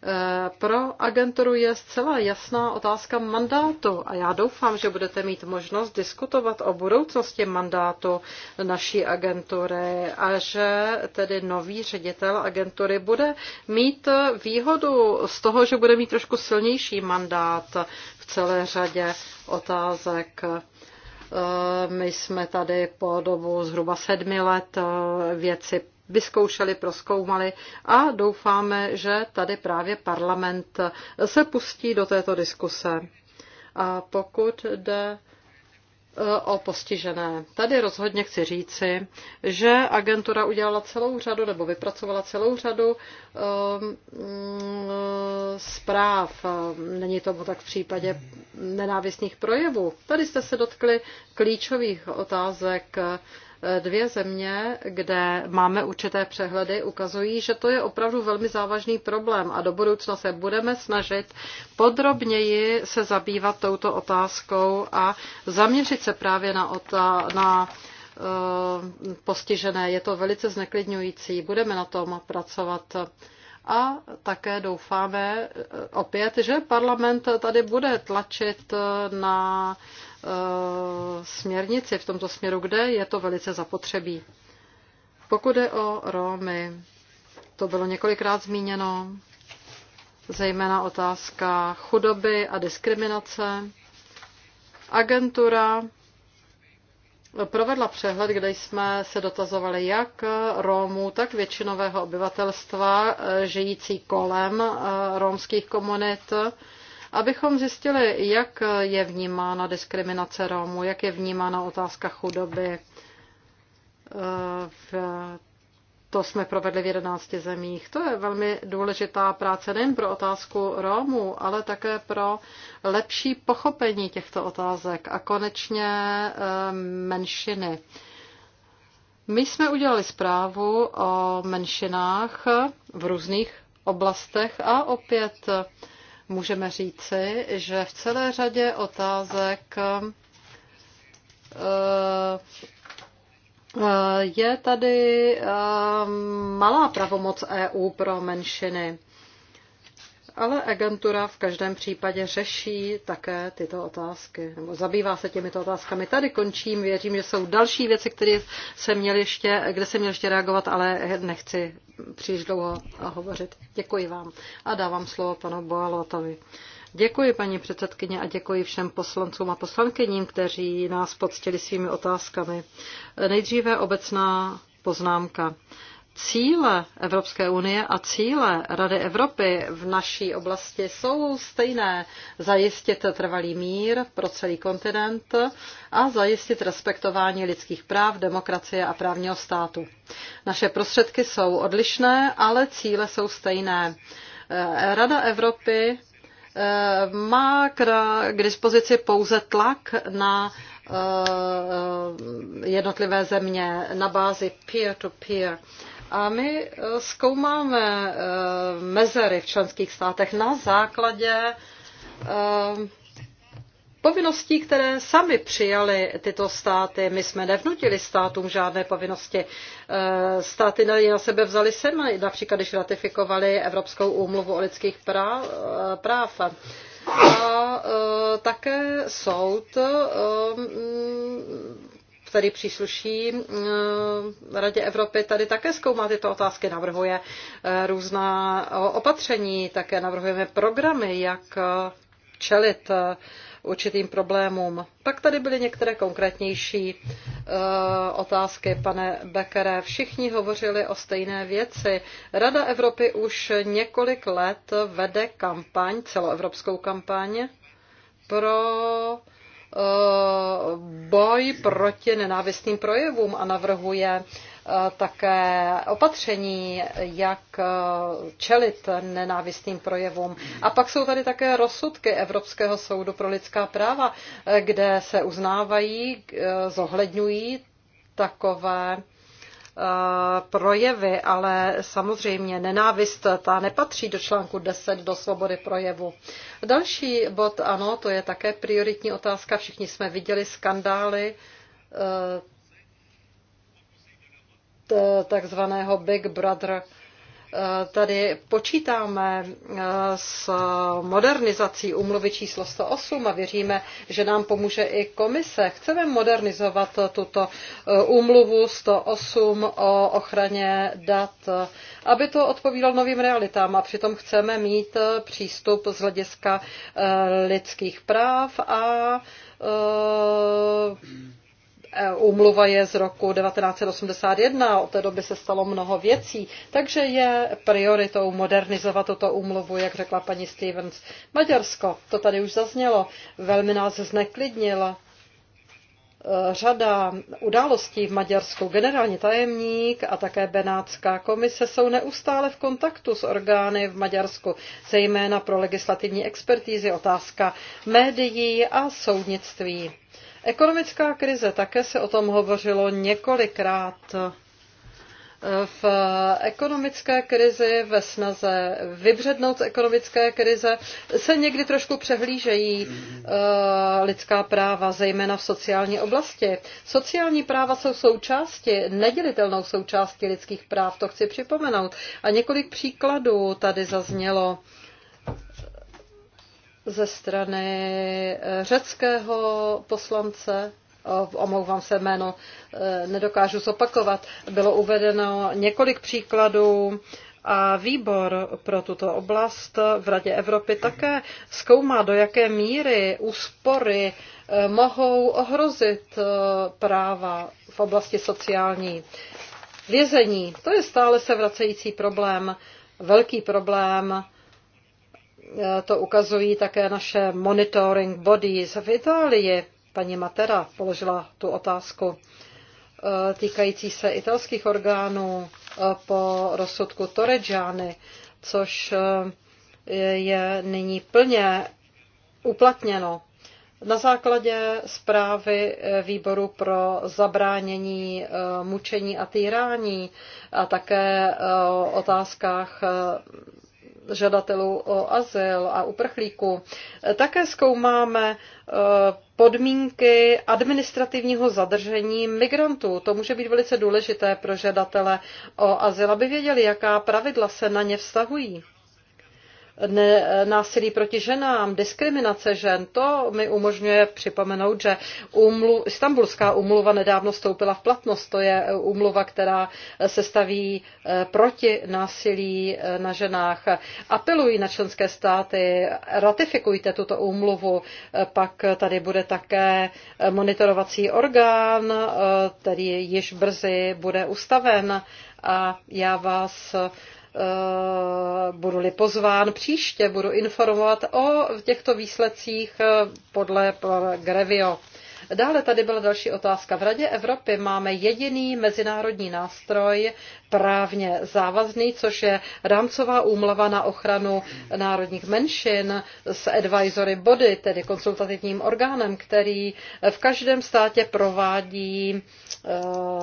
Eh, pro agenturu je zcela jasná otázka mandátu a já doufám, že budete mít možnost diskutovat o budoucnosti mandátu naší agentury a že tedy nový ředitel agentury bude mít výhodu z toho, že bude mít trošku silnější mandát v celé řadě otázek. Eh, my jsme tady po dobu zhruba sedmi let eh, věci vyzkoušeli, proskoumali a doufáme, že tady právě parlament se pustí do této diskuse. A pokud jde eh, o postižené. Tady rozhodně chci říci, že agentura udělala celou řadu nebo vypracovala celou řadu um, zpráv. Není tomu tak v případě nenávistných projevů. Tady jste se dotkli klíčových otázek Dvě země, kde máme určité přehledy, ukazují, že to je opravdu velmi závažný problém a do budoucna se budeme snažit podrobněji se zabývat touto otázkou a zaměřit se právě na, otá- na eh, postižené. Je to velice zneklidňující, budeme na tom pracovat. A také doufáme eh, opět, že parlament tady bude tlačit eh, na Eh, směrnici v tomto směru, kde je to velice zapotřebí. Pokud je o Romy, to bylo několikrát zmíněno, zejména otázka chudoby a diskriminace. Agentura provedla přehled, kde jsme se dotazovali jak Rómů, tak většinového obyvatelstva eh, žijící kolem eh, rómských komunit abychom zjistili, jak je vnímána diskriminace Romů, jak je vnímána otázka chudoby. Eh, to jsme provedli v 11 zemích. To je velmi důležitá práce nejen pro otázku romů, ale také pro lepší pochopení těchto otázek a konečně eh, menšiny. My jsme udělali zprávu o menšinách v různých oblastech a opět můžeme říci, že v celé řadě otázek eh, eh, je tady eh, malá pravomoc EU pro menšiny ale agentura v každém případě řeší také tyto otázky, nebo zabývá se těmito otázkami. Tady končím, věřím, že jsou další věci, které se měly ještě, kde se měl ještě reagovat, ale nechci příliš dlouho hovořit. Děkuji vám a dávám slovo panu Boalotovi. Děkuji paní předsedkyně a děkuji všem poslancům a poslankyním, kteří nás poctili svými otázkami. Nejdříve obecná poznámka cíle Evropské unie a cíle Rady Evropy v naší oblasti jsou stejné. Zajistit trvalý mír pro celý kontinent a zajistit respektování lidských práv, demokracie a právního státu. Naše prostředky jsou odlišné, ale cíle jsou stejné. Rada Evropy eh, má k dispozici pouze tlak na eh, eh, jednotlivé země na bázi peer-to-peer. -peer. A my eh, zkoumáme eh, mezery v členských státech na základě eh, povinností, které sami přijali tyto státy. My jsme nevnutili státům žádné povinnosti. Státy na sebe vzali sami, například když ratifikovali Evropskou úmluvu o lidských práv. A také soud který přísluší eh, Radě Evropy, tady také zkoumá tyto otázky, navrhuje eh, různá eh, opatření, také navrhujeme programy, jak čelit určitým problémům. Pak tady byly některé konkrétnější otázky, pane Bekere. Všichni hovořili o stejné věci. Rada Evropy už několik let vede kampaň, celoevropskou kampaň pro Eh, boj proti nenávistným projevům a navrhuje eh, také opatření, jak eh, čelit nenávistným projevům. A pak jsou tady také rozsudky Evropského soudu pro lidská práva, kde se uznávají, zohledňují takové Eh, projevy, ale samozřejmě nenávist ta nepatří do článku 10 do svobody projevu. Další bod, ano, to je také prioritní otázka. Všichni jsme viděli skandály eh, takzvaného Big Brother tady počítáme eh, s modernizací umluvy číslo 108 a věříme, že nám pomůže i komise. Chceme modernizovat tuto umluvu eh, 108 o ochraně dat, aby to odpovídalo novým realitám a přitom chceme mít eh, přístup z hlediska lidských práv a Eh, úmluva je z roku 1981, od té doby se stalo mnoho věcí, takže je prioritou modernizovat tuto úmluvu, jak řekla paní Stevens. Maďarsko, to tady už zaznělo, velmi nás zneklidnil eh, řada událostí v Maďarsku. Generální tajemník a také Benátská komise jsou neustále v kontaktu s orgány v Maďarsku, zejména pro legislativní expertízy, otázka médií a soudnictví. Ekonomická krize, také se o tom hovořilo několikrát. V ekonomické krizi, ve snaze vybřednout z ekonomické krize, se někdy trošku přehlížejí eh, lidská práva, zejména v sociální oblasti. Sociální práva jsou součástí, nedělitelnou součástí lidských práv, to chci připomenout. A několik příkladů tady zaznělo ze strany eh, řeckého poslance, omlouvám se jméno, eh, nedokážu zopakovat, bylo uvedeno několik příkladů a výbor pro tuto oblast v Radě Evropy také zkoumá, do jaké míry úspory eh, mohou ohrozit práva v oblasti sociální. Vězení, to je stále se vracející problém, velký problém to ukazují také naše monitoring bodies v Itálii. Paní Matera položila tu otázku e, týkající se italských orgánů e, po rozsudku Torreggiani, což e, je nyní plně uplatněno. Na základě zprávy výboru pro zabránění mučení a týrání a také o otázkách žadatelů o azyl a uprchlíků. Také zkoumáme e, podmínky administrativního zadržení migrantů. To může být velice důležité pro žadatele o azyl, aby věděli, jaká pravidla se na ně vztahují ne, eh, násilí proti ženám, diskriminace žen, to mi umožňuje připomenout, že umlu, Istanbulská umluva nedávno stoupila v platnost. To je umluva, eh, která eh, se staví proti násilí na ženách. Apelují na členské státy, ratifikujte tuto umluvu, pak tady bude také monitorovací orgán, který již brzy bude ustaven a já vás Eh, budu-li pozván příště, budu informovat o těchto výsledcích eh, podle Grevio. Dále tady byla další otázka. V Radě Evropy máme jediný mezinárodní nástroj právně závazný, což je rámcová úmlava na ochranu národních menšin s advisory body, tedy konsultativním orgánem, který eh, v každém státě provádí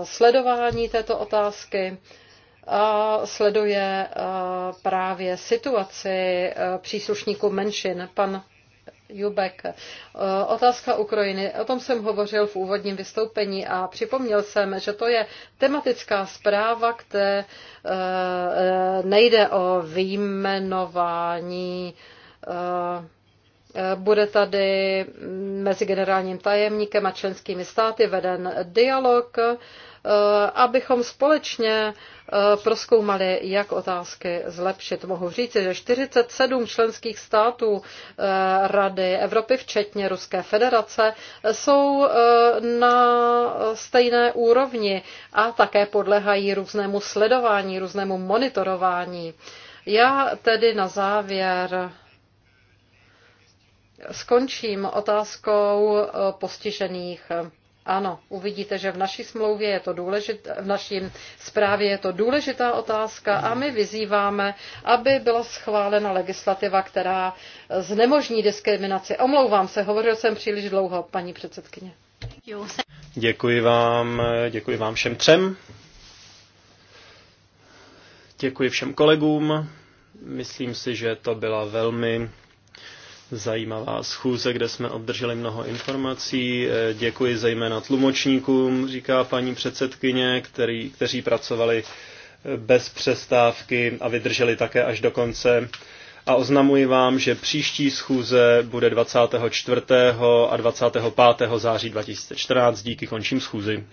sledování této otázky a sleduje právě situaci příslušníků menšin. Pan Jubek. Otázka Ukrajiny. O tom jsem hovořil v úvodním vystoupení a připomněl jsem, že to je tematická zpráva, kde nejde o výjmenování. Bude tady mezi generálním tajemníkem a členskými státy veden dialog Eh, abychom společně eh, proskoumali, jak otázky zlepšit. Mohu říct, že 47 členských států eh, Rady Evropy, včetně Ruské federace, jsou na stejné úrovni a také podlehají různému sledování, různému monitorování. Já tedy na závěr skončím otázkou postižených. Ano, uvidíte, že v naší smlouvě je to důležité, v naší zprávě je to důležitá otázka a my vyzýváme, aby byla schválena legislativa, která znemožní diskriminaci. Omlouvám se, hovořil jsem příliš dlouho, paní předsedkyně. Děkuji vám, děkuji vám všem třem. Děkuji všem kolegům. Myslím si, že to byla velmi zajímavá schůze, kde jsme obdrželi mnoho informací. Eh, děkuji zejména tlumočníkům, říká paní předsedkyně, který, kteří pracovali eh, bez přestávky a vydrželi také až do konce. A oznamuji vám, že příští schůze bude 24. a 25. září 2014. Díky, končím schůzi.